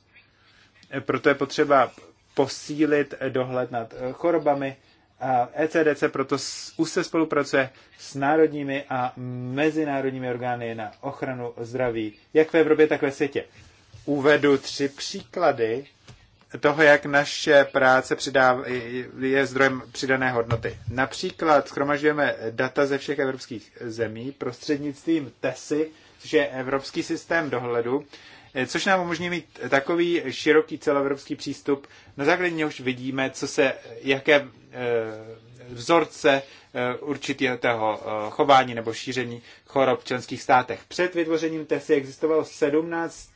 Eh, proto je potřeba posílit dohled nad chorobami. A ECDC proto úzce spolupracuje s národními a mezinárodními orgány na ochranu zdraví, jak v Evropě, tak ve světě. Uvedu tři příklady toho, jak naše práce přidává, je zdrojem přidané hodnoty. Například schromažďujeme data ze všech evropských zemí prostřednictvím TESY, což je Evropský systém dohledu, což nám umožní mít takový široký celoevropský přístup. Na základě něhož vidíme, co se, jaké eh, vzorce eh, určitého eh, chování nebo šíření chorob v členských státech. Před vytvořením TESY existovalo 17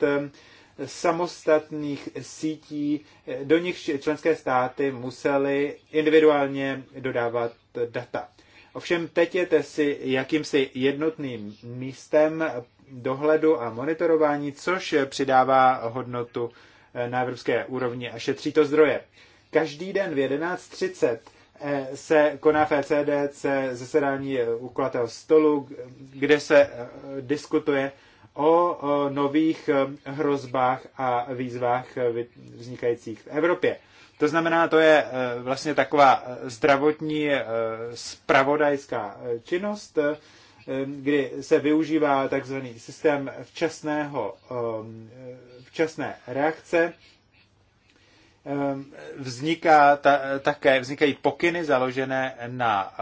samostatných sítí, do nichž členské státy musely individuálně dodávat data. Ovšem teď je si jakýmsi jednotným místem dohledu a monitorování, což přidává hodnotu eh, na evropské úrovni a šetří to zdroje. Každý den v 11.30 eh, se koná v ECDC zasedání eh, u kulatého stolu, kde se diskutuje o nových eh, hrozbách a výzvách eh, vznikajících v Evropě. To znamená, to je eh, vlastně taková zdravotní spravodajská činnost, kdy se využívá takzvaný systém včasného, ehm, včasné reakce. Ehm, vzniká ta, také vznikají pokyny založené na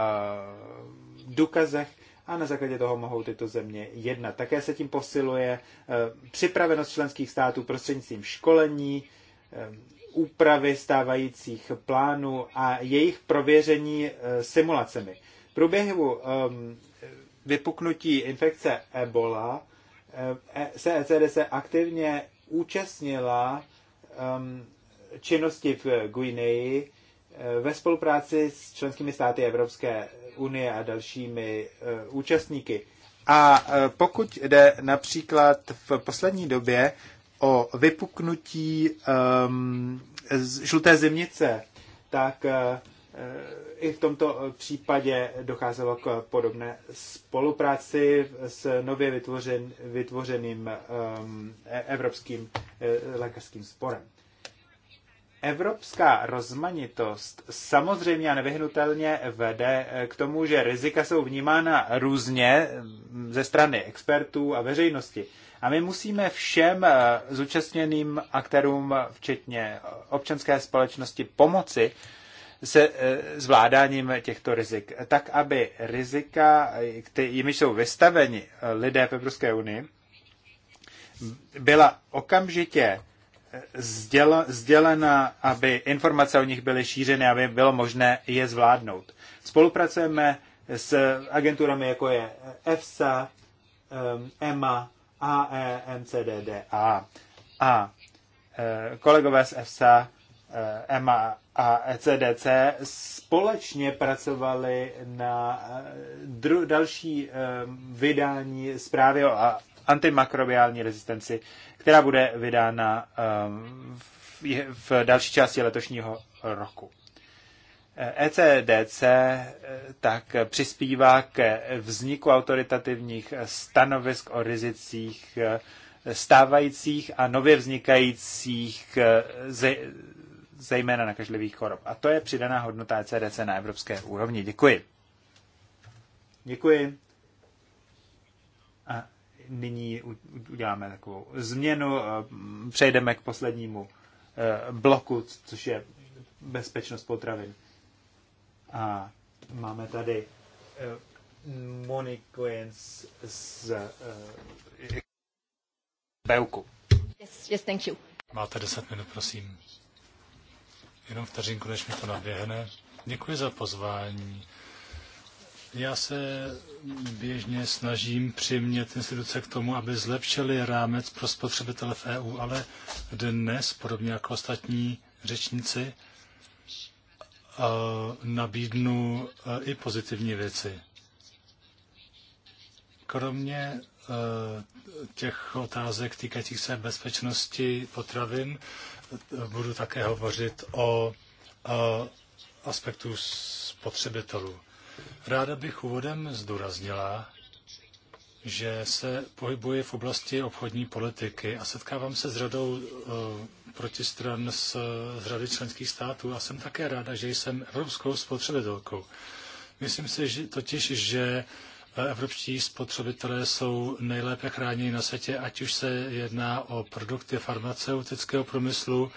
důkazech a na základě toho mohou tyto země jednat. Také se tím posiluje eh, připravenost členských států prostřednictvím školení, eh, úpravy stávajících plánů a jejich prověření eh, simulacemi. V průběhu ehm, vypuknutí infekce Ebola se ECDC se aktivně účastnila ehm, činnosti v Guineji ve spolupráci s členskými státy Evropské unie a dalšími eh, účastníky. A eh, pokud jde například v poslední době o vypuknutí um, žluté zimnice, tak eh, i v tomto případě docházelo k podobné spolupráci s nově vytvořen, vytvořeným um, evropským uh, lékařským sporem. Evropská rozmanitost samozřejmě a nevyhnutelně vede eh, k tomu, že rizika jsou vnímána různě mm, ze strany expertů a veřejnosti. A my musíme všem eh, zúčastněným aktérům, včetně občanské společnosti, pomoci se eh, zvládáním těchto rizik, tak aby rizika, jimi jsou vystaveni lidé v Evropské unii, byla okamžitě sdělena, aby informace o nich byly šířeny, aby bylo možné je zvládnout. Spolupracujeme s agenturami, jako je EFSA, eh, EMA, AEMCDDA. A e, eh, kolegové z EFSA, eh, EMA a ECDC společně pracovali na další vydání zprávy o antimakrobiální rezistenci, která bude vydána ehm, v další části letošního roku. ECDC eh, e eh, tak přispívá k vzniku autoritativních stanovisk o rizicích eh, stávajících a nově vznikajících zejména nakažlivých chorob. A to je přidaná hodnota ECDC na evropské úrovni. Děkuji. Děkuji. A nyní uděláme takovou změnu, mm, přejdeme k poslednímu e, bloku, což je bezpečnost potravin. A máme tady e, Moniku Jens z e, Beuku. Yes, yes, thank you. Máte 10 minut, prosím. Jenom vteřinku, než mi to naběhne. Děkuji za pozvání. Já se běžně snažím přimět instituce k tomu, aby zlepšili rámec pro spotřebitele v EU, ale dnes, podobně jako ostatní řečníci, eh, nabídnu eh, i pozitivní věci. Kromě eh, těch otázek týkajících se bezpečnosti potravin budu také hovořit o aspektu spotřebitelů. Ráda bych úvodem zdůraznila, že se pohybuji v oblasti obchodní politiky a setkávám se s řadou eh, protistran z, z řady členských států a jsem také ráda, že jsem evropskou spotřebitelkou. Myslím si že, totiž, že eh, evropští spotřebitelé jsou nejlépe chráněni na světě, ať už se jedná o produkty farmaceutického průmyslu,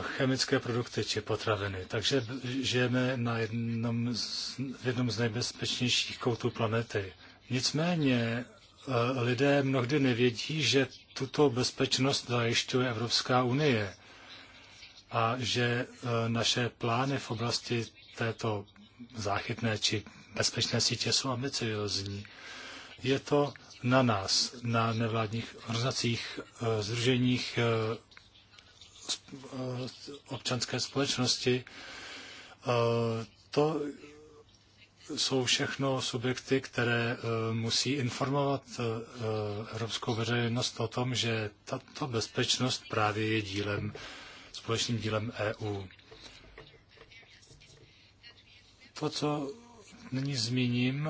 chemické produkty či potraviny. Takže žijeme na jednom z, v jednom z nejbezpečnějších koutů planety. Nicméně e, lidé mnohdy nevědí, že tuto bezpečnost zajišťuje Evropská unie a že e, naše plány v oblasti této záchytné či bezpečné sítě jsou ambiciozní. Je to na nás, na nevládních organizacích, združeních e, občanské společnosti. Eh, to jsou všechno subjekty, které eh, musí informovat eh, evropskou veřejnost o tom, že tato bezpečnost právě je dílem, společným dílem EU. To, co nyní zmíním,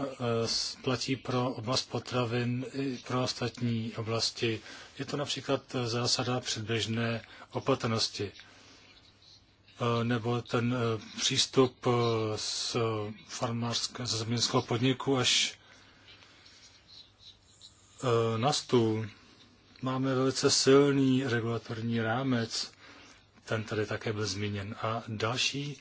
platí pro oblast potravin i pro ostatní oblasti je to například eh, zásada předběžné opatrnosti eh, nebo ten eh, přístup z farmářského, ze podniku až na stůl. Máme velice silný regulatorní rámec, ten tady také byl zmíněn. A další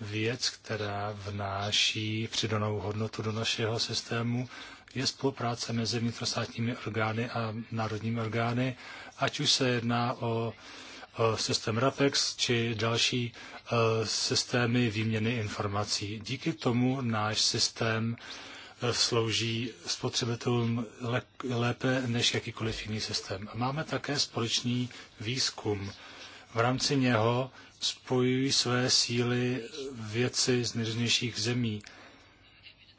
věc, která vnáší přidanou hodnotu do našeho systému, je spolupráce mezi vnitrostátními orgány a národními orgány, ať už se jedná o systém RAPEX či další e, systémy výměny informací. Díky tomu náš systém e, slouží spotřebitelům lépe než jakýkoliv jiný systém. Máme také společný výzkum. V rámci něho spojují své síly věci z nejrůznějších zemí.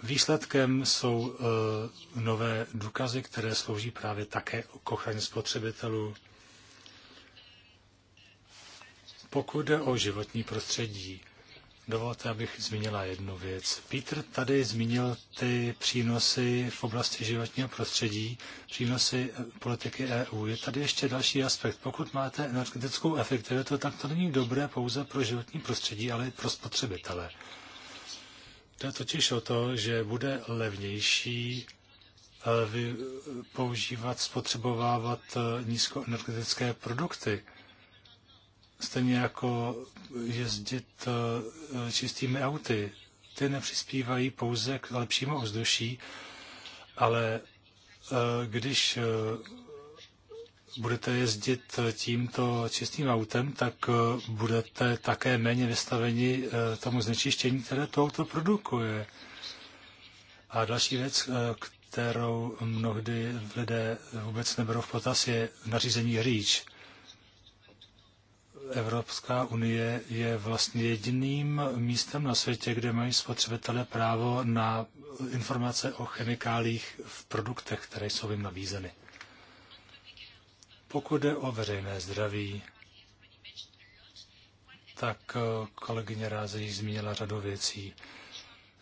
Výsledkem jsou eh, nové důkazy, které slouží právě také k ochraně spotřebitelů. Pokud jde o životní prostředí, dovolte, abych zmínila jednu věc. Petr tady zmínil ty přínosy v oblasti životního prostředí, přínosy eh, politiky EU. Je tady ještě další aspekt. Pokud máte energetickou efektivitu, tak to není dobré pouze pro životní prostředí, ale i pro spotřebitele. Jde totiž o to, že bude levnější eh, eh, používat, spotřebovávat eh, nízkoenergetické produkty. Stejně jako jezdit čistými auty. Ty nepřispívají pouze k lepšímu ovzduší, ale když budete jezdit tímto čistým autem, tak eh, budete také méně vystaveni eh, tomu znečištění, které to auto produkuje. A další věc, eh, kterou mnohdy lidé vůbec neberou v potaz, je nařízení hříč. Evropská unie je vlastně jediným místem na světě, kde mají spotřebitelé právo na informace o chemikálích v produktech, které jsou jim nabízeny. Pokud jde o veřejné zdraví, tak eh, kolegyně Ráze již zmínila řadu věcí.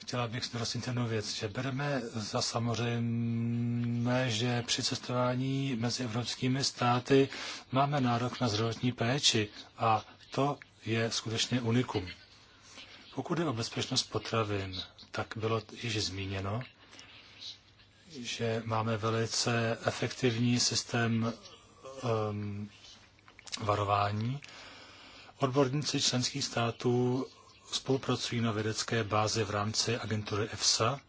Chtěla bych zdůraznit jednu věc, že bereme za samozřejmé, že při cestování mezi evropskými státy máme nárok na zdravotní péči a to je skutečně unikum. Pokud je o bezpečnost potravin, tak bylo již zmíněno, že máme velice efektivní systém um, varování. Odborníci členských států spolupracují na vědecké bázi v rámci agentury EFSA.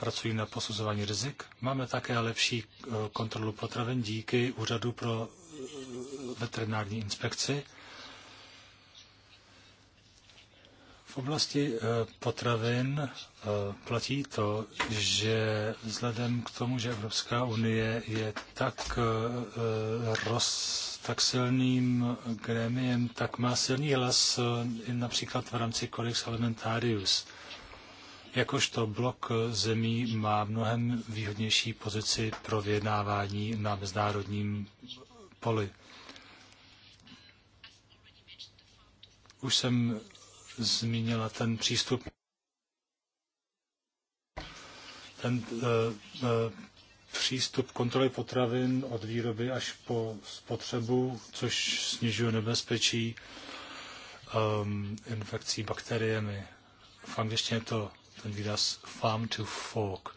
Pracují na posuzování rizik. Máme také lepší eh, kontrolu potravin díky Úřadu pro eh, veterinární inspekci. V oblasti eh, potravin eh, platí to, že vzhledem k tomu, že Evropská unie je tak, eh, roz, tak silným grémiem, tak má silný hlas například v rámci Codex Alimentarius. Jakožto blok zemí má mnohem výhodnější pozici pro vyjednávání na mezinárodním poli. Už jsem zmínila ten přístup. Ten uh, uh, přístup kontroly potravin od výroby až po spotřebu, což snižuje nebezpečí um, infekcí bakteriemi. V angličtině to ten výraz farm to fork.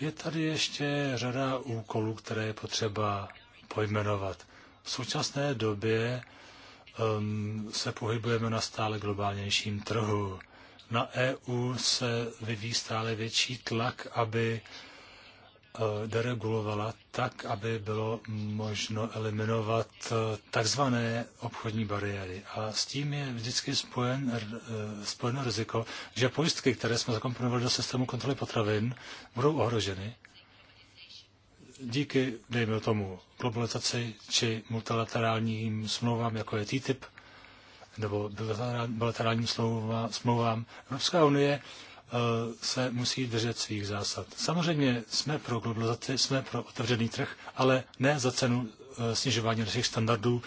Je tady ještě řada úkolů, které je potřeba pojmenovat. V současné době Ehm, se pohybujeme na stále globálnějším trhu. Na EU se vyvíjí stále větší tlak, aby eh, deregulovala tak, aby bylo možno eliminovat eh, takzvané obchodní bariéry. A s tím je vždycky spojen, eh, spojeno riziko, že pojistky, které jsme zakomponovali do systému kontroly potravin, budou ohroženy díky, dejme tomu, globalizaci či multilaterálním smlouvám, jako je TTIP, nebo bilaterálním smlouvám, Evropská unie eh, se musí držet svých zásad. Samozřejmě jsme pro globalizaci, jsme pro otevřený trh, ale ne za cenu eh, snižování našich standardů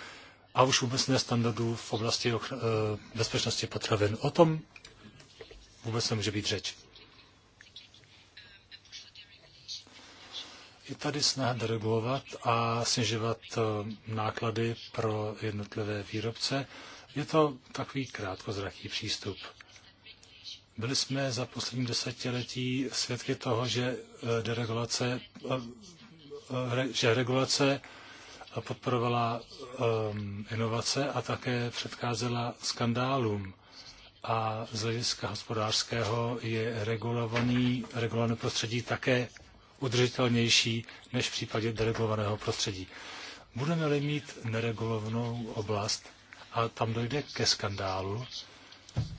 a už vůbec ne standardů v oblasti eh, bezpečnosti potravin. O tom vůbec nemůže být řeč. Je tady snaha deregulovat a snižovat eh, náklady pro jednotlivé výrobce. Je to takový krátkozrachý přístup. Byli jsme za poslední desetiletí svědky toho, že eh, deregulace, eh, že regulace podporovala inovace a také předcházela skandálům. A z hlediska hospodářského je regulovaný, regulované prostředí také udržitelnější než v případě deregulovaného prostředí. Budeme-li mít neregulovanou oblast a tam dojde ke skandálu, eh,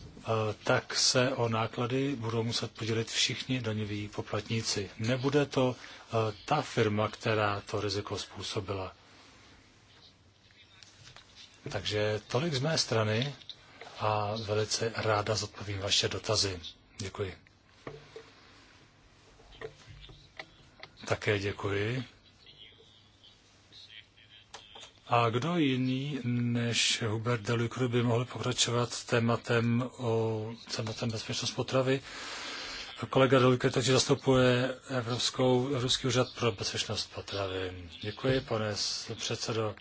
tak se o náklady budou muset podělit všichni daňoví poplatníci. Nebude to eh, ta firma, která to riziko způsobila. Takže tolik z mé strany a velice ráda zodpovím vaše dotazy. Děkuji. Také děkuji. A kdo jiný než Hubert de by mohl pokračovat tématem, o, tématem bezpečnost potravy? Kolega de takže zastupuje Evropskou, Evropský úřad pro bezpečnost potravy. Děkuji, pane předsedo.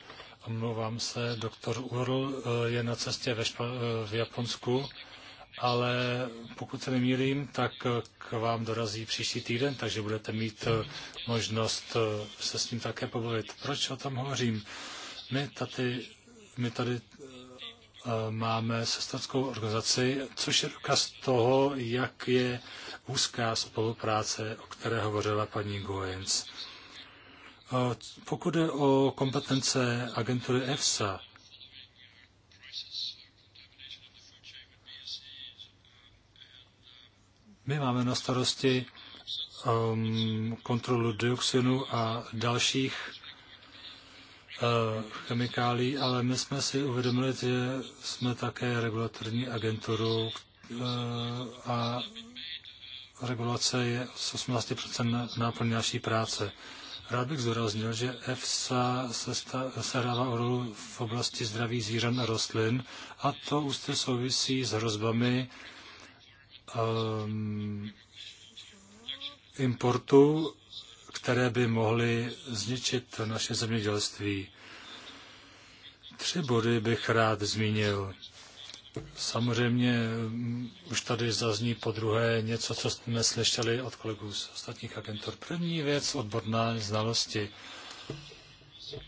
Omlouvám se, doktor Url eh, je na cestě ve, Špa, eh, v Japonsku ale pokud se nemýlím, tak k vám dorazí příští týden, takže budete mít eh, možnost eh, se s ním také pobavit. Proč o tom hovořím? My tady, my tady eh, máme sestrskou organizaci, což je důkaz toho, jak je úzká spolupráce, o které hovořila paní Goins. Pokud je o kompetence agentury EFSA, My máme na starosti um, kontrolu dioxinu a dalších uh, chemikálí, ale my jsme si uvědomili, že jsme také regulatorní agenturou uh, a regulace je z 18% náplň naší práce. Rád bych zdůraznil, že EFSA se o rolu v oblasti zdraví zvířat a rostlin a to úzce souvisí s hrozbami, um, importu, které by mohly zničit naše zemědělství. Tři body bych rád zmínil. Samozřejmě um, už tady zazní po druhé něco, co jsme slyšeli od kolegů z ostatních agentur. První věc, odborná znalosti.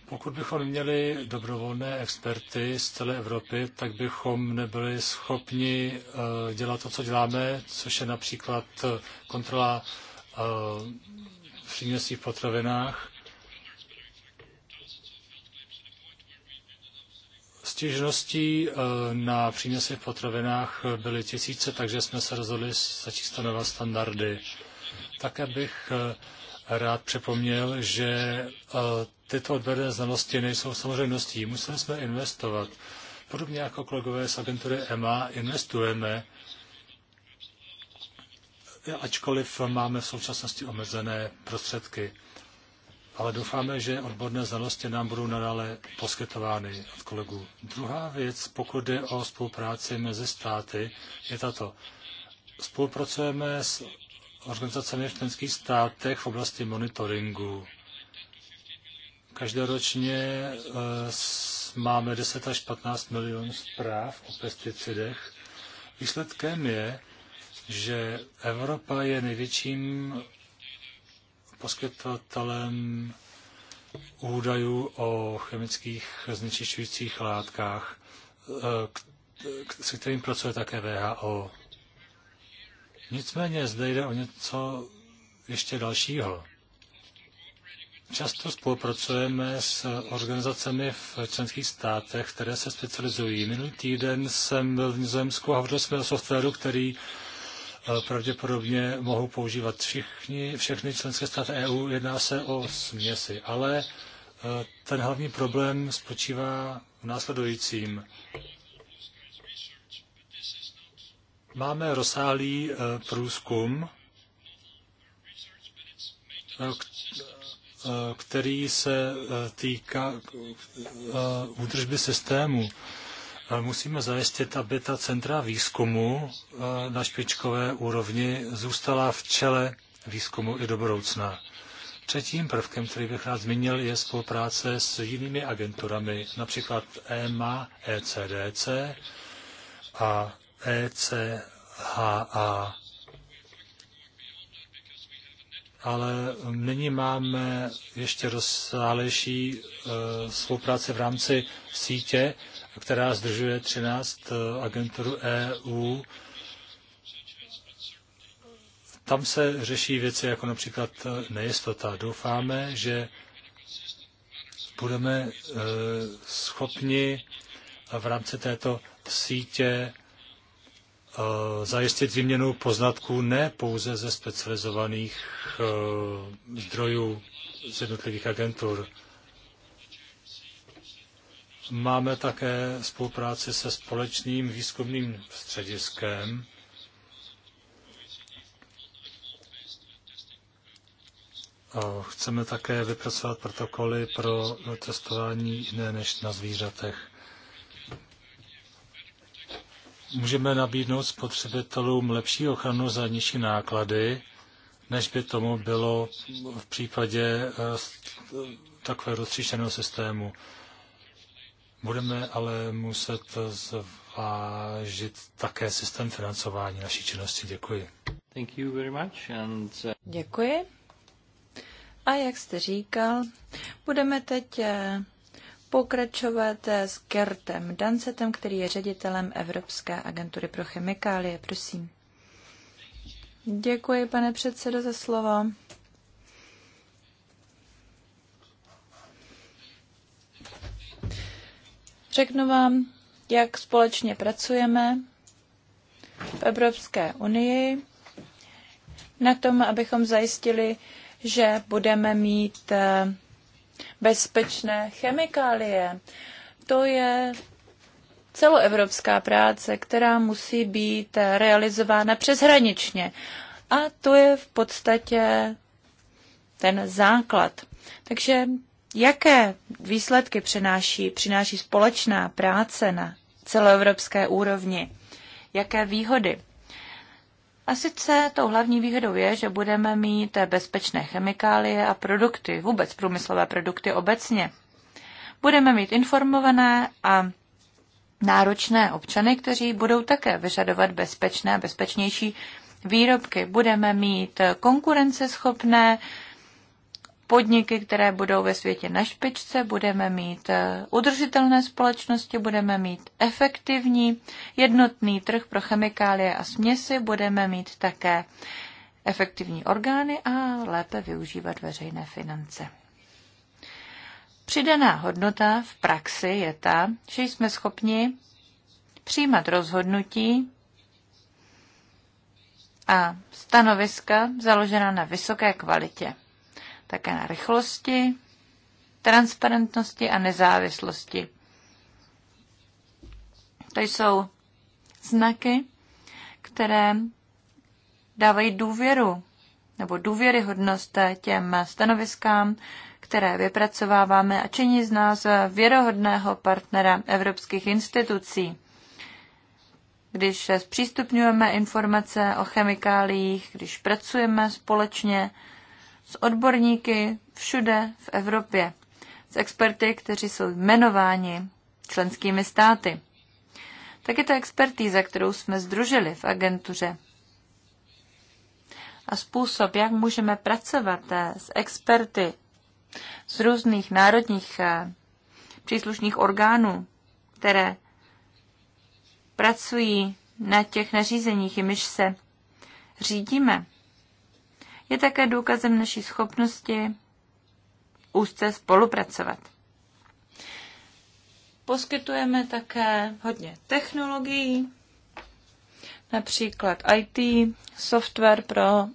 Pokud bychom měli dobrovolné experty z celé Evropy, tak bychom nebyli schopni eh, dělat to, co děláme, což je například eh, kontrola v eh, příměstí v potravinách. Stížností na příměsy v potravinách byly tisíce, takže jsme se rozhodli začít stanovat standardy. Také bych rád připomněl, že tyto odvedené znalosti nejsou samozřejmostí. Museli jsme investovat. Podobně jako kolegové z agentury EMA investujeme, ačkoliv máme v současnosti omezené prostředky. Ale doufáme, že odborné znalosti nám budou nadále poskytovány od kolegů. Druhá věc, pokud jde o spolupráci mezi státy, je tato. Spolupracujeme s organizacemi v členských státech v oblasti monitoringu Každoročně eh, máme 10 až 15 milionů zpráv o pesticidech. Výsledkem je, že Evropa je největším poskytovatelem údajů o chemických znečišťujících látkách, eh, se kterým pracuje také VHO. Nicméně zde jde o něco ještě dalšího. Často spolupracujeme s organizacemi v členských státech, které se specializují. Minulý týden jsem byl v Nizozemsku a hovořil jsme o softwaru, který eh, pravděpodobně mohou používat všichni, všechny členské státy EU. Jedná se o směsi, ale eh, ten hlavní problém spočívá v následujícím. Máme rozsáhlý eh, průzkum, Eh, který se eh, týká eh, údržby systému. Musíme zajistit, aby ta centra výzkumu na špičkové úrovni zůstala v čele výzkumu i do budoucna. Třetím prvkem, který bych rád zmínil, je spolupráce s jinými agenturami, například EMA, ECDC a ECHA ale nyní máme ještě rozsálejší eh, spolupráci v rámci sítě, která združuje 13 eh, agentur EU. Tam se řeší věci jako například eh, nejistota. Doufáme, že budeme schopni v rámci této sítě zajistit výměnu poznatků ne pouze ze specializovaných e, zdrojů z jednotlivých agentur. Máme také spolupráci se společným výzkumným střediskem, Chceme také vypracovat protokoly pro testování jiné než na zvířatech můžeme nabídnout spotřebitelům lepší ochranu za nižší náklady, než by tomu bylo v případě eh, takového rozstříšeného systému. Budeme ale muset zvážit také systém financování naší činnosti. Děkuji. Thank you very much and... Eh, Děkuji. A jak jste říkal, budeme teď eh, pokračovat s Gertem Dancetem, který je ředitelem Evropské agentury pro chemikálie. Prosím. Děkuji, pane předsedo, za slovo. Řeknu vám, jak společně pracujeme v Evropské unii na tom, abychom zajistili, že budeme mít eh, bezpečné chemikálie. To je celoevropská práce, která musí být realizována přeshraničně. A to je v podstatě ten základ. Takže jaké výsledky přináší, přináší společná práce na celoevropské úrovni? Jaké výhody? A sice tou hlavní výhodou je, že budeme mít bezpečné chemikálie a produkty, vůbec průmyslové produkty obecně. Budeme mít informované a náročné občany, kteří budou také vyžadovat bezpečné a bezpečnější výrobky. Budeme mít konkurenceschopné podniky, které budou ve světě na špičce, budeme mít eh, udržitelné společnosti, budeme mít efektivní jednotný trh pro chemikálie a směsi, budeme mít také efektivní orgány a lépe využívat veřejné finance. Přidaná hodnota v praxi je ta, že jsme schopni přijímat rozhodnutí a stanoviska založená na vysoké kvalitě také na rychlosti, transparentnosti a nezávislosti. To jsou znaky, které dávají důvěru nebo důvěryhodnost těm stanoviskám, které vypracováváme a činí z nás věrohodného partnera evropských institucí. Když zpřístupňujeme informace o chemikáliích, když pracujeme společně s odborníky všude v Evropě, s experty, kteří jsou jmenováni členskými státy. Tak je to expertíza, kterou jsme združili v agentuře. A způsob, jak můžeme pracovat eh, s experty z různých národních eh, příslušných orgánů, které pracují na těch nařízeních, jimiž se řídíme, je také důkazem naší schopnosti úzce spolupracovat. Poskytujeme také hodně technologií, například IT, software pro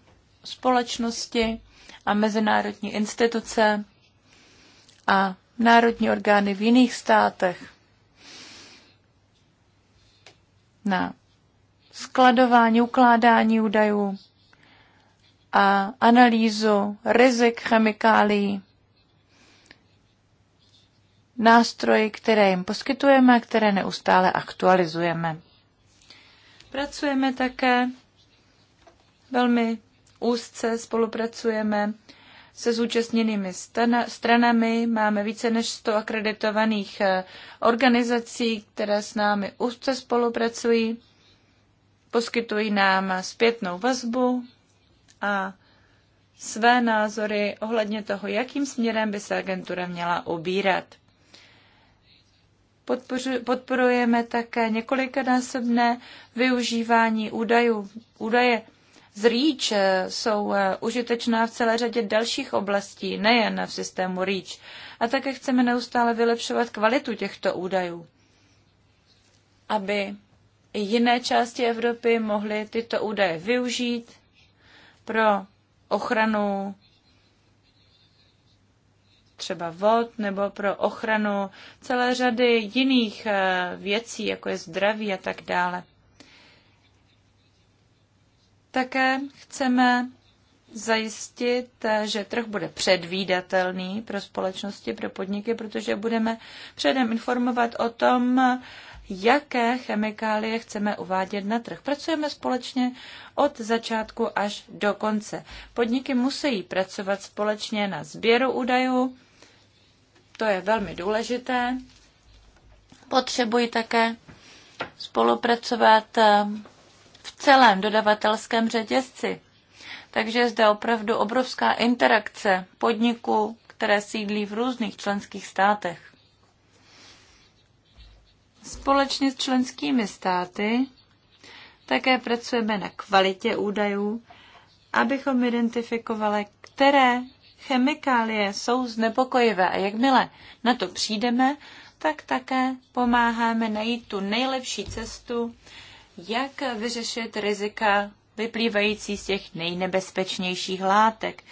společnosti a mezinárodní instituce a národní orgány v jiných státech na skladování, ukládání údajů, a analýzu rizik chemikálií, nástroj, které jim poskytujeme a které neustále aktualizujeme. Pracujeme také, velmi úzce spolupracujeme se zúčastněnými stranami. Máme více než 100 akreditovaných eh, organizací, které s námi úzce spolupracují, poskytují nám zpětnou vazbu, a své názory ohledně toho, jakým směrem by se agentura měla ubírat. Podporujeme také několikanásobné využívání údajů. Údaje z REACH eh, jsou eh, užitečná v celé řadě dalších oblastí, nejen v systému REACH. A také chceme neustále vylepšovat kvalitu těchto údajů, aby i jiné části Evropy mohly tyto údaje využít pro ochranu třeba vod nebo pro ochranu celé řady jiných eh, věcí, jako je zdraví a tak dále. Také chceme zajistit, eh, že trh bude předvídatelný pro společnosti, pro podniky, protože budeme předem informovat o tom, jaké chemikálie chceme uvádět na trh. Pracujeme společně od začátku až do konce. Podniky musí pracovat společně na sběru údajů, to je velmi důležité. Potřebují také spolupracovat ehm, v celém dodavatelském řetězci. Takže je zde opravdu obrovská interakce podniků, které sídlí v různých členských státech. Společně s členskými státy také pracujeme na kvalitě údajů, abychom identifikovali, které chemikálie jsou znepokojivé a jakmile na to přijdeme, tak také pomáháme najít tu nejlepší cestu, jak vyřešit rizika vyplývající z těch nejnebezpečnějších látek.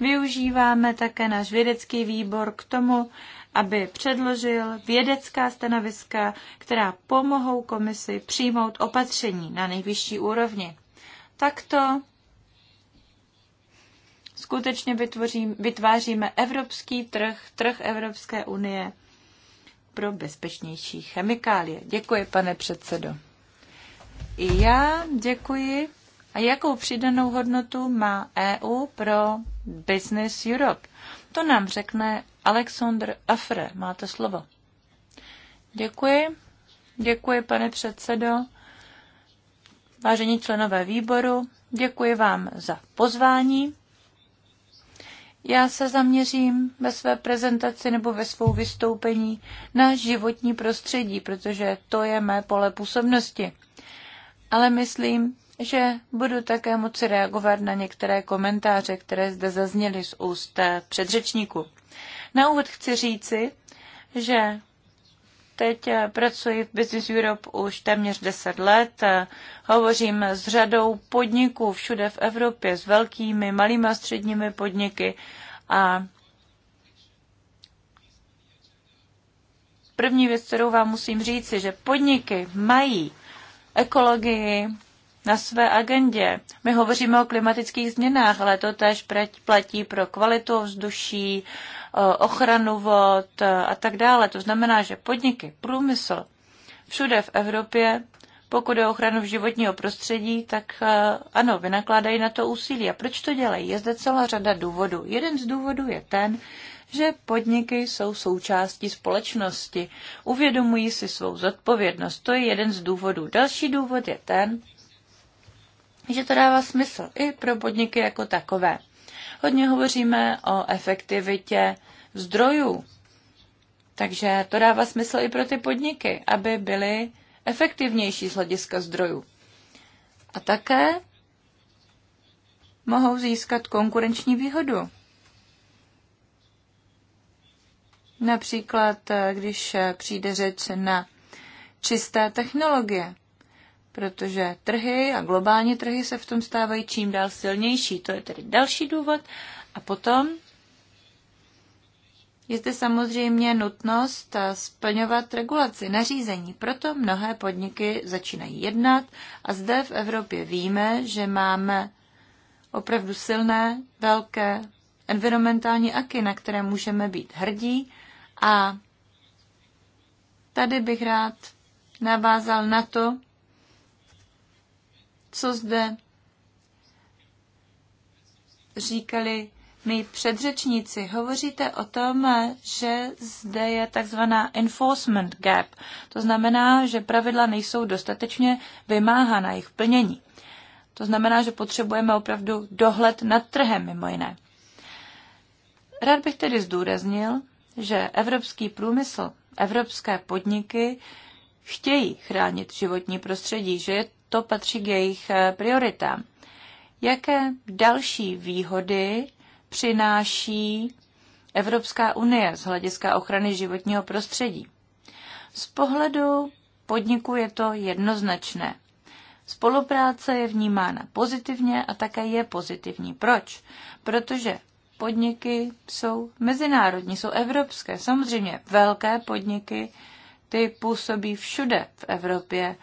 Využíváme také náš vědecký výbor k tomu, aby předložil vědecká stanoviska, která pomohou komisi přijmout opatření na nejvyšší úrovni. Takto skutečně vytvořím, vytváříme evropský trh, trh Evropské unie pro bezpečnější chemikálie. Děkuji, pane předsedo. I já děkuji. A jakou přidanou hodnotu má EU pro Business Europe? To nám řekne Alexandr Afre, máte slovo. Děkuji. Děkuji, pane předsedo. Vážení členové výboru, děkuji vám za pozvání. Já se zaměřím ve své prezentaci nebo ve svou vystoupení na životní prostředí, protože to je mé pole působnosti. Ale myslím, že budu také moci reagovat na některé komentáře, které zde zazněly z úst předřečníků. Na úvod chci říci, že teď eh, pracuji v Business Europe už téměř 10 let. Eh, hovořím s řadou podniků všude v Evropě, s velkými, malými a středními podniky a První věc, kterou vám musím říci, že podniky mají ekologii na své agendě. My hovoříme o klimatických změnách, ale to tež platí pro kvalitu vzduší. Eh, ochranu vod eh, a tak dále. To znamená, že podniky, průmysl všude v Evropě, pokud je ochranu v životního prostředí, tak eh, ano, vynakládají na to úsilí. A proč to dělají? Je zde celá řada důvodů. Jeden z důvodů je ten, že podniky jsou součástí společnosti. Uvědomují si svou zodpovědnost. To je jeden z důvodů. Další důvod je ten, že to dává smysl i pro podniky jako takové. Hodně hovoříme o efektivitě zdrojů. Takže to dává smysl i pro ty podniky, aby byly efektivnější z hlediska zdrojů. A také mohou získat konkurenční výhodu. Například, eh, když eh, přijde řeč na čisté technologie protože trhy a globální trhy se v tom stávají čím dál silnější. To je tedy další důvod. A potom je zde samozřejmě nutnost splňovat regulaci, nařízení. Proto mnohé podniky začínají jednat a zde v Evropě víme, že máme opravdu silné, velké environmentální aky, na které můžeme být hrdí. A tady bych rád navázal na to, co zde říkali mý předřečníci. Hovoříte o tom, že zde je takzvaná enforcement gap. To znamená, že pravidla nejsou dostatečně vymáhána jejich plnění. To znamená, že potřebujeme opravdu dohled nad trhem, mimo jiné. Rád bych tedy zdůraznil, že evropský průmysl, evropské podniky chtějí chránit životní prostředí, že je to patří k jejich eh, prioritám. Jaké další výhody přináší Evropská unie z hlediska ochrany životního prostředí? Z pohledu podniku je to jednoznačné. Spolupráce je vnímána pozitivně a také je pozitivní. Proč? Protože podniky jsou mezinárodní, jsou evropské. Samozřejmě velké podniky, ty působí všude v Evropě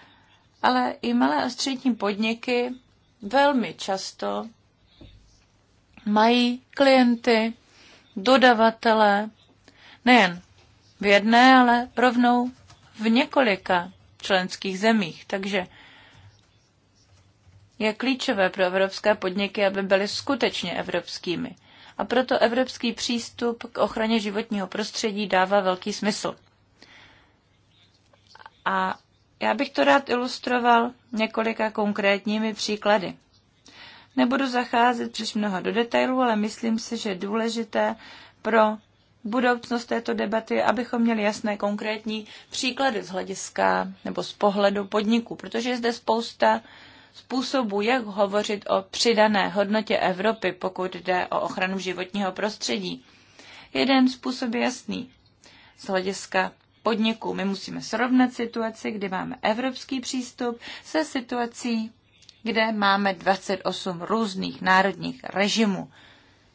ale i malé a střední podniky velmi často mají klienty, dodavatele, nejen v jedné, ale rovnou v několika členských zemích. Takže je klíčové pro evropské podniky, aby byly skutečně evropskými. A proto evropský přístup k ochraně životního prostředí dává velký smysl. A já bych to rád ilustroval několika konkrétními příklady. Nebudu zacházet přes mnoho do detailů, ale myslím si, že je důležité pro budoucnost této debaty, abychom měli jasné konkrétní příklady z hlediska nebo z pohledu podniku, protože je zde spousta způsobů, jak hovořit o přidané hodnotě Evropy, pokud jde o ochranu životního prostředí. Jeden způsob je jasný z hlediska podniků. My musíme srovnat situaci, kdy máme evropský přístup, se situací, kde máme 28 různých národních režimů,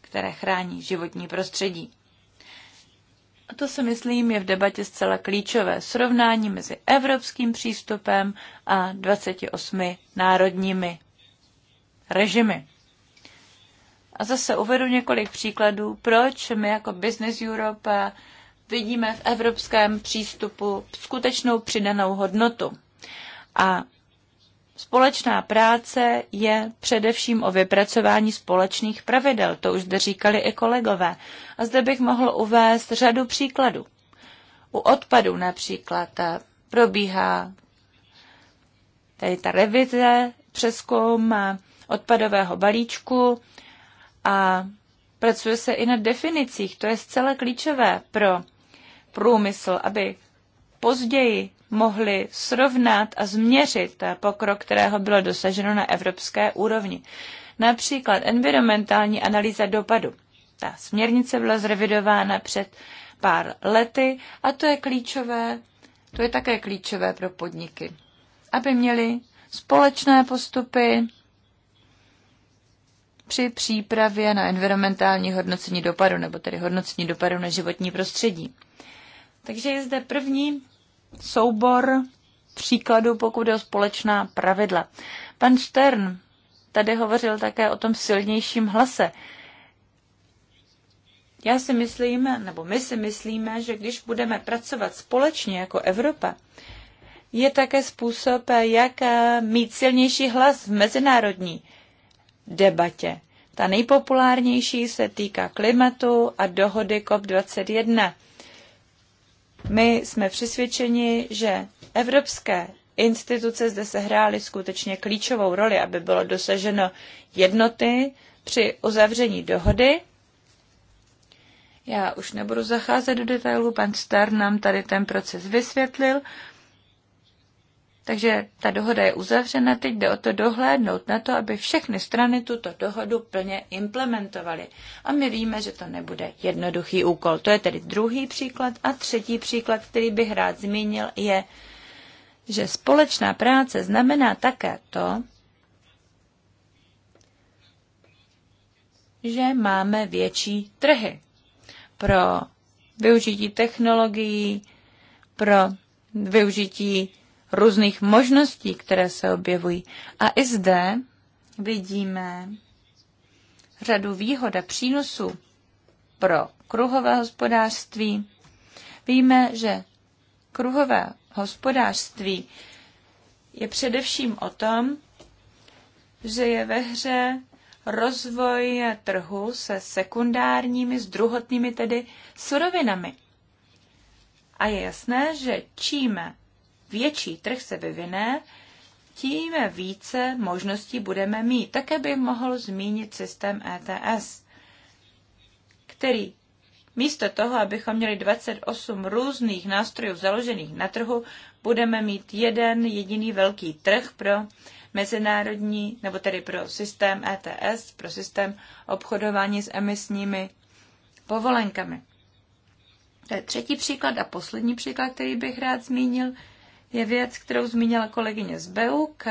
které chrání životní prostředí. A to si myslím je v debatě zcela klíčové srovnání mezi evropským přístupem a 28 národními režimy. A zase uvedu několik příkladů, proč my jako Business Europe vidíme v evropském přístupu skutečnou přidanou hodnotu. A společná práce je především o vypracování společných pravidel, to už zde říkali i kolegové. A zde bych mohl uvést řadu příkladů. U odpadu například probíhá tady ta revize, přeskum odpadového balíčku a pracuje se i na definicích. To je zcela klíčové pro průmysl, aby později mohli srovnat a změřit pokrok, kterého bylo dosaženo na evropské úrovni. Například environmentální analýza dopadu. Ta směrnice byla zrevidována před pár lety a to je klíčové, to je také klíčové pro podniky, aby měli společné postupy při přípravě na environmentální hodnocení dopadu, nebo tedy hodnocení dopadu na životní prostředí. Takže je zde první soubor příkladů, pokud je o společná pravidla. Pan Stern tady hovořil také o tom silnějším hlase. Já si myslím, nebo my si myslíme, že když budeme pracovat společně jako Evropa, je také způsob, jak mít silnější hlas v mezinárodní debatě. Ta nejpopulárnější se týká klimatu a dohody COP21. My jsme přesvědčeni, že evropské instituce zde sehrály skutečně klíčovou roli, aby bylo dosaženo jednoty při uzavření dohody. Já už nebudu zacházet do detailů, pan Star nám tady ten proces vysvětlil takže ta dohoda je uzavřena, teď jde o to dohlédnout na to, aby všechny strany tuto dohodu plně implementovaly. A my víme, že to nebude jednoduchý úkol. To je tedy druhý příklad. A třetí příklad, který bych rád zmínil, je, že společná práce znamená také to, že máme větší trhy pro využití technologií, pro využití různých možností, které se objevují. A i zde vidíme řadu výhod a přínosů pro kruhové hospodářství. Víme, že kruhové hospodářství je především o tom, že je ve hře rozvoj trhu se sekundárními, s druhotnými tedy surovinami. A je jasné, že čím větší trh se vyvine, tím více možností budeme mít. Také bych mohl zmínit systém ETS, který místo toho, abychom měli 28 různých nástrojů založených na trhu, budeme mít jeden jediný velký trh pro mezinárodní, nebo tedy pro systém ETS, pro systém obchodování s emisními povolenkami. To je třetí příklad a poslední příklad, který bych rád zmínil, je věc, kterou zmínila kolegyně z BEUK.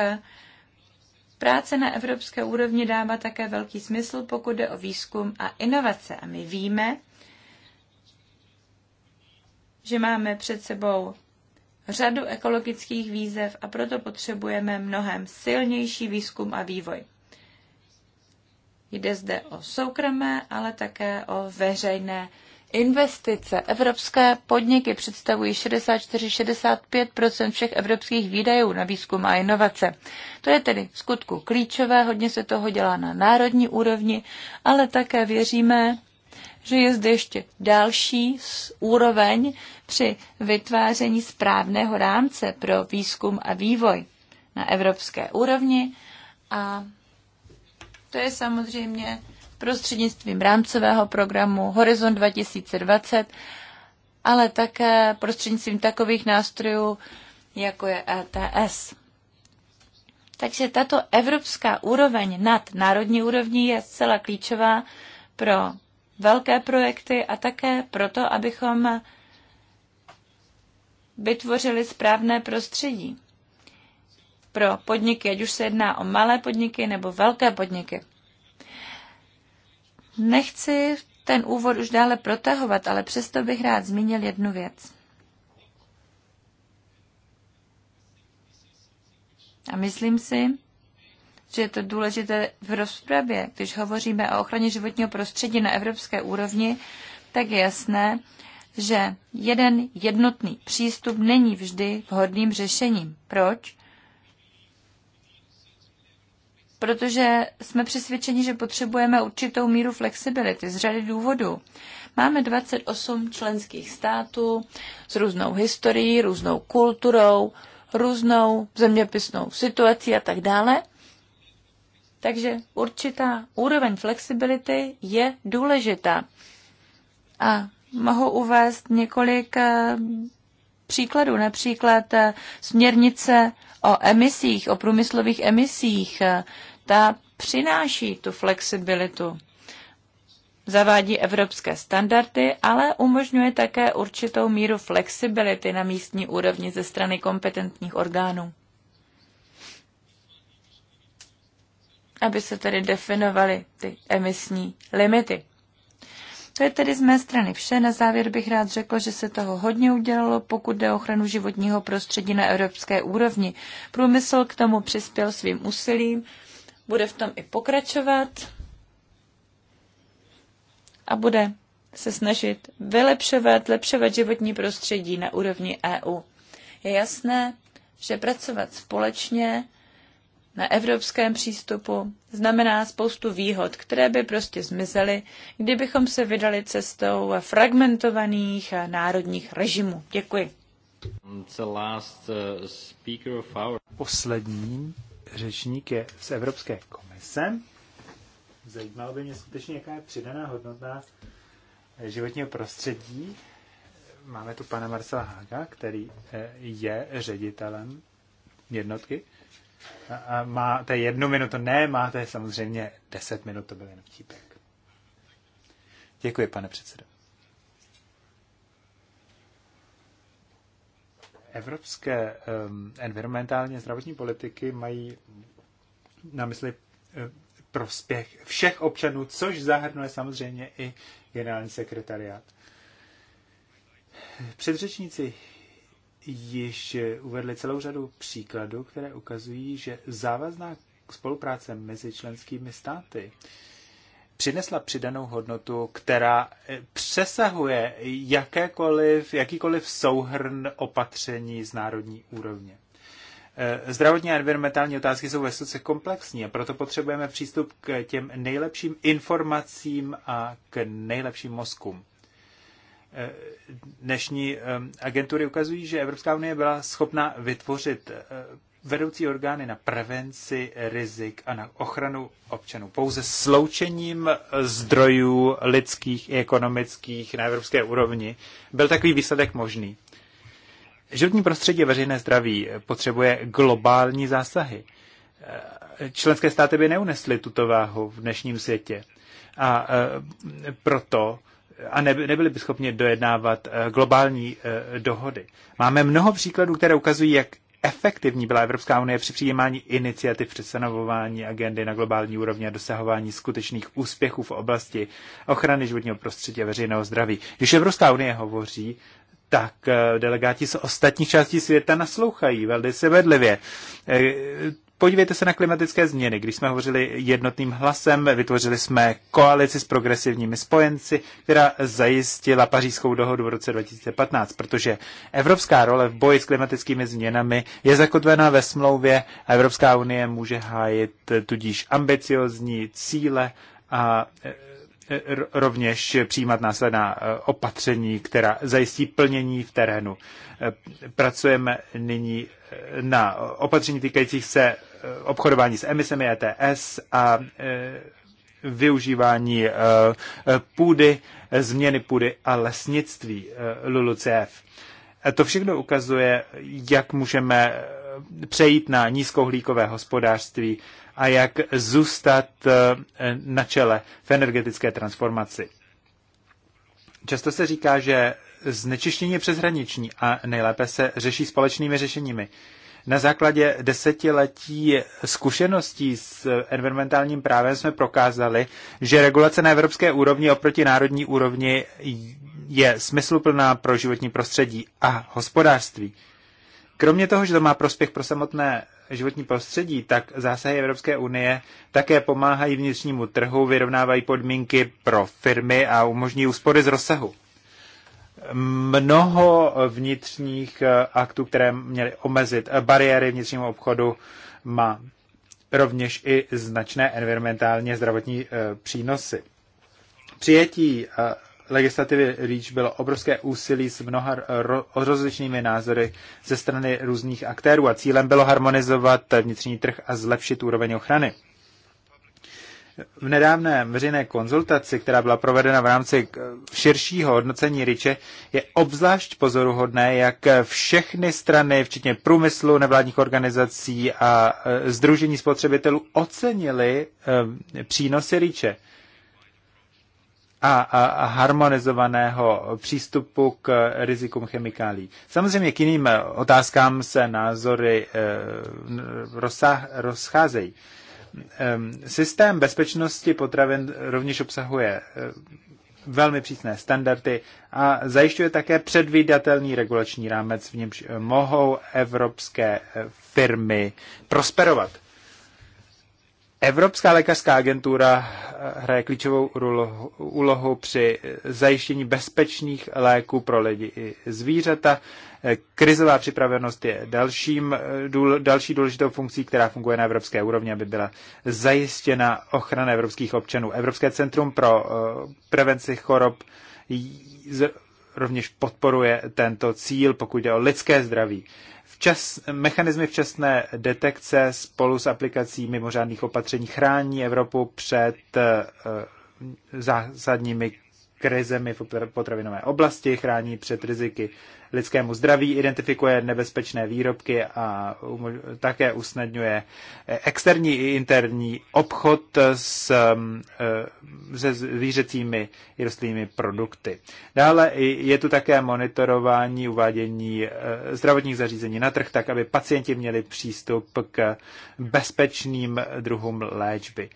Práce na evropské úrovni dává také velký smysl, pokud jde o výzkum a inovace. A my víme, že máme před sebou řadu ekologických výzev a proto potřebujeme mnohem silnější výzkum a vývoj. Jde zde o soukromé, ale také o veřejné investice. Evropské podniky představují 64-65 všech evropských výdajů na výzkum a inovace. To je tedy v skutku klíčové, hodně se toho dělá na národní úrovni, ale také věříme, že je zde ještě další úroveň při vytváření správného rámce pro výzkum a vývoj na evropské úrovni a to je samozřejmě prostřednictvím rámcového programu Horizon 2020, ale také prostřednictvím takových nástrojů, jako je ETS. Takže tato evropská úroveň nad národní úrovní je zcela klíčová pro velké projekty a také proto, abychom vytvořili správné prostředí pro podniky, ať už se jedná o malé podniky nebo velké podniky. Nechci ten úvod už dále protahovat, ale přesto bych rád zmínil jednu věc. A myslím si, že je to důležité v rozpravě, když hovoříme o ochraně životního prostředí na evropské úrovni, tak je jasné, že jeden jednotný přístup není vždy vhodným řešením. Proč? protože jsme přesvědčeni, že potřebujeme určitou míru flexibility z řady důvodů. Máme 28 členských států s různou historií, různou kulturou, různou zeměpisnou situací a tak dále. Takže určitá úroveň flexibility je důležitá. A mohu uvést několik eh, příkladů, například eh, směrnice o emisích, o průmyslových emisích, eh, ta přináší tu flexibilitu. Zavádí evropské standardy, ale umožňuje také určitou míru flexibility na místní úrovni ze strany kompetentních orgánů. Aby se tedy definovaly ty emisní limity. To je tedy z mé strany vše. Na závěr bych rád řekl, že se toho hodně udělalo, pokud jde o ochranu životního prostředí na evropské úrovni. Průmysl k tomu přispěl svým úsilím bude v tom i pokračovat a bude se snažit vylepšovat, lepšovat životní prostředí na úrovni EU. Je jasné, že pracovat společně na evropském přístupu znamená spoustu výhod, které by prostě zmizely, kdybychom se vydali cestou fragmentovaných a národních režimů. Děkuji. Uh, Posledním řečník je z Evropské komise. Zajímalo by mě skutečně, jaká je přidaná hodnota životního prostředí. Máme tu pana Marcela Haga, který eh, je ředitelem jednotky. A máte jednu minutu, ne, máte samozřejmě deset minut, to byl jen vtípek. Děkuji, pane předsedo. evropské environmentálně zdravotní politiky mají na mysli eh, prospěch všech občanů, což zahrnuje samozřejmě i generální sekretariát. Předřečníci již uvedli celou řadu příkladů, které ukazují, že závazná spolupráce mezi členskými státy přinesla přidanou hodnotu, která eh, přesahuje jakékoliv, jakýkoliv souhrn opatření z národní úrovně. Eh, zdravotní a environmentální otázky jsou vysoce komplexní a proto potřebujeme přístup k těm nejlepším informacím a k nejlepším mozkům. Eh, dnešní agentury ukazují, že Evropská unie byla schopna vytvořit vedoucí orgány na prevenci rizik a na ochranu občanů. Pouze sloučením zdrojů lidských i ekonomických na evropské úrovni byl takový výsledek možný. Životní prostředí a veřejné zdraví potřebuje globální zásahy. Členské státy by neunesly tuto váhu v dnešním světě. A e, proto a nebyli by schopni dojednávat e, globální e, dohody. Máme mnoho příkladů, které ukazují, jak efektivní byla Evropská unie při přijímání iniciativ při stanovování agendy na globální úrovni a dosahování skutečných úspěchů v oblasti ochrany životního prostředí a veřejného zdraví. Když Evropská unie hovoří, tak eh, delegáti z ostatních částí světa naslouchají velmi sebedlivě. Eh, Podívejte se na klimatické změny. Když jsme hovořili jednotným hlasem, vytvořili jsme koalici s progresivními spojenci, která zajistila pařížskou dohodu v roce 2015, protože evropská role v boji s klimatickými změnami je zakotvená ve smlouvě a Evropská unie může hájit eh, tudíž ambiciozní cíle a eh, eh, rovněž přijímat následná opatření, která zajistí plnění v terénu. Pracujeme nyní na opatření týkajících se eh, obchodování s emisemi ETS a eh, využívání eh, půdy, změny půdy a lesnictví LULUCF. To všechno ukazuje, jak můžeme přejít na nízkouhlíkové hospodářství a jak zůstat na čele v energetické transformaci. Často se říká, že znečištění je přeshraniční a nejlépe se řeší společnými řešeními. Na základě desetiletí zkušeností s environmentálním právem jsme prokázali, že regulace na evropské úrovni oproti národní úrovni je smysluplná pro životní prostředí a hospodářství. Kromě toho, že to má prospěch pro samotné životní prostředí, tak zásahy Evropské unie také pomáhají vnitřnímu trhu, vyrovnávají podmínky pro firmy a umožní úspory z rozsahu mnoho vnitřních eh, aktů, které měly omezit eh, bariéry vnitřního obchodu, má rovněž i značné environmentálně zdravotní eh, přínosy. Přijetí legislativy REACH bylo obrovské úsilí s mnoha rozličnými názory ze strany různých aktérů a cílem bylo harmonizovat vnitřní trh a zlepšit úroveň ochrany v nedávné veřejné konzultaci, která byla provedena v rámci širšího hodnocení RIČE, je obzvlášť pozoruhodné, jak všechny strany, včetně průmyslu, nevládních organizací a združení e, spotřebitelů, ocenili e, přínosy RIČE a, harmonizovaného přístupu k rizikům chemikálí. Samozřejmě k jiným otázkám se názory e, rozcházejí. Ehm, systém bezpečnosti potravin rovněž obsahuje eh, velmi přísné standardy a zajišťuje také předvídatelný regulační rámec, v němž mohou evropské eh, firmy prosperovat. Evropská lékařská agentura hraje klíčovou úlohu při zajištění bezpečných léků pro lidi i zvířata. Krizová připravenost je dalším, další důležitou funkcí, která funguje na evropské úrovni, aby byla zajištěna ochrana evropských občanů. Evropské centrum pro eh, prevenci chorob rovněž podporuje tento cíl, pokud jde o lidské zdraví včas, mechanizmy včasné detekce spolu s aplikací mimořádných opatření chrání Evropu před eh, zásadními krizemi v potravinové oblasti, chrání před riziky lidskému zdraví, identifikuje nebezpečné výrobky a také usnadňuje eh, externí i interní obchod s, mm, eh, se zvířecími i rostlými produkty. Dále je tu také monitorování uvádění eh, zdravotních zařízení na trh, tak aby pacienti měli přístup k bezpečným druhům léčby.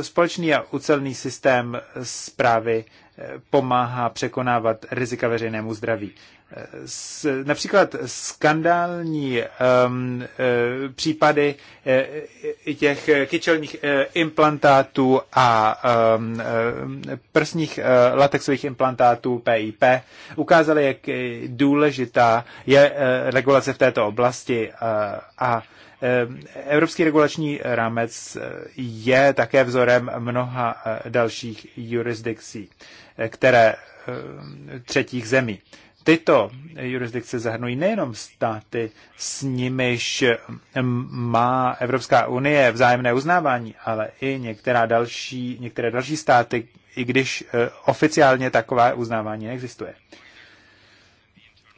Společný a ucelný systém zprávy eh, pomáhá překonávat rizika veřejnému zdraví. Eh, s, například skandální um, e, případy e, těch kyčelních e, implantátů a um, e, prsních e, latexových implantátů PIP ukázaly, jak důležitá je e, regulace v této oblasti e, a Evropský regulační rámec eh, je také vzorem mnoha eh, dalších jurisdikcí, eh, které třetích zemí. Tyto jurisdikce zahrnují nejenom státy, s nimiž má Evropská unie vzájemné uznávání, ale i některá další, některé další státy, i když oficiálně takové uznávání neexistuje.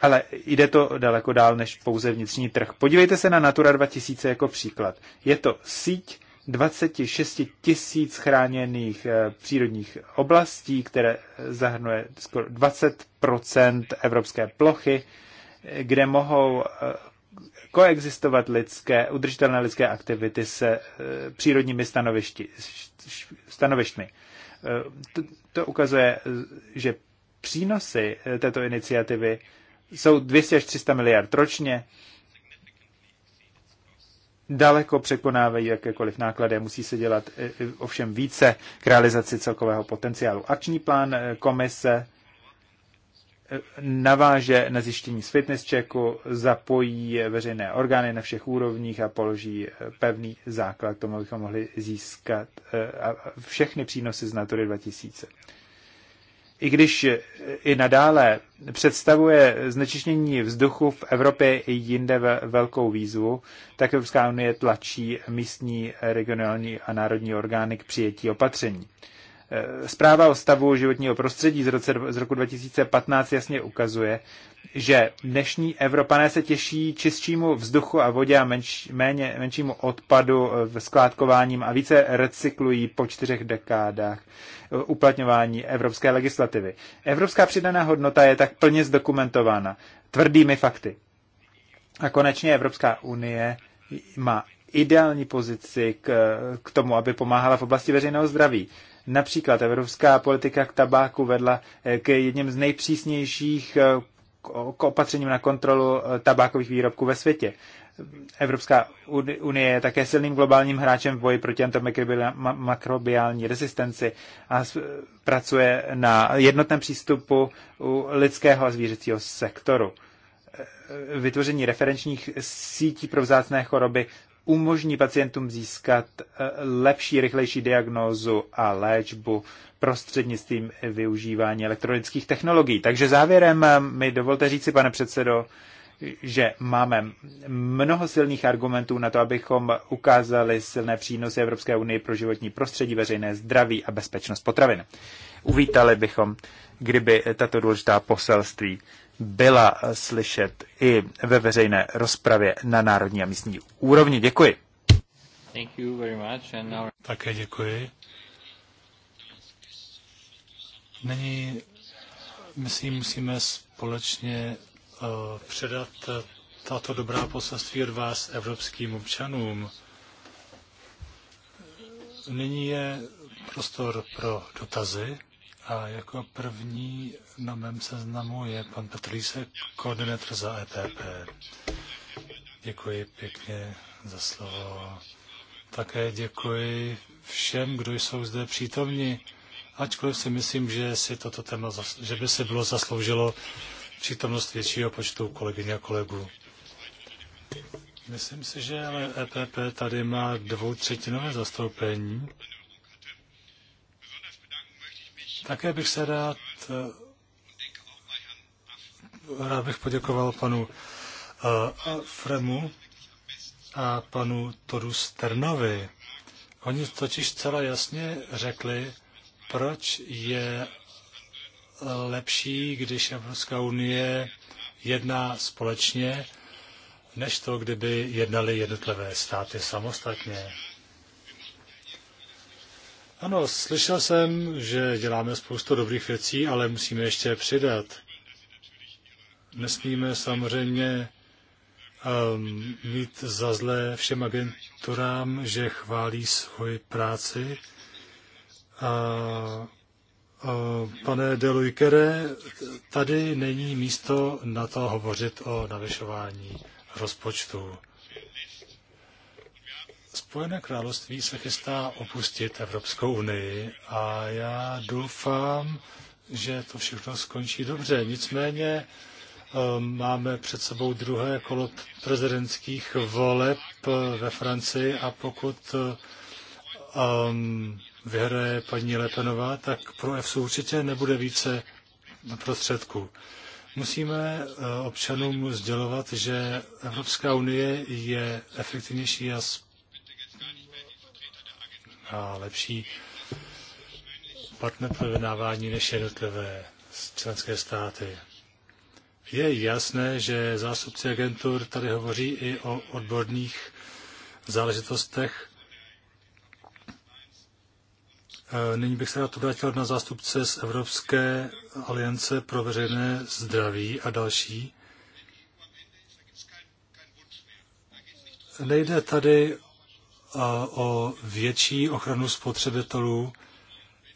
Ale jde to daleko dál než pouze vnitřní trh. Podívejte se na Natura 2000 jako příklad. Je to síť 26 tisíc chráněných eh, přírodních oblastí, které zahrnuje skoro 20 evropské plochy, eh, kde mohou eh, koexistovat lidské, udržitelné lidské aktivity se přírodními stanovišti, stanovištmi. To, to ukazuje, že přínosy této iniciativy jsou 200 až 300 miliard ročně, daleko překonávají jakékoliv náklady. Musí se dělat e, e, ovšem více k realizaci celkového potenciálu. Akční plán e, komise naváže na zjištění z fitness checku, zapojí veřejné orgány na všech úrovních a položí pevný základ k tomu, abychom mohli získat všechny přínosy z Natury 2000 i když i nadále představuje znečištění vzduchu v Evropě i jinde velkou výzvu, tak Evropská unie tlačí místní, regionální a národní orgány k přijetí opatření. Eh, zpráva o stavu životního prostředí z, roce, z roku 2015 jasně ukazuje, že dnešní Evropané se těší čistšímu vzduchu a vodě a menš, méně, menšímu odpadu eh, v skládkováním a více recyklují po čtyřech dekádách eh, uplatňování evropské legislativy. Evropská přidaná hodnota je tak plně zdokumentována tvrdými fakty. A konečně Evropská unie má ideální pozici k, k tomu, aby pomáhala v oblasti veřejného zdraví. Například evropská politika k tabáku vedla eh, k jedním z nejpřísnějších eh, k opatřením na kontrolu eh, tabákových výrobků ve světě. Evropská unie je také silným globálním hráčem v boji proti antimikrobiální rezistenci a pracuje na jednotném přístupu u lidského a zvířecího sektoru. Vytvoření referenčních sítí pro vzácné choroby umožní pacientům získat eh, lepší, rychlejší diagnózu a léčbu prostřednictvím využívání elektronických technologií. Takže závěrem eh, mi dovolte říci, pane předsedo, že máme mnoho silných argumentů na to, abychom ukázali silné přínosy Evropské unie pro životní prostředí, veřejné zdraví a bezpečnost potravin. Uvítali bychom, kdyby tato důležitá poselství byla slyšet i ve veřejné rozpravě na národní a místní úrovni. Děkuji. Thank you very much and Také děkuji. Nyní, myslím, musíme společně uh, předat tato dobrá poselství od vás evropským občanům. Nyní je prostor pro dotazy. A jako první na mém seznamu je pan Lísek, koordinátor za EPP. Děkuji pěkně za slovo. Také děkuji všem, kdo jsou zde přítomni, ačkoliv si myslím, že, si toto téma, že by se bylo zasloužilo přítomnost většího počtu kolegyň a kolegů. Myslím si, že EPP e tady má dvoutřetinové zastoupení. Také bych se rád, eh, rád bych poděkoval panu eh, Fremu a panu Toru Sternovi. Oni totiž celá jasně řekli, proč je lepší, když Evropská unie jedná společně, než to, kdyby jednali jednotlivé státy samostatně. Ano, slyšel jsem, že děláme spoustu dobrých věcí, ale musíme ještě přidat. Nesmíme samozřejmě um, mít za zlé všem agenturám, že chválí svoji práci. A, a, pane de Luikere, tady není místo na to hovořit o navyšování rozpočtu. Spojené království se chystá opustit Evropskou unii a já doufám, že to všechno skončí dobře. Nicméně eh, máme před sebou druhé kolo prezidentských voleb eh, ve Francii a pokud um, vyhraje paní Lepenová, tak pro EFSU určitě nebude více prostředků. Musíme občanům sdělovat, že Evropská unie je efektivnější a a lepší partner pro vydávání než jednotlivé členské státy. Je jasné, že zástupci agentur tady hovoří i o odborných záležitostech. E, nyní bych se rád obrátil na zástupce z Evropské aliance pro veřejné zdraví a další. Nejde tady o větší ochranu spotřebitelů,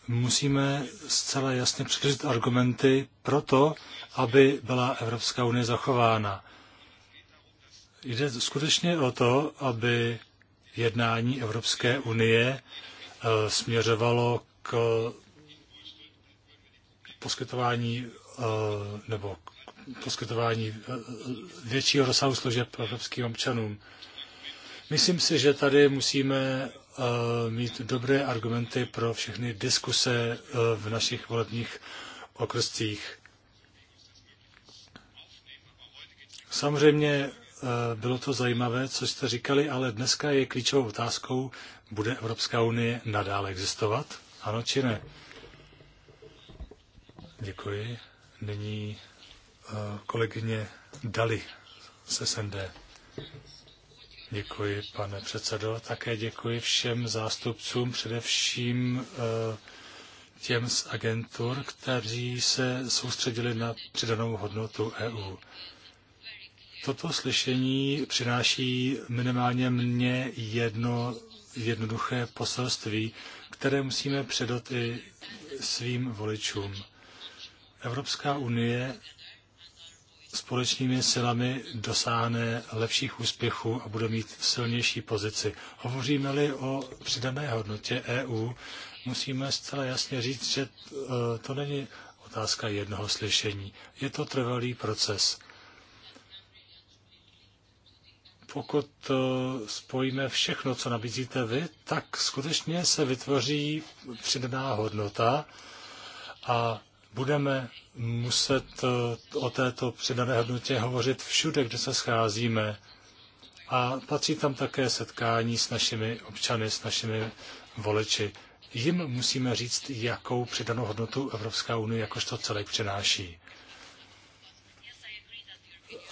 musíme zcela jasně předložit argumenty pro to, aby byla Evropská unie zachována. Jde skutečně o to, aby jednání Evropské unie e, směřovalo k poskytování e, nebo k poskytování e, většího rozsahu služeb evropským občanům. Myslím si, že tady musíme eh, mít dobré argumenty pro všechny diskuse eh, v našich volebních okrscích. Samozřejmě eh, bylo to zajímavé, co jste říkali, ale dneska je klíčovou otázkou, bude Evropská unie nadále existovat? Ano či ne? Děkuji. Nyní kolegyně Dali se SND. Děkuji, pane předsedo. Také děkuji všem zástupcům, především eh, těm z agentur, kteří se soustředili na přidanou hodnotu EU. Toto slyšení přináší minimálně mně jedno jednoduché poselství, které musíme předat i svým voličům. Evropská unie společnými silami dosáhne lepších úspěchů a bude mít silnější pozici. Hovoříme-li o přidané hodnotě EU, musíme zcela jasně říct, že e, to není otázka jednoho slyšení. Je to trvalý proces. Pokud e, spojíme všechno, co nabízíte vy, tak skutečně se vytvoří přidaná hodnota a budeme muset eh, o této přidané hodnotě hovořit všude, kde se scházíme. A patří tam také setkání s našimi občany, s našimi voliči. Jim musíme říct, jakou přidanou hodnotu Evropská unie jakožto celek přináší.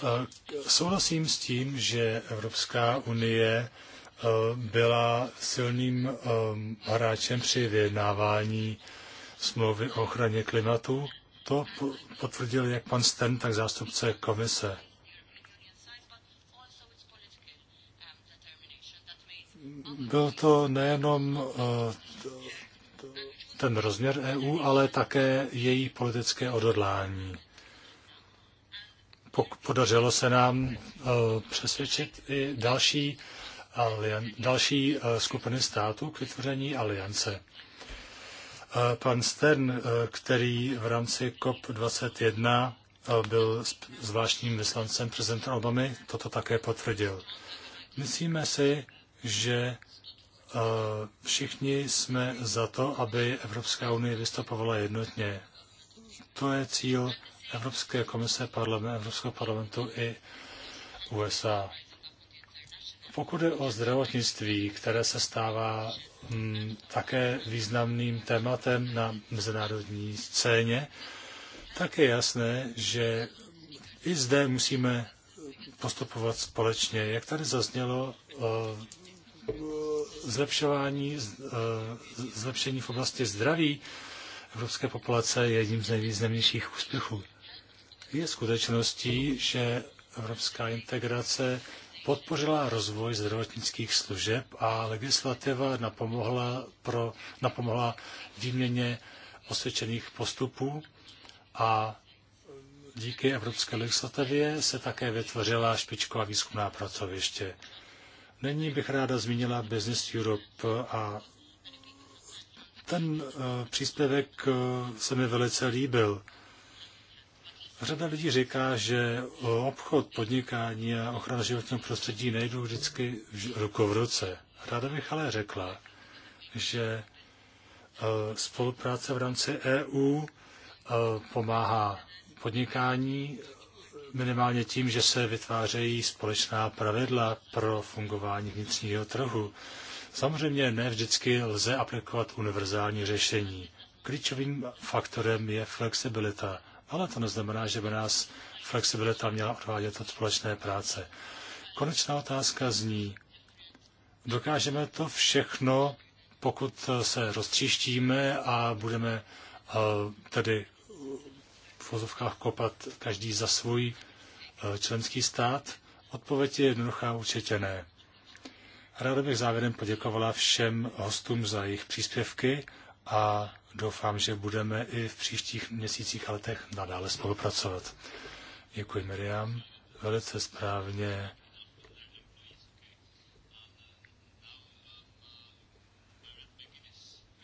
Eh, souhlasím s tím, že Evropská unie eh, byla silným hráčem při vyjednávání smlouvy o ochraně klimatu. To potvrdil jak pan Stern, tak zástupce komise. Byl to nejenom eh, ten rozměr EU, ale také její politické odhodlání. Podařilo se nám eh, přesvědčit i další, další eh, skupiny států k vytvoření aliance. Eh, pan Stern, eh, který v rámci COP21 eh, byl zvláštním vyslancem prezidenta Obamy, toto také potvrdil. Myslíme si, že všichni jsme za to, aby Evropská unie vystupovala jednotně. To je cíl Evropské komise, parlament, Evropského parlamentu i USA. Pokud je o zdravotnictví, které se stává m, mm, také významným tématem na mezinárodní scéně, tak je jasné, že i zde musíme postupovat společně. Jak tady zaznělo, eh, zlepšování, eh, zlepšení v oblasti zdraví evropské populace je jedním z nejvýznamnějších úspěchů. Je skutečností, že evropská integrace podpořila rozvoj zdravotnických služeb a legislativa napomohla, pro, napomohla výměně osvědčených postupů a díky evropské legislativě se také vytvořila špičková výzkumná pracoviště. Nyní bych ráda zmínila Business Europe a ten eh, příspěvek eh, se mi velice líbil. Řada lidí říká, že obchod, podnikání a ochrana životního prostředí nejdou vždycky ruku v ruce. Ráda bych ale řekla, že e, spolupráce v rámci EU e, pomáhá podnikání minimálně tím, že se vytvářejí společná pravidla pro fungování vnitřního trhu. Samozřejmě ne vždycky lze aplikovat univerzální řešení. Klíčovým faktorem je flexibilita ale to neznamená, že by nás flexibilita měla odvádět od společné práce. Konečná otázka zní, dokážeme to všechno, pokud se roztříštíme a budeme eh, tedy v vozovkách kopat každý za svůj eh, členský stát? Odpověď je jednoduchá, určitě ne. Ráda bych závěrem poděkovala všem hostům za jejich příspěvky a doufám, že budeme i v příštích měsících a letech nadále spolupracovat. Děkuji, Miriam. Velice správně.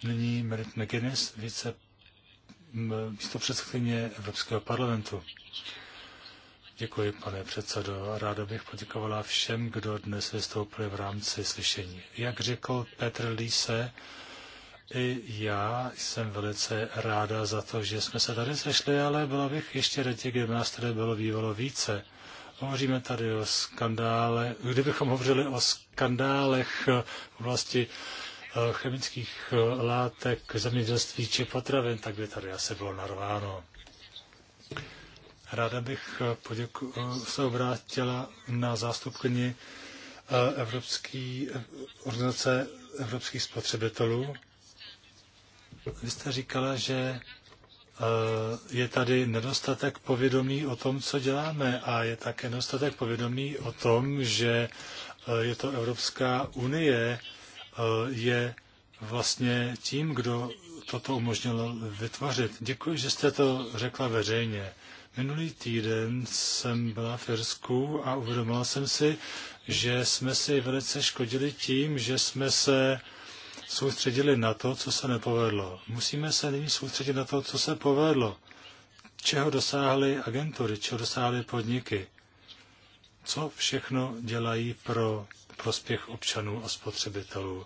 Nyní Merit McGuinness, více místo předsedkyně Evropského parlamentu. Děkuji, pane předsedo. Ráda bych poděkovala všem, kdo dnes vystoupili v rámci slyšení. Jak řekl Petr Líse, i já jsem velice ráda za to, že jsme se tady sešli, ale byla bych ještě raději, kdyby nás tady bylo bývalo více. Hovoříme tady o skandále, kdybychom hovořili o skandálech v oblasti eh, chemických eh, látek, zemědělství či potravin, tak by tady asi bylo narváno. Ráda bych eh, poděku, se obrátila na zástupkyni Evropské organizace evropských spotřebitelů, vy jste říkala, že eh, je tady nedostatek povědomí o tom, co děláme a je také nedostatek povědomí o tom, že eh, je to Evropská unie, eh, je vlastně tím, kdo toto umožnil vytvořit. Děkuji, že jste to řekla veřejně. Minulý týden jsem byla v Irsku a uvědomila jsem si, že jsme si velice škodili tím, že jsme se soustředili na to, co se nepovedlo. Musíme se nyní soustředit na to, co se povedlo. Čeho dosáhly agentury, čeho dosáhly podniky. Co všechno dělají pro prospěch občanů a spotřebitelů.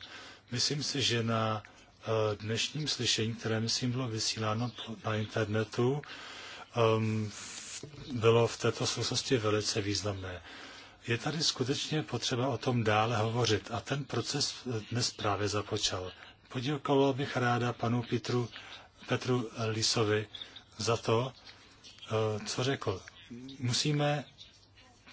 Myslím si, že na eh, dnešním slyšení, které myslím bylo vysíláno na internetu, ehm, bylo v této souvislosti velice významné. Je tady skutečně potřeba o tom dále hovořit a ten proces eh, dnes právě započal. Poděkoval bych ráda panu Petru, Petru Lisovi za to, eh, co řekl. Musíme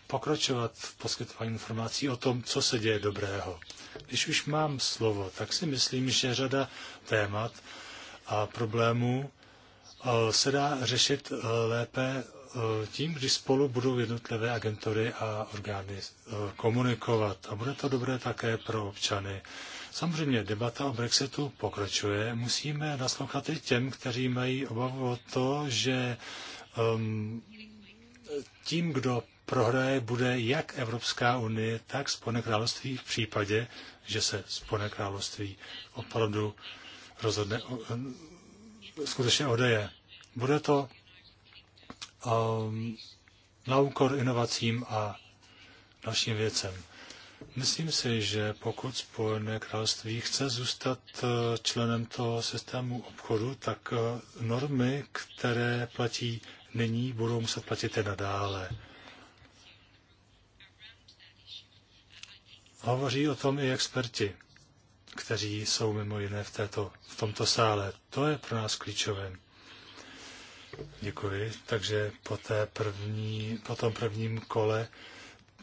pokračovat v poskytování informací o tom, co se děje dobrého. Když už mám slovo, tak si myslím, že řada témat a problémů eh, se dá řešit lépe Eh, tím, když spolu budou jednotlivé agentury a orgány eh, komunikovat. A bude to dobré také pro občany. Samozřejmě debata o Brexitu pokračuje. Musíme naslouchat i těm, kteří mají obavu o to, že um, tím, kdo prohraje, bude jak Evropská unie, tak Spojené království v případě, že se Spojené království opravdu rozhodne, eh, skutečně odeje. Bude to Um, na úkor inovacím a dalším věcem. Myslím si, že pokud Spojené království chce zůstat eh, členem toho systému obchodu, tak eh, normy, které platí nyní, budou muset platit i nadále. Hovoří o tom i experti, kteří jsou mimo jiné v, této, v tomto sále. To je pro nás klíčové. Děkuji. Takže po, té první, po tom prvním kole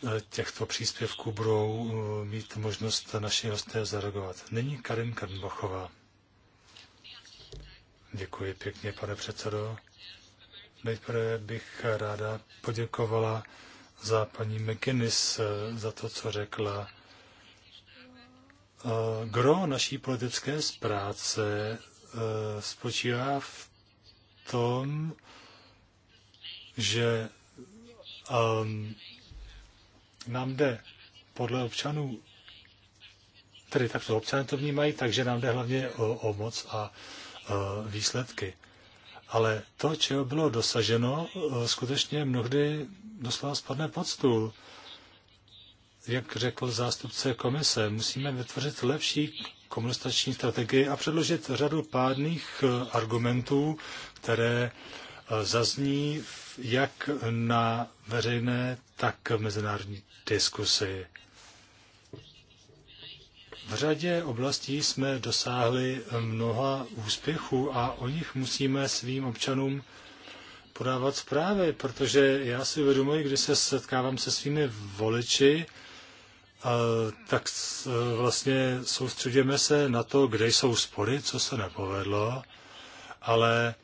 eh, těchto příspěvků budou eh, mít možnost naši hosté zareagovat. Není Karin Karnbochová. Děkuji pěkně, pane předsedo. Nejprve bych ráda poděkovala za paní McInnes eh, za to, co řekla. Gro naší politické práce spočívá v tom, že um, nám jde podle občanů, tedy takto občané to vnímají, takže nám jde hlavně o, o moc a o, e, výsledky. Ale to, čeho bylo dosaženo, e, skutečně mnohdy doslova spadne pod stůl jak řekl zástupce komise, musíme vytvořit lepší komunistační strategii a předložit řadu pádných eh, argumentů, které eh, zazní jak na veřejné, tak mezinárodní diskusi. V řadě oblastí jsme dosáhli eh, mnoha úspěchů a o nich musíme svým občanům podávat zprávy, protože já si uvědomuji, když se setkávám se svými voliči, tak vlastně soustředíme se na to, kde jsou spory, co se nepovedlo, ale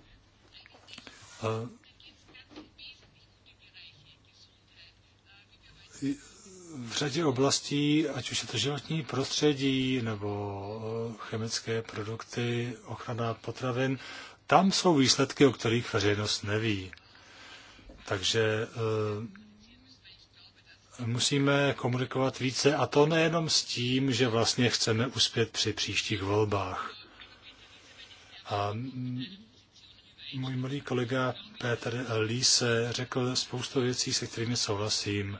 v řadě oblastí, ať už je to životní prostředí nebo chemické produkty, ochrana potravin, tam jsou výsledky, o kterých veřejnost neví. Takže e, musíme komunikovat více a to nejenom s tím, že vlastně chceme uspět při příštích volbách. A můj milý kolega Petr Líse řekl spoustu věcí, se kterými souhlasím.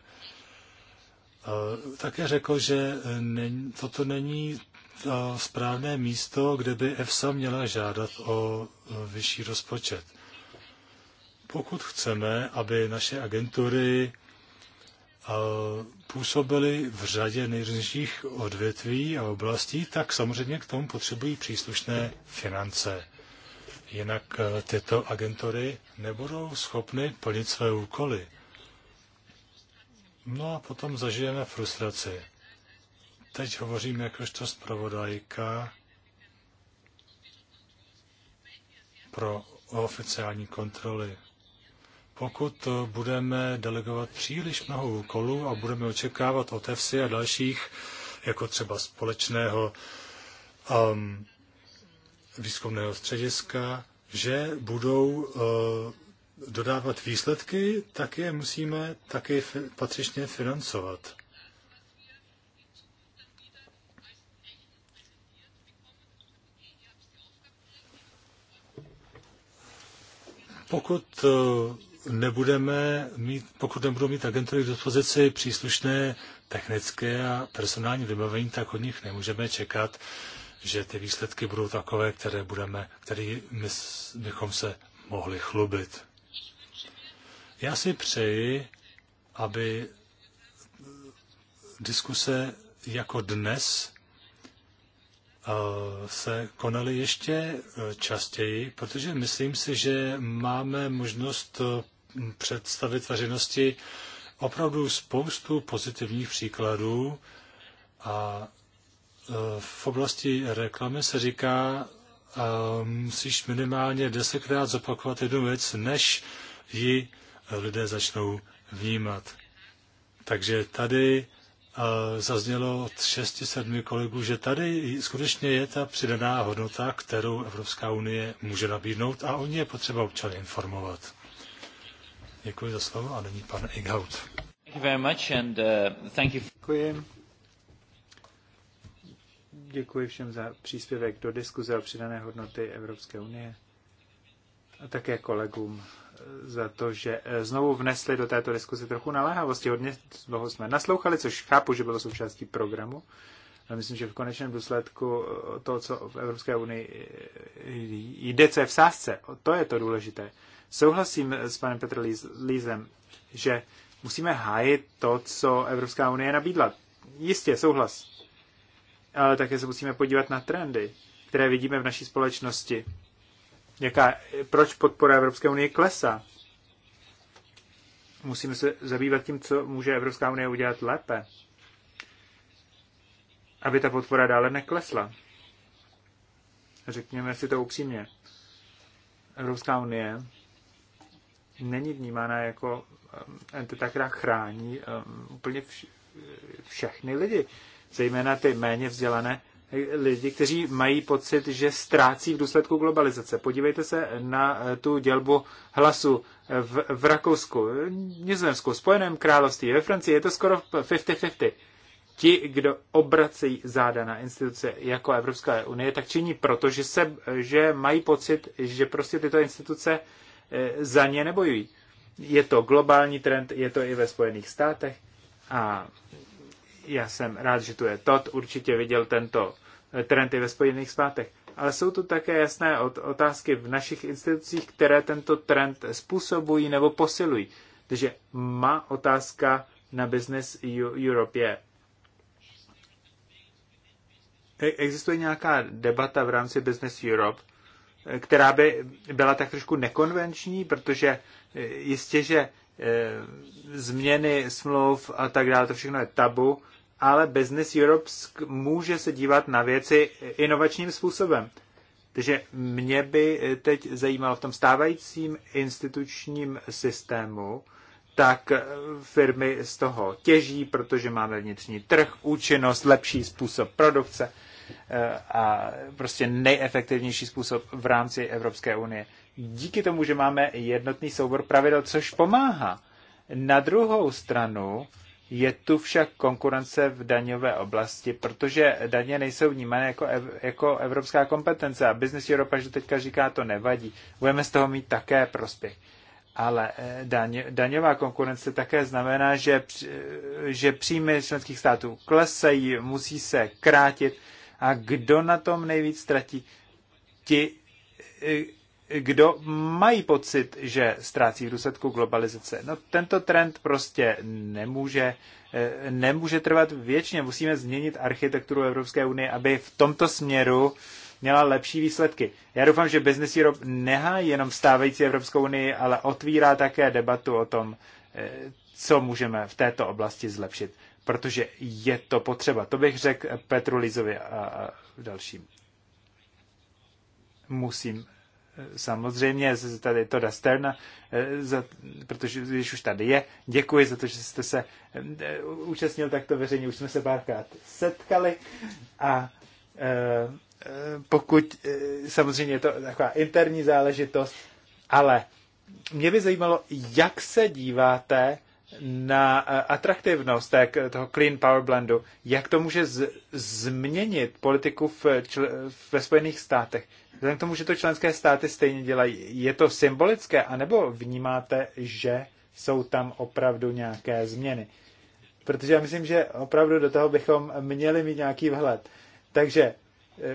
Také řekl, že toto není to správné místo, kde by EFSA měla žádat o vyšší rozpočet. Pokud chceme, aby naše agentury působili v řadě nejrůznějších odvětví a oblastí, tak samozřejmě k tomu potřebují příslušné finance. Jinak eh, tyto agentury nebudou schopny plnit své úkoly. No a potom zažijeme frustraci. Teď hovořím jakožto zpravodajka pro oficiální kontroly. Pokud eh, budeme delegovat příliš mnoho úkolů a budeme očekávat od EFSI a dalších, jako třeba společného um, výzkumného střediska, že budou uh, dodávat výsledky, tak je musíme taky patřičně financovat. Pokud uh, nebudeme mít, pokud nebudou mít agentury k dispozici příslušné technické a personální vybavení, tak od nich nemůžeme čekat, že ty výsledky budou takové, které budeme, který my, bychom se mohli chlubit. Já si přeji, aby diskuse jako dnes eh, se konaly ještě eh, častěji, protože myslím si, že máme možnost eh, představit veřejnosti opravdu spoustu pozitivních příkladů a e, v oblasti reklamy se říká, e, musíš minimálně desetkrát zopakovat jednu věc, než ji lidé začnou vnímat. Takže tady e, zaznělo od 6-7 kolegů, že tady skutečně je ta přidaná hodnota, kterou Evropská unie může nabídnout a o ní je potřeba občany informovat. Děkuji za slovo a nyní pan uh, Děkuji. Děkuji všem za příspěvek do diskuze o přidané hodnoty Evropské unie a také kolegům za to, že eh, znovu vnesli do této diskuze trochu naléhavosti. Hodně dlouho jsme naslouchali, což chápu, že bylo součástí programu. Ale myslím, že v konečném důsledku eh, to, co v Evropské unii eh, jde, co je v sázce, to je to důležité. Souhlasím s panem Petr Lízem, že musíme hájit to, co Evropská unie nabídla. Jistě, souhlas. Ale také se musíme podívat na trendy, které vidíme v naší společnosti. Jaká, proč podpora Evropské unie klesá? Musíme se zabývat tím, co může Evropská unie udělat lépe, aby ta podpora dále neklesla. Řekněme si to upřímně. Evropská unie není vnímána jako eh, entita, která chrání eh, úplně vš- všechny lidi, zejména ty méně vzdělané eh, lidi, kteří mají pocit, že ztrácí v důsledku globalizace. Podívejte se na tu dělbu hlasu v, v Rakousku, Nizozemsku, Spojeném království, ve Francii je to skoro 50-50. Ti, kdo obrací záda na instituce jako Evropská unie, tak činí proto, že, se, že mají pocit, že prostě tyto instituce Eh, za ně nebojují. Je to globální trend, je to i ve Spojených státech a já jsem rád, že tu je Todd, určitě viděl tento eh, trend i ve Spojených státech. Ale jsou tu také jasné otázky v našich institucích, které tento trend způsobují nebo posilují. Takže má otázka na Business Europe je, e-, existuje nějaká debata v rámci Business Europe která by byla tak trošku nekonvenční, protože e, jistě, že e, změny smluv a tak dále, to všechno je tabu, ale Business Europe může se dívat na věci inovačním způsobem. Takže mě by e, teď zajímalo v tom stávajícím institučním systému, tak firmy z toho těží, protože máme vnitřní trh, účinnost, lepší způsob produkce Eh, a prostě nejefektivnější způsob v rámci Evropské unie. Díky tomu, že máme jednotný soubor pravidel, což pomáhá. Na druhou stranu je tu však konkurence v daňové oblasti, protože daně nejsou vnímané jako, ev, jako evropská kompetence a Business Europe, že teďka říká, to nevadí. Budeme z toho mít také prospěch. Ale eh, daň, daňová konkurence také znamená, že, eh, že příjmy členských států klesají, musí se krátit a kdo na tom nejvíc ztratí? Ti, eh, kdo mají pocit, že ztrácí v důsledku globalizace. No, tento trend prostě nemůže, eh, nemůže trvat věčně. Musíme změnit architekturu Evropské unie, aby v tomto směru měla lepší výsledky. Já doufám, že Business Europe nehájí jenom stávající Evropskou unii, ale otvírá také debatu o tom, eh, co můžeme v této oblasti zlepšit protože je to potřeba. To bych řekl Petru Lizovi a dalším. Musím e, samozřejmě tady to da Sterna, e, za, protože když už tady je, děkuji za to, že jste se e, účastnil takto veřejně, už jsme se párkrát setkali a pokud, samozřejmě je to taková interní záležitost, ale mě by zajímalo, jak se díváte na eh, atraktivnost tak, toho Clean Power Blendu, jak to může z, změnit politiku v, čl, ve Spojených státech? Vzhledem k tomu, že to členské státy stejně dělají, je to symbolické, anebo vnímáte, že jsou tam opravdu nějaké změny? Protože já myslím, že opravdu do toho bychom měli mít nějaký vhled. Takže eh,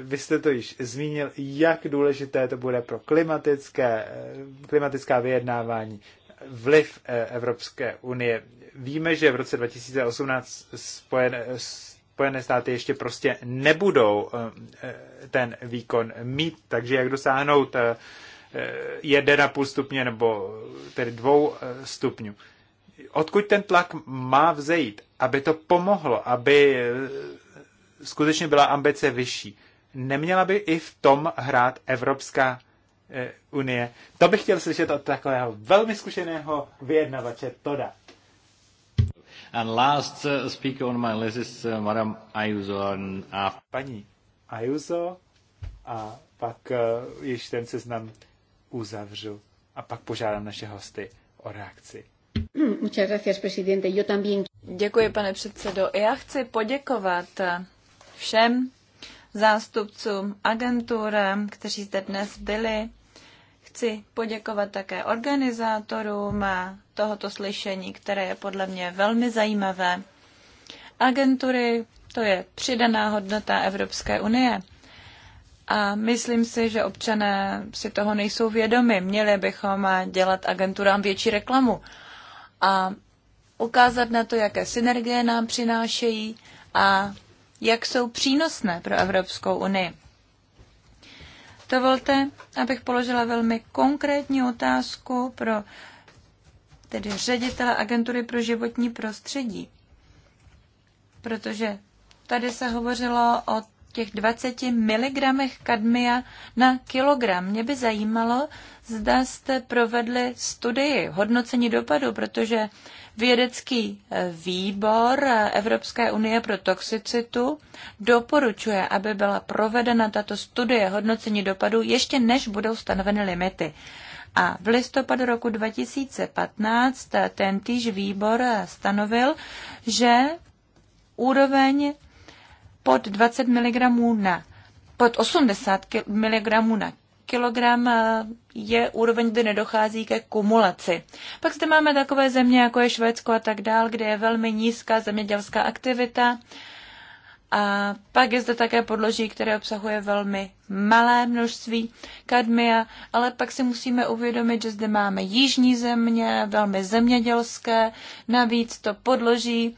vy jste to již zmínil, jak důležité to bude pro klimatické, eh, klimatická vyjednávání, vliv eh, Evropské unie. Víme, že v roce 2018 spojené, Spojené státy ještě prostě nebudou eh, eh, ten výkon mít, takže jak dosáhnout 1,5 stupně nebo tedy 2 stupňů. Odkud ten tlak má vzejít, aby to pomohlo, aby skutečně byla ambice vyšší? Neměla by i v tom hrát Evropská Eh, unie. To bych chtěl slyšet od takového velmi zkušeného vyjednavače Toda. And last eh, speaker on my list is eh, Madame Ayuso. And... Uh, Paní Ayuso a pak uh, již ten seznam uzavřu a pak požádám naše hosty o reakci. Muchas gracias, presidente. Yo también... Děkuji, pane předsedo. Já chci poděkovat všem zástupcům agentur, kteří zde dnes byli. Chci poděkovat také organizátorům tohoto slyšení, které je podle mě velmi zajímavé. Agentury to je přidaná hodnota Evropské unie. A myslím si, že občané si toho nejsou vědomi. Měli bychom dělat agenturám větší reklamu a ukázat na to, jaké synergie nám přinášejí a jak jsou přínosné pro Evropskou unii. Dovolte, abych položila velmi konkrétní otázku pro tedy ředitele Agentury pro životní prostředí, protože tady se hovořilo o těch 20 mg kadmia na kilogram. Mě by zajímalo, zda jste provedli studii, hodnocení dopadu, protože vědecký eh, výbor eh, Evropské unie pro toxicitu doporučuje, aby byla provedena tato studie hodnocení dopadu ještě než budou stanoveny limity. A v listopadu roku 2015 eh, tentýž výbor stanovil, že úroveň pod 20 mg na pod 80 mg na kilogram eh, je úroveň, kde nedochází ke kumulaci. Pak zde máme takové země, jako je Švédsko a tak dál, kde je velmi nízká zemědělská aktivita. A pak je zde také podloží, které obsahuje velmi malé množství kadmia, ale pak si musíme uvědomit, že zde máme jižní země, velmi zemědělské, navíc to podloží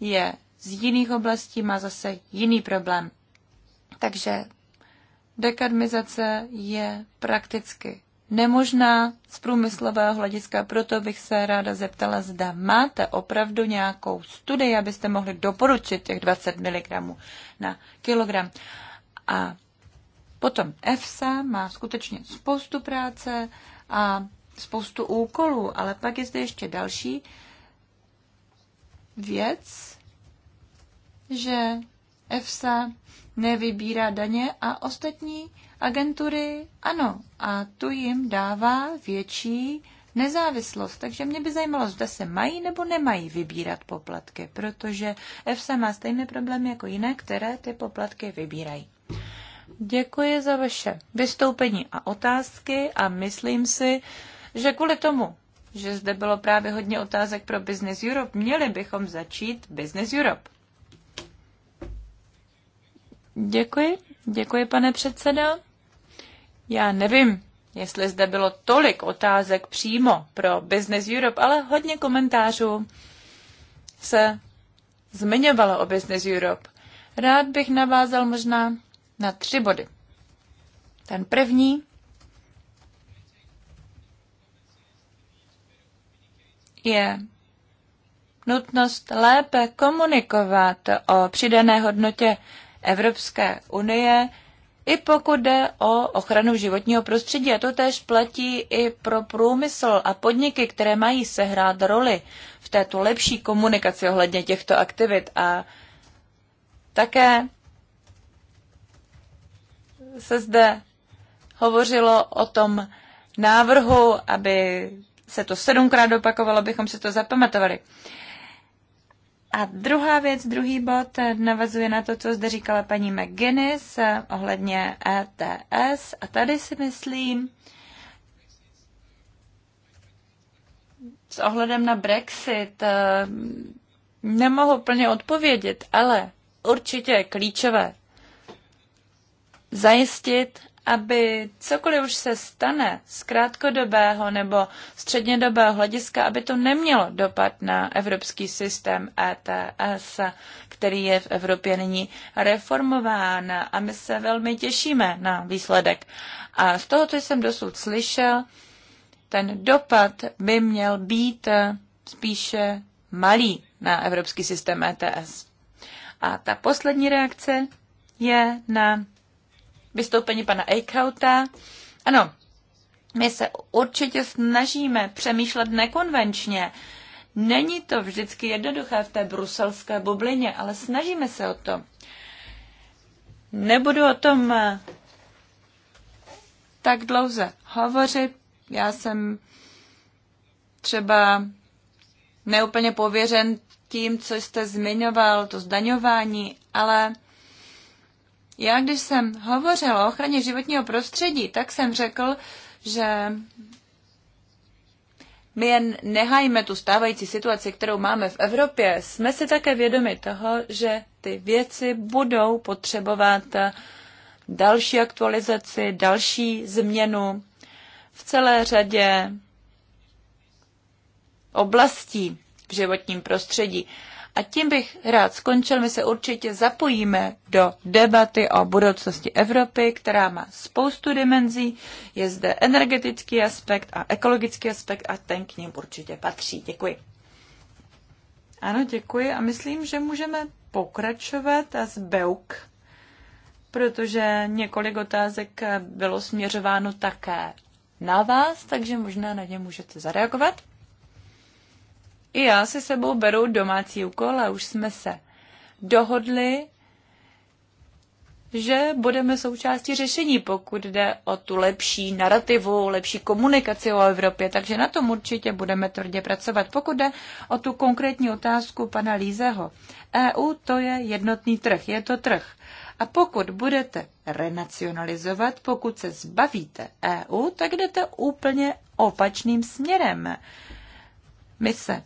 je z jiných oblastí má zase jiný problém. Takže dekadmizace je prakticky nemožná z průmyslového hlediska, proto bych se ráda zeptala, zda máte opravdu nějakou studii, abyste mohli doporučit těch 20 mg na kilogram. A potom EFSA má skutečně spoustu práce a spoustu úkolů, ale pak je zde ještě další věc, že EFSA nevybírá daně a ostatní agentury ano. A tu jim dává větší nezávislost. Takže mě by zajímalo, zda se mají nebo nemají vybírat poplatky, protože EFSA má stejné problémy jako jiné, které ty poplatky vybírají. Děkuji za vaše vystoupení a otázky a myslím si, že kvůli tomu, že zde bylo právě hodně otázek pro Business Europe, měli bychom začít Business Europe. Děkuji, děkuji pane předsedo. Já nevím, jestli zde bylo tolik otázek přímo pro Business Europe, ale hodně komentářů se zmiňovalo o Business Europe. Rád bych navázal možná na tři body. Ten první je nutnost lépe komunikovat o přidané hodnotě Evropské unie, i pokud jde o ochranu životního prostředí. A to též platí i pro průmysl a podniky, které mají sehrát roli v této lepší komunikaci ohledně těchto aktivit. A také se zde hovořilo o tom návrhu, aby se to sedmkrát opakovalo, abychom se to zapamatovali. Uh, a druhá věc, druhý bod, navazuje na to, co zde říkala paní McGuinness ohledně ETS. A tady si myslím, s ohledem na Brexit eh, nemohu plně odpovědět, ale určitě je klíčové zajistit, aby cokoliv už se stane z krátkodobého nebo střednědobého hlediska, aby to nemělo dopad na evropský systém ETS, který je v Evropě nyní reformován a my se velmi těšíme na výsledek. A z toho, co jsem dosud slyšel, ten dopad by měl být spíše malý na evropský systém ETS. A ta poslední reakce je na vystoupení pana Eichhauta. Ano, my se určitě snažíme přemýšlet nekonvenčně. Není to vždycky jednoduché v té bruselské bublině, ale snažíme se o to. Nebudu o tom eh, tak dlouze hovořit. Já jsem třeba neúplně pověřen tím, co jste zmiňoval, to zdaňování, ale já, když jsem hovořil o ochraně životního prostředí, tak jsem řekl, že my jen nehajme tu stávající situaci, kterou máme v Evropě. Jsme si také vědomi toho, že ty věci budou potřebovat další aktualizaci, další změnu v celé řadě oblastí v životním prostředí. A tím bych rád skončil. My se určitě zapojíme do debaty o budoucnosti Evropy, která má spoustu dimenzí. Je zde energetický aspekt a ekologický aspekt a ten k ním určitě patří. Děkuji. Ano, děkuji a myslím, že můžeme pokračovat a zbeuk, Beuk, protože několik otázek bylo směřováno také na vás, takže možná na ně můžete zareagovat. I já si sebou beru domácí úkol a už jsme se dohodli, že budeme součástí řešení, pokud jde o tu lepší narrativu, lepší komunikaci o Evropě, takže na tom určitě budeme tvrdě pracovat. Pokud jde o tu konkrétní otázku pana Lízeho, EU to je jednotný trh, je to trh. A pokud budete renacionalizovat, pokud se zbavíte EU, tak jdete úplně opačným směrem. My se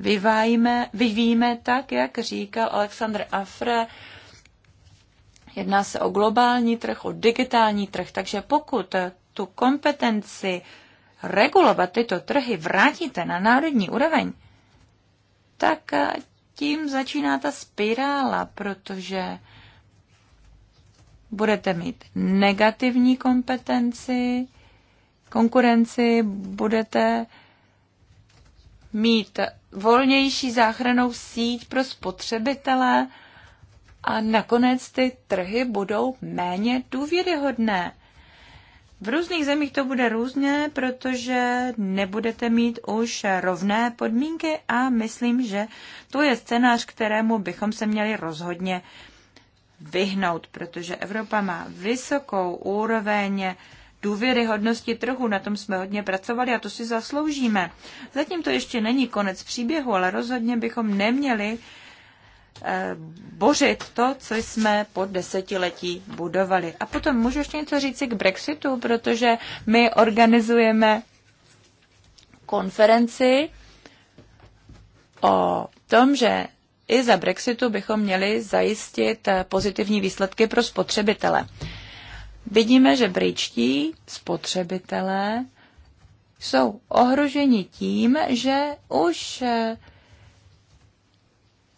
vyvájíme, vyvíjíme tak, jak říkal Alexandr Afre, jedná se o globální trh, o digitální trh, takže pokud tu kompetenci regulovat tyto trhy vrátíte na národní úroveň, tak tím začíná ta spirála, protože budete mít negativní kompetenci, konkurenci, budete mít volnější záchranou síť pro spotřebitele a nakonec ty trhy budou méně důvěryhodné. V různých zemích to bude různě, protože nebudete mít už rovné podmínky a myslím, že to je scénář, kterému bychom se měli rozhodně vyhnout, protože Evropa má vysokou úroveň důvěryhodnosti trhu. Na tom jsme hodně pracovali a to si zasloužíme. Zatím to ještě není konec příběhu, ale rozhodně bychom neměli eh, bořit to, co jsme po desetiletí budovali. A potom můžu ještě něco říci k Brexitu, protože my organizujeme konferenci o tom, že i za Brexitu bychom měli zajistit eh, pozitivní výsledky pro spotřebitele vidíme, že britští spotřebitelé jsou ohroženi tím, že už eh,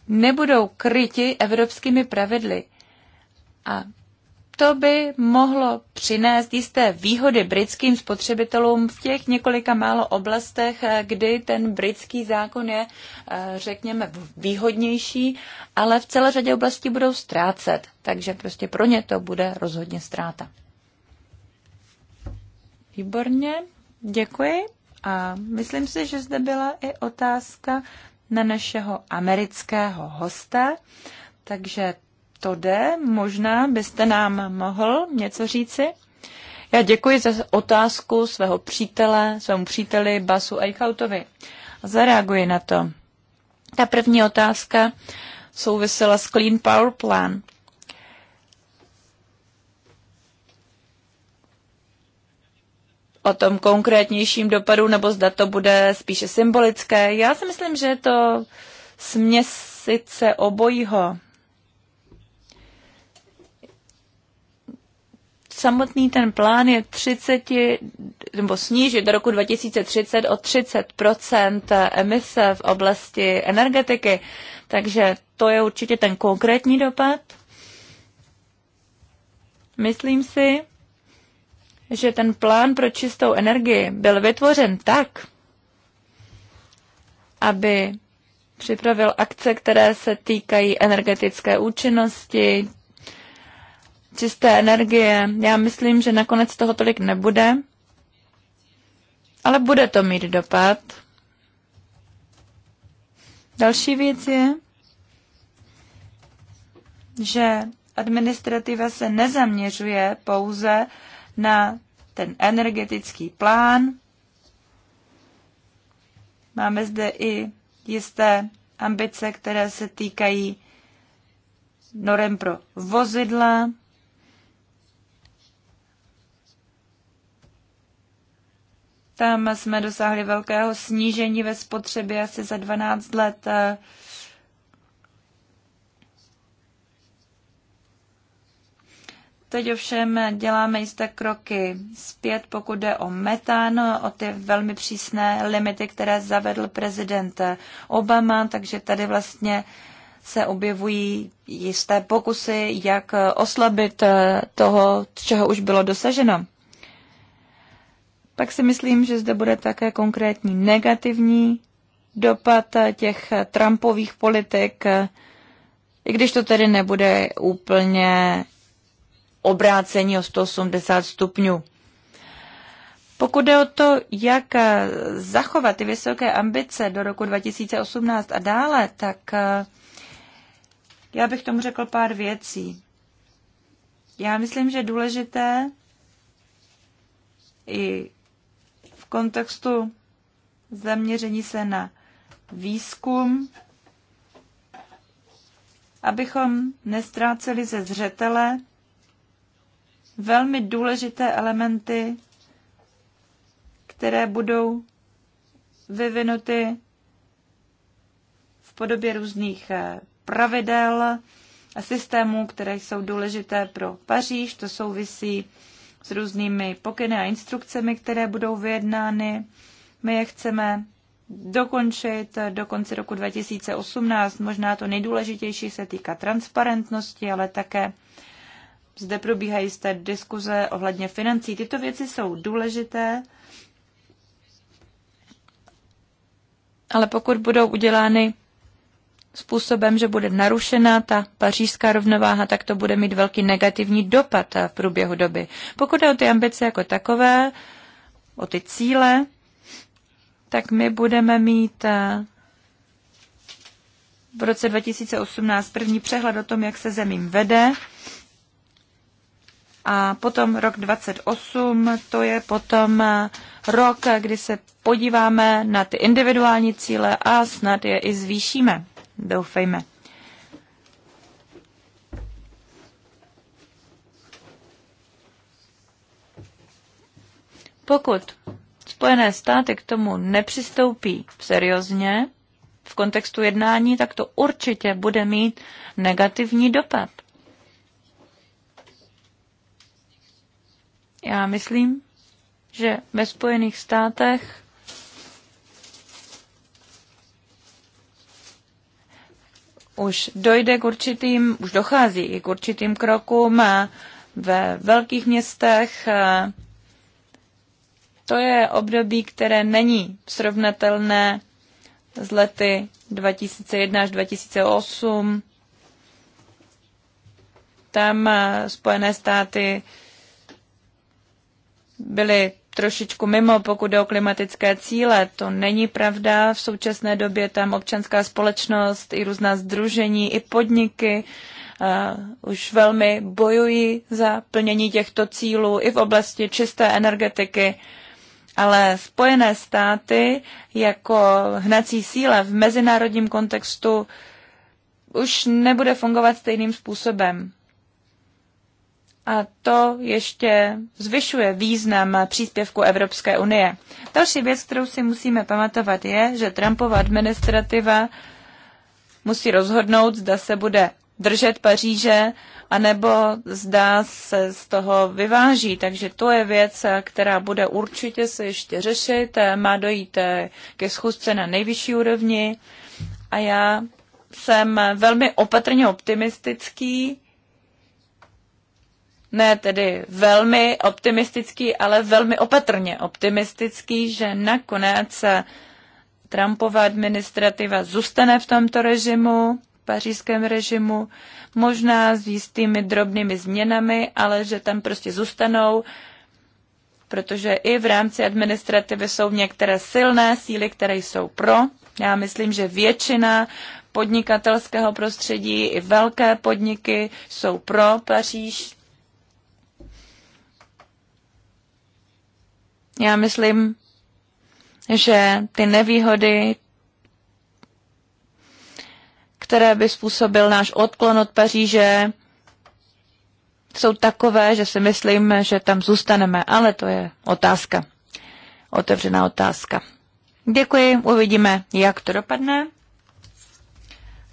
nebudou kryti evropskými pravidly. A to by mohlo přinést jisté výhody britským spotřebitelům v těch několika málo oblastech, eh, kdy ten britský zákon je, eh, řekněme, výhodnější, ale v celé řadě oblastí budou ztrácet. Takže prostě pro ně to bude rozhodně ztráta. Výborně, děkuji. A myslím si, že zde byla i otázka na našeho amerického hosta, takže to jde. Možná byste nám mohl něco říci? Já děkuji za otázku svého přítele, svému příteli Basu Eichautovi. Zareaguji na to. Ta první otázka souvisela s Clean Power Plan. o tom konkrétnějším dopadu, nebo zda to bude spíše symbolické. Já si myslím, že je to směsice obojího. Samotný ten plán je 30, nebo snížit do roku 2030 o 30 emise v oblasti energetiky. Takže to je určitě ten konkrétní dopad. Myslím si, že ten plán pro čistou energii byl vytvořen tak, aby připravil akce, které se týkají energetické účinnosti, čisté energie. Já myslím, že nakonec toho tolik nebude, ale bude to mít dopad. Další věc je, že administrativa se nezaměřuje pouze na ten energetický plán. Máme zde i jisté ambice, které se týkají norem pro vozidla. Tam jsme dosáhli velkého snížení ve spotřebě asi za 12 let Teď ovšem děláme jisté kroky zpět, pokud jde o metan, o ty velmi přísné limity, které zavedl prezident Obama, takže tady vlastně se objevují jisté pokusy, jak oslabit toho, čeho už bylo dosaženo. Pak si myslím, že zde bude také konkrétní negativní dopad těch Trumpových politik, i když to tedy nebude úplně obrácení o 180 stupňů. Pokud jde o to, jak zachovat ty vysoké ambice do roku 2018 a dále, tak eh, já bych tomu řekl pár věcí. Já myslím, že důležité i v kontextu zaměření se na výzkum, abychom nestráceli ze zřetele velmi důležité elementy, které budou vyvinuty v podobě různých eh, pravidel a systémů, které jsou důležité pro Paříž. To souvisí s různými pokyny a instrukcemi, které budou vyjednány. My je chceme dokončit do konce roku 2018. Možná to nejdůležitější se týká transparentnosti, ale také zde probíhají jisté diskuze ohledně financí. Tyto věci jsou důležité, ale pokud budou udělány způsobem, že bude narušena ta pařížská rovnováha, tak to bude mít velký negativní dopad v průběhu doby. Pokud jde o ty ambice jako takové, o ty cíle, tak my budeme mít eh, v roce 2018 první přehled o tom, jak se zemím vede a potom rok 28, to je potom rok, kdy se podíváme na ty individuální cíle a snad je i zvýšíme. Doufejme. Pokud Spojené státy k tomu nepřistoupí seriózně v kontextu jednání, tak to určitě bude mít negativní dopad. Já myslím, že ve Spojených státech už dojde k určitým, už dochází i k určitým krokům eh, ve velkých městech. Eh, to je období, které není srovnatelné z lety 2001 až 2008. Tam eh, Spojené státy byli trošičku mimo, pokud jde o klimatické cíle. To není pravda. V současné době tam občanská společnost i různá združení, i podniky uh, už velmi bojují za plnění těchto cílů i v oblasti čisté energetiky. Ale Spojené státy jako hnací síla v mezinárodním kontextu už nebude fungovat stejným způsobem a to ještě zvyšuje význam příspěvku Evropské unie. Další věc, kterou si musíme pamatovat, je, že Trumpova administrativa musí rozhodnout, zda se bude držet Paříže, anebo zda se z toho vyváží. Takže to je věc, která bude určitě se ještě řešit. Má dojít ke schůzce na nejvyšší úrovni. A já jsem velmi opatrně optimistický, ne tedy velmi optimistický, ale velmi opatrně optimistický, že nakonec Trumpova administrativa zůstane v tomto režimu, pařížském režimu, možná s jistými drobnými změnami, ale že tam prostě zůstanou, protože i v rámci administrativy jsou některé silné síly, které jsou pro. Já myslím, že většina podnikatelského prostředí i velké podniky jsou pro Paříž, Já myslím, že ty nevýhody, které by způsobil náš odklon od Paříže, jsou takové, že si myslím, že tam zůstaneme, ale to je otázka. Otevřená otázka. Děkuji, uvidíme, jak to dopadne.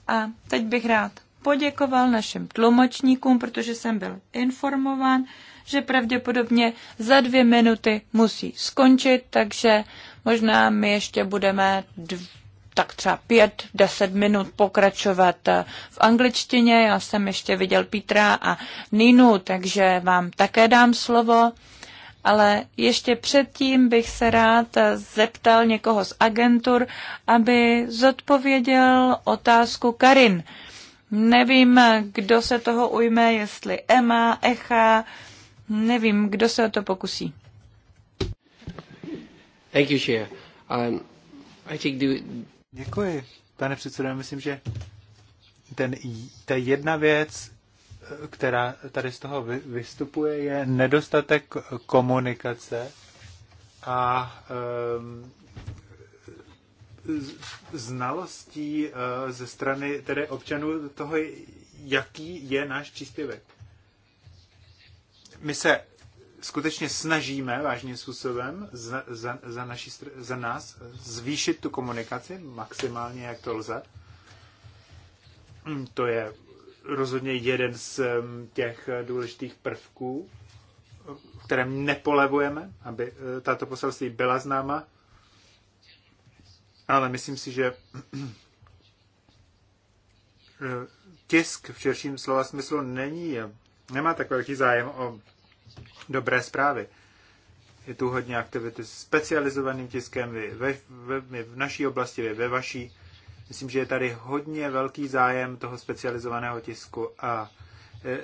A teď bych rád poděkoval našim tlumočníkům, protože jsem byl informován, že pravděpodobně za dvě minuty musí skončit, takže možná my ještě budeme dv- tak třeba pět, deset minut pokračovat eh, v angličtině. Já jsem ještě viděl Petra a Ninu, takže vám také dám slovo. Ale ještě předtím bych se rád eh, zeptal někoho z agentur, aby zodpověděl otázku Karin. Nevím, eh, kdo se toho ujme, jestli Emma, Echa, Nevím, kdo se o to pokusí. Thank you, Chair. Um, I think the... Děkuji, pane předsedo. Myslím, že ten, ta jedna věc, která tady z toho vy, vystupuje, je nedostatek komunikace a um, znalostí uh, ze strany tedy občanů toho, jaký je náš příspěvek my se skutečně snažíme vážným způsobem za, za, za, naši, za nás zvýšit tu komunikaci maximálně, jak to lze. To je rozhodně jeden z těch důležitých prvků, kterém nepolevujeme, aby eh, tato poselství byla známa. Ale myslím si, že eh, tisk v širším slova smyslu není eh, nemá tak velký zájem o dobré zprávy. Je tu hodně aktivity s specializovaným tiskem, vy ve, ve, my v naší oblasti, vy ve vaší. Myslím, že je tady hodně velký zájem toho specializovaného tisku a e,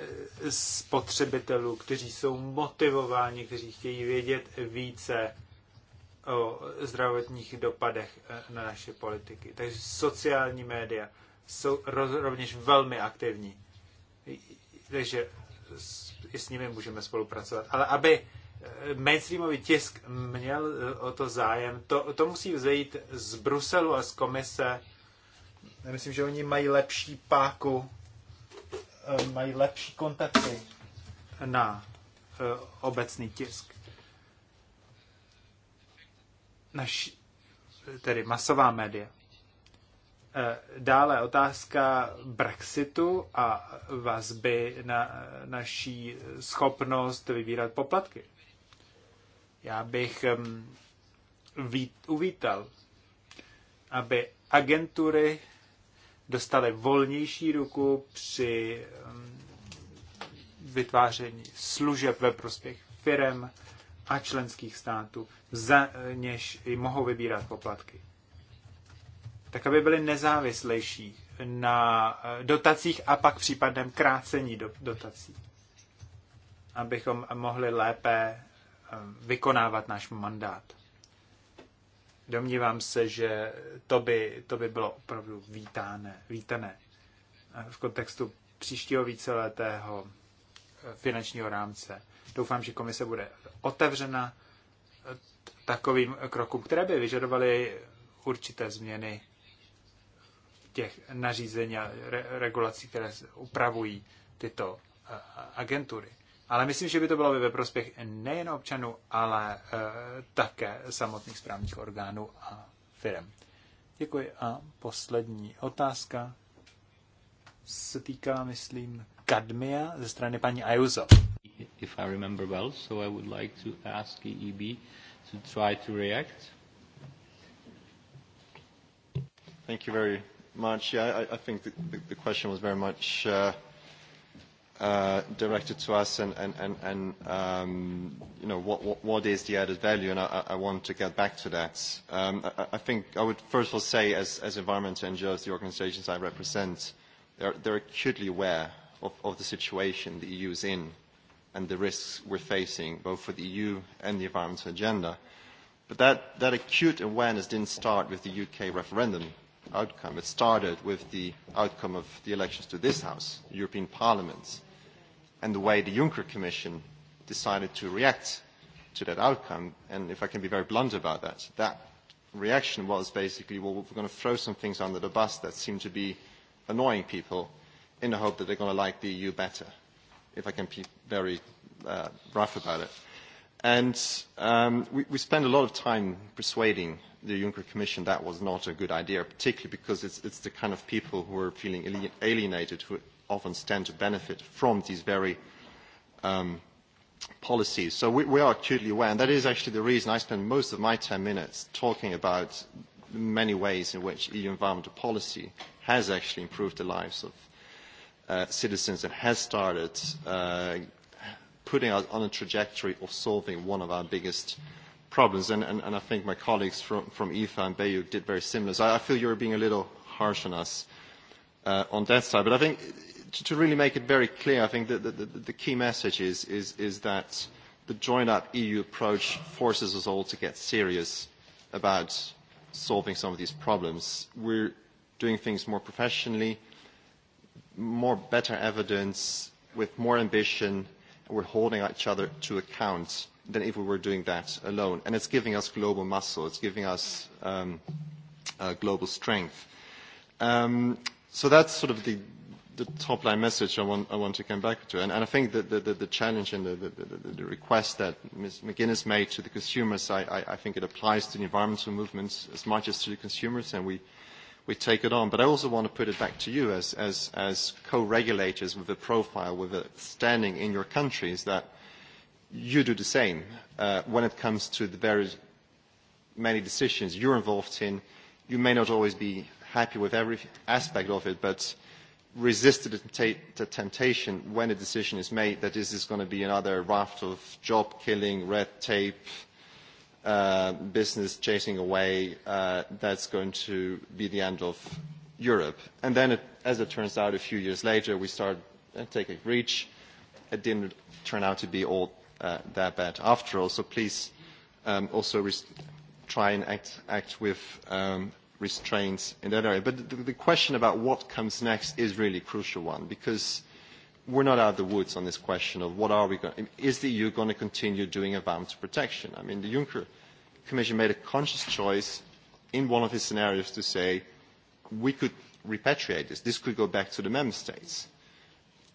spotřebitelů, kteří jsou motivováni, kteří chtějí vědět více o zdravotních dopadech e, na naše politiky. Takže sociální média jsou rovněž velmi aktivní. Takže i s nimi můžeme spolupracovat. Ale aby eh, mainstreamový tisk měl eh, o to zájem, to, to musí vzejít z Bruselu a z komise. Myslím, že oni mají lepší páku, eh, mají lepší kontakty na obecný tisk. Naš, tedy masová média. Eh, dále otázka Brexitu a vazby na naší schopnost vybírat poplatky. Já bych uvítal, aby agentury dostaly volnější ruku při vytváření služeb ve prospěch firem a členských států, za něž mohou vybírat poplatky tak aby byly nezávislejší na eh, dotacích a pak případném krácení dotací, abychom mohli lépe eh, vykonávat náš mandát. Domnívám se, že to by, to by bylo opravdu vítáné, vítané eh, v kontextu příštího víceletého finančního rámce. Doufám, že komise bude otevřena takovým krokům, které by vyžadovaly určité změny těch nařízení a re, regulací, které upravují tyto eh, agentury. Ale myslím, že by to bylo by ve prospěch nejen občanů, ale eh, také samotných správních orgánů a firm. Děkuji. A poslední otázka se týká, myslím, kadmia ze strany paní Ayuso. If I remember well, so I would like to ask EEB to try to react. Thank you very much. Yeah, I, think the, question was very much uh, uh, directed to us and, um, you know, what, is the added value? And I, want to get back to that. Um, I, think I would first of all say as, environmental NGOs, the organizations I represent, they're, acutely aware of, the situation the EU is in and the risks we're facing, both for the EU and the environmental agenda. But that acute awareness didn't start with the UK referendum outcome. It started with the outcome of the elections to this House, European Parliament, and the way the Juncker Commission decided to react to that outcome. And if I can be very blunt about that, that reaction was basically, well, we're going to throw some things under the bus that seem to be annoying people in the hope that they're going to like the EU better, if I can be very uh, rough about it. And um, we, we spend a lot of time persuading the Juncker Commission that was not a good idea, particularly because it's, it's the kind of people who are feeling alienated who often stand to benefit from these very um, policies. So we, we are acutely aware, and that is actually the reason I spend most of my 10 minutes talking about many ways in which EU environmental policy has actually improved the lives of uh, citizens and has started uh, putting us on a trajectory of solving one of our biggest mm problems, and, and, and I think my colleagues from, from IFA and Bayou did very similar. So I, I feel you're being a little harsh on us uh, on that side. But I think to, to really make it very clear, I think that the, the, the key message is, is, is that the joined-up EU approach forces us all to get serious about solving some of these problems. We're doing things more professionally, more better evidence, with more ambition, and we're holding each other to account than if we were doing that alone. And it's giving us global muscle. It's giving us um, uh, global strength. Um, so that's sort of the, the top-line message I want, I want to come back to. And, and I think that the, the, the challenge and the, the, the, the request that Ms. McGuinness made to the consumers, I, I, I think it applies to the environmental movements as much as to the consumers, and we, we take it on. But I also want to put it back to you as, as, as co-regulators with a profile, with a standing in your countries that – you do the same uh, when it comes to the very many decisions you're involved in. You may not always be happy with every aspect of it, but resist the, temptation when a decision is made that this is going to be another raft of job killing, red tape, uh, business chasing away uh, that's going to be the end of Europe. And then, it, as it turns out, a few years later, we start uh, taking reach. It didn't turn out to be all uh, their bed after all. So please um, also try and act, act with um, restraints in that area. But the, the question about what comes next is really a crucial one because we're not out of the woods on this question of what are we going is the EU going to continue doing environmental protection? I mean, the Juncker Commission made a conscious choice in one of his scenarios to say we could repatriate this. This could go back to the member states.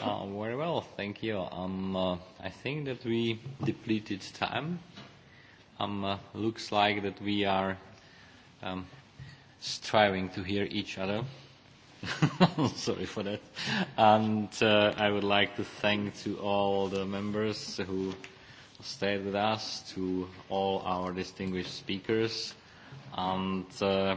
Uh, very well, thank you. Um, uh, I think that we depleted time. Um, uh, looks like that we are um, striving to hear each other. [LAUGHS] Sorry for that. And uh, I would like to thank to all the members who stayed with us, to all our distinguished speakers, and. Uh,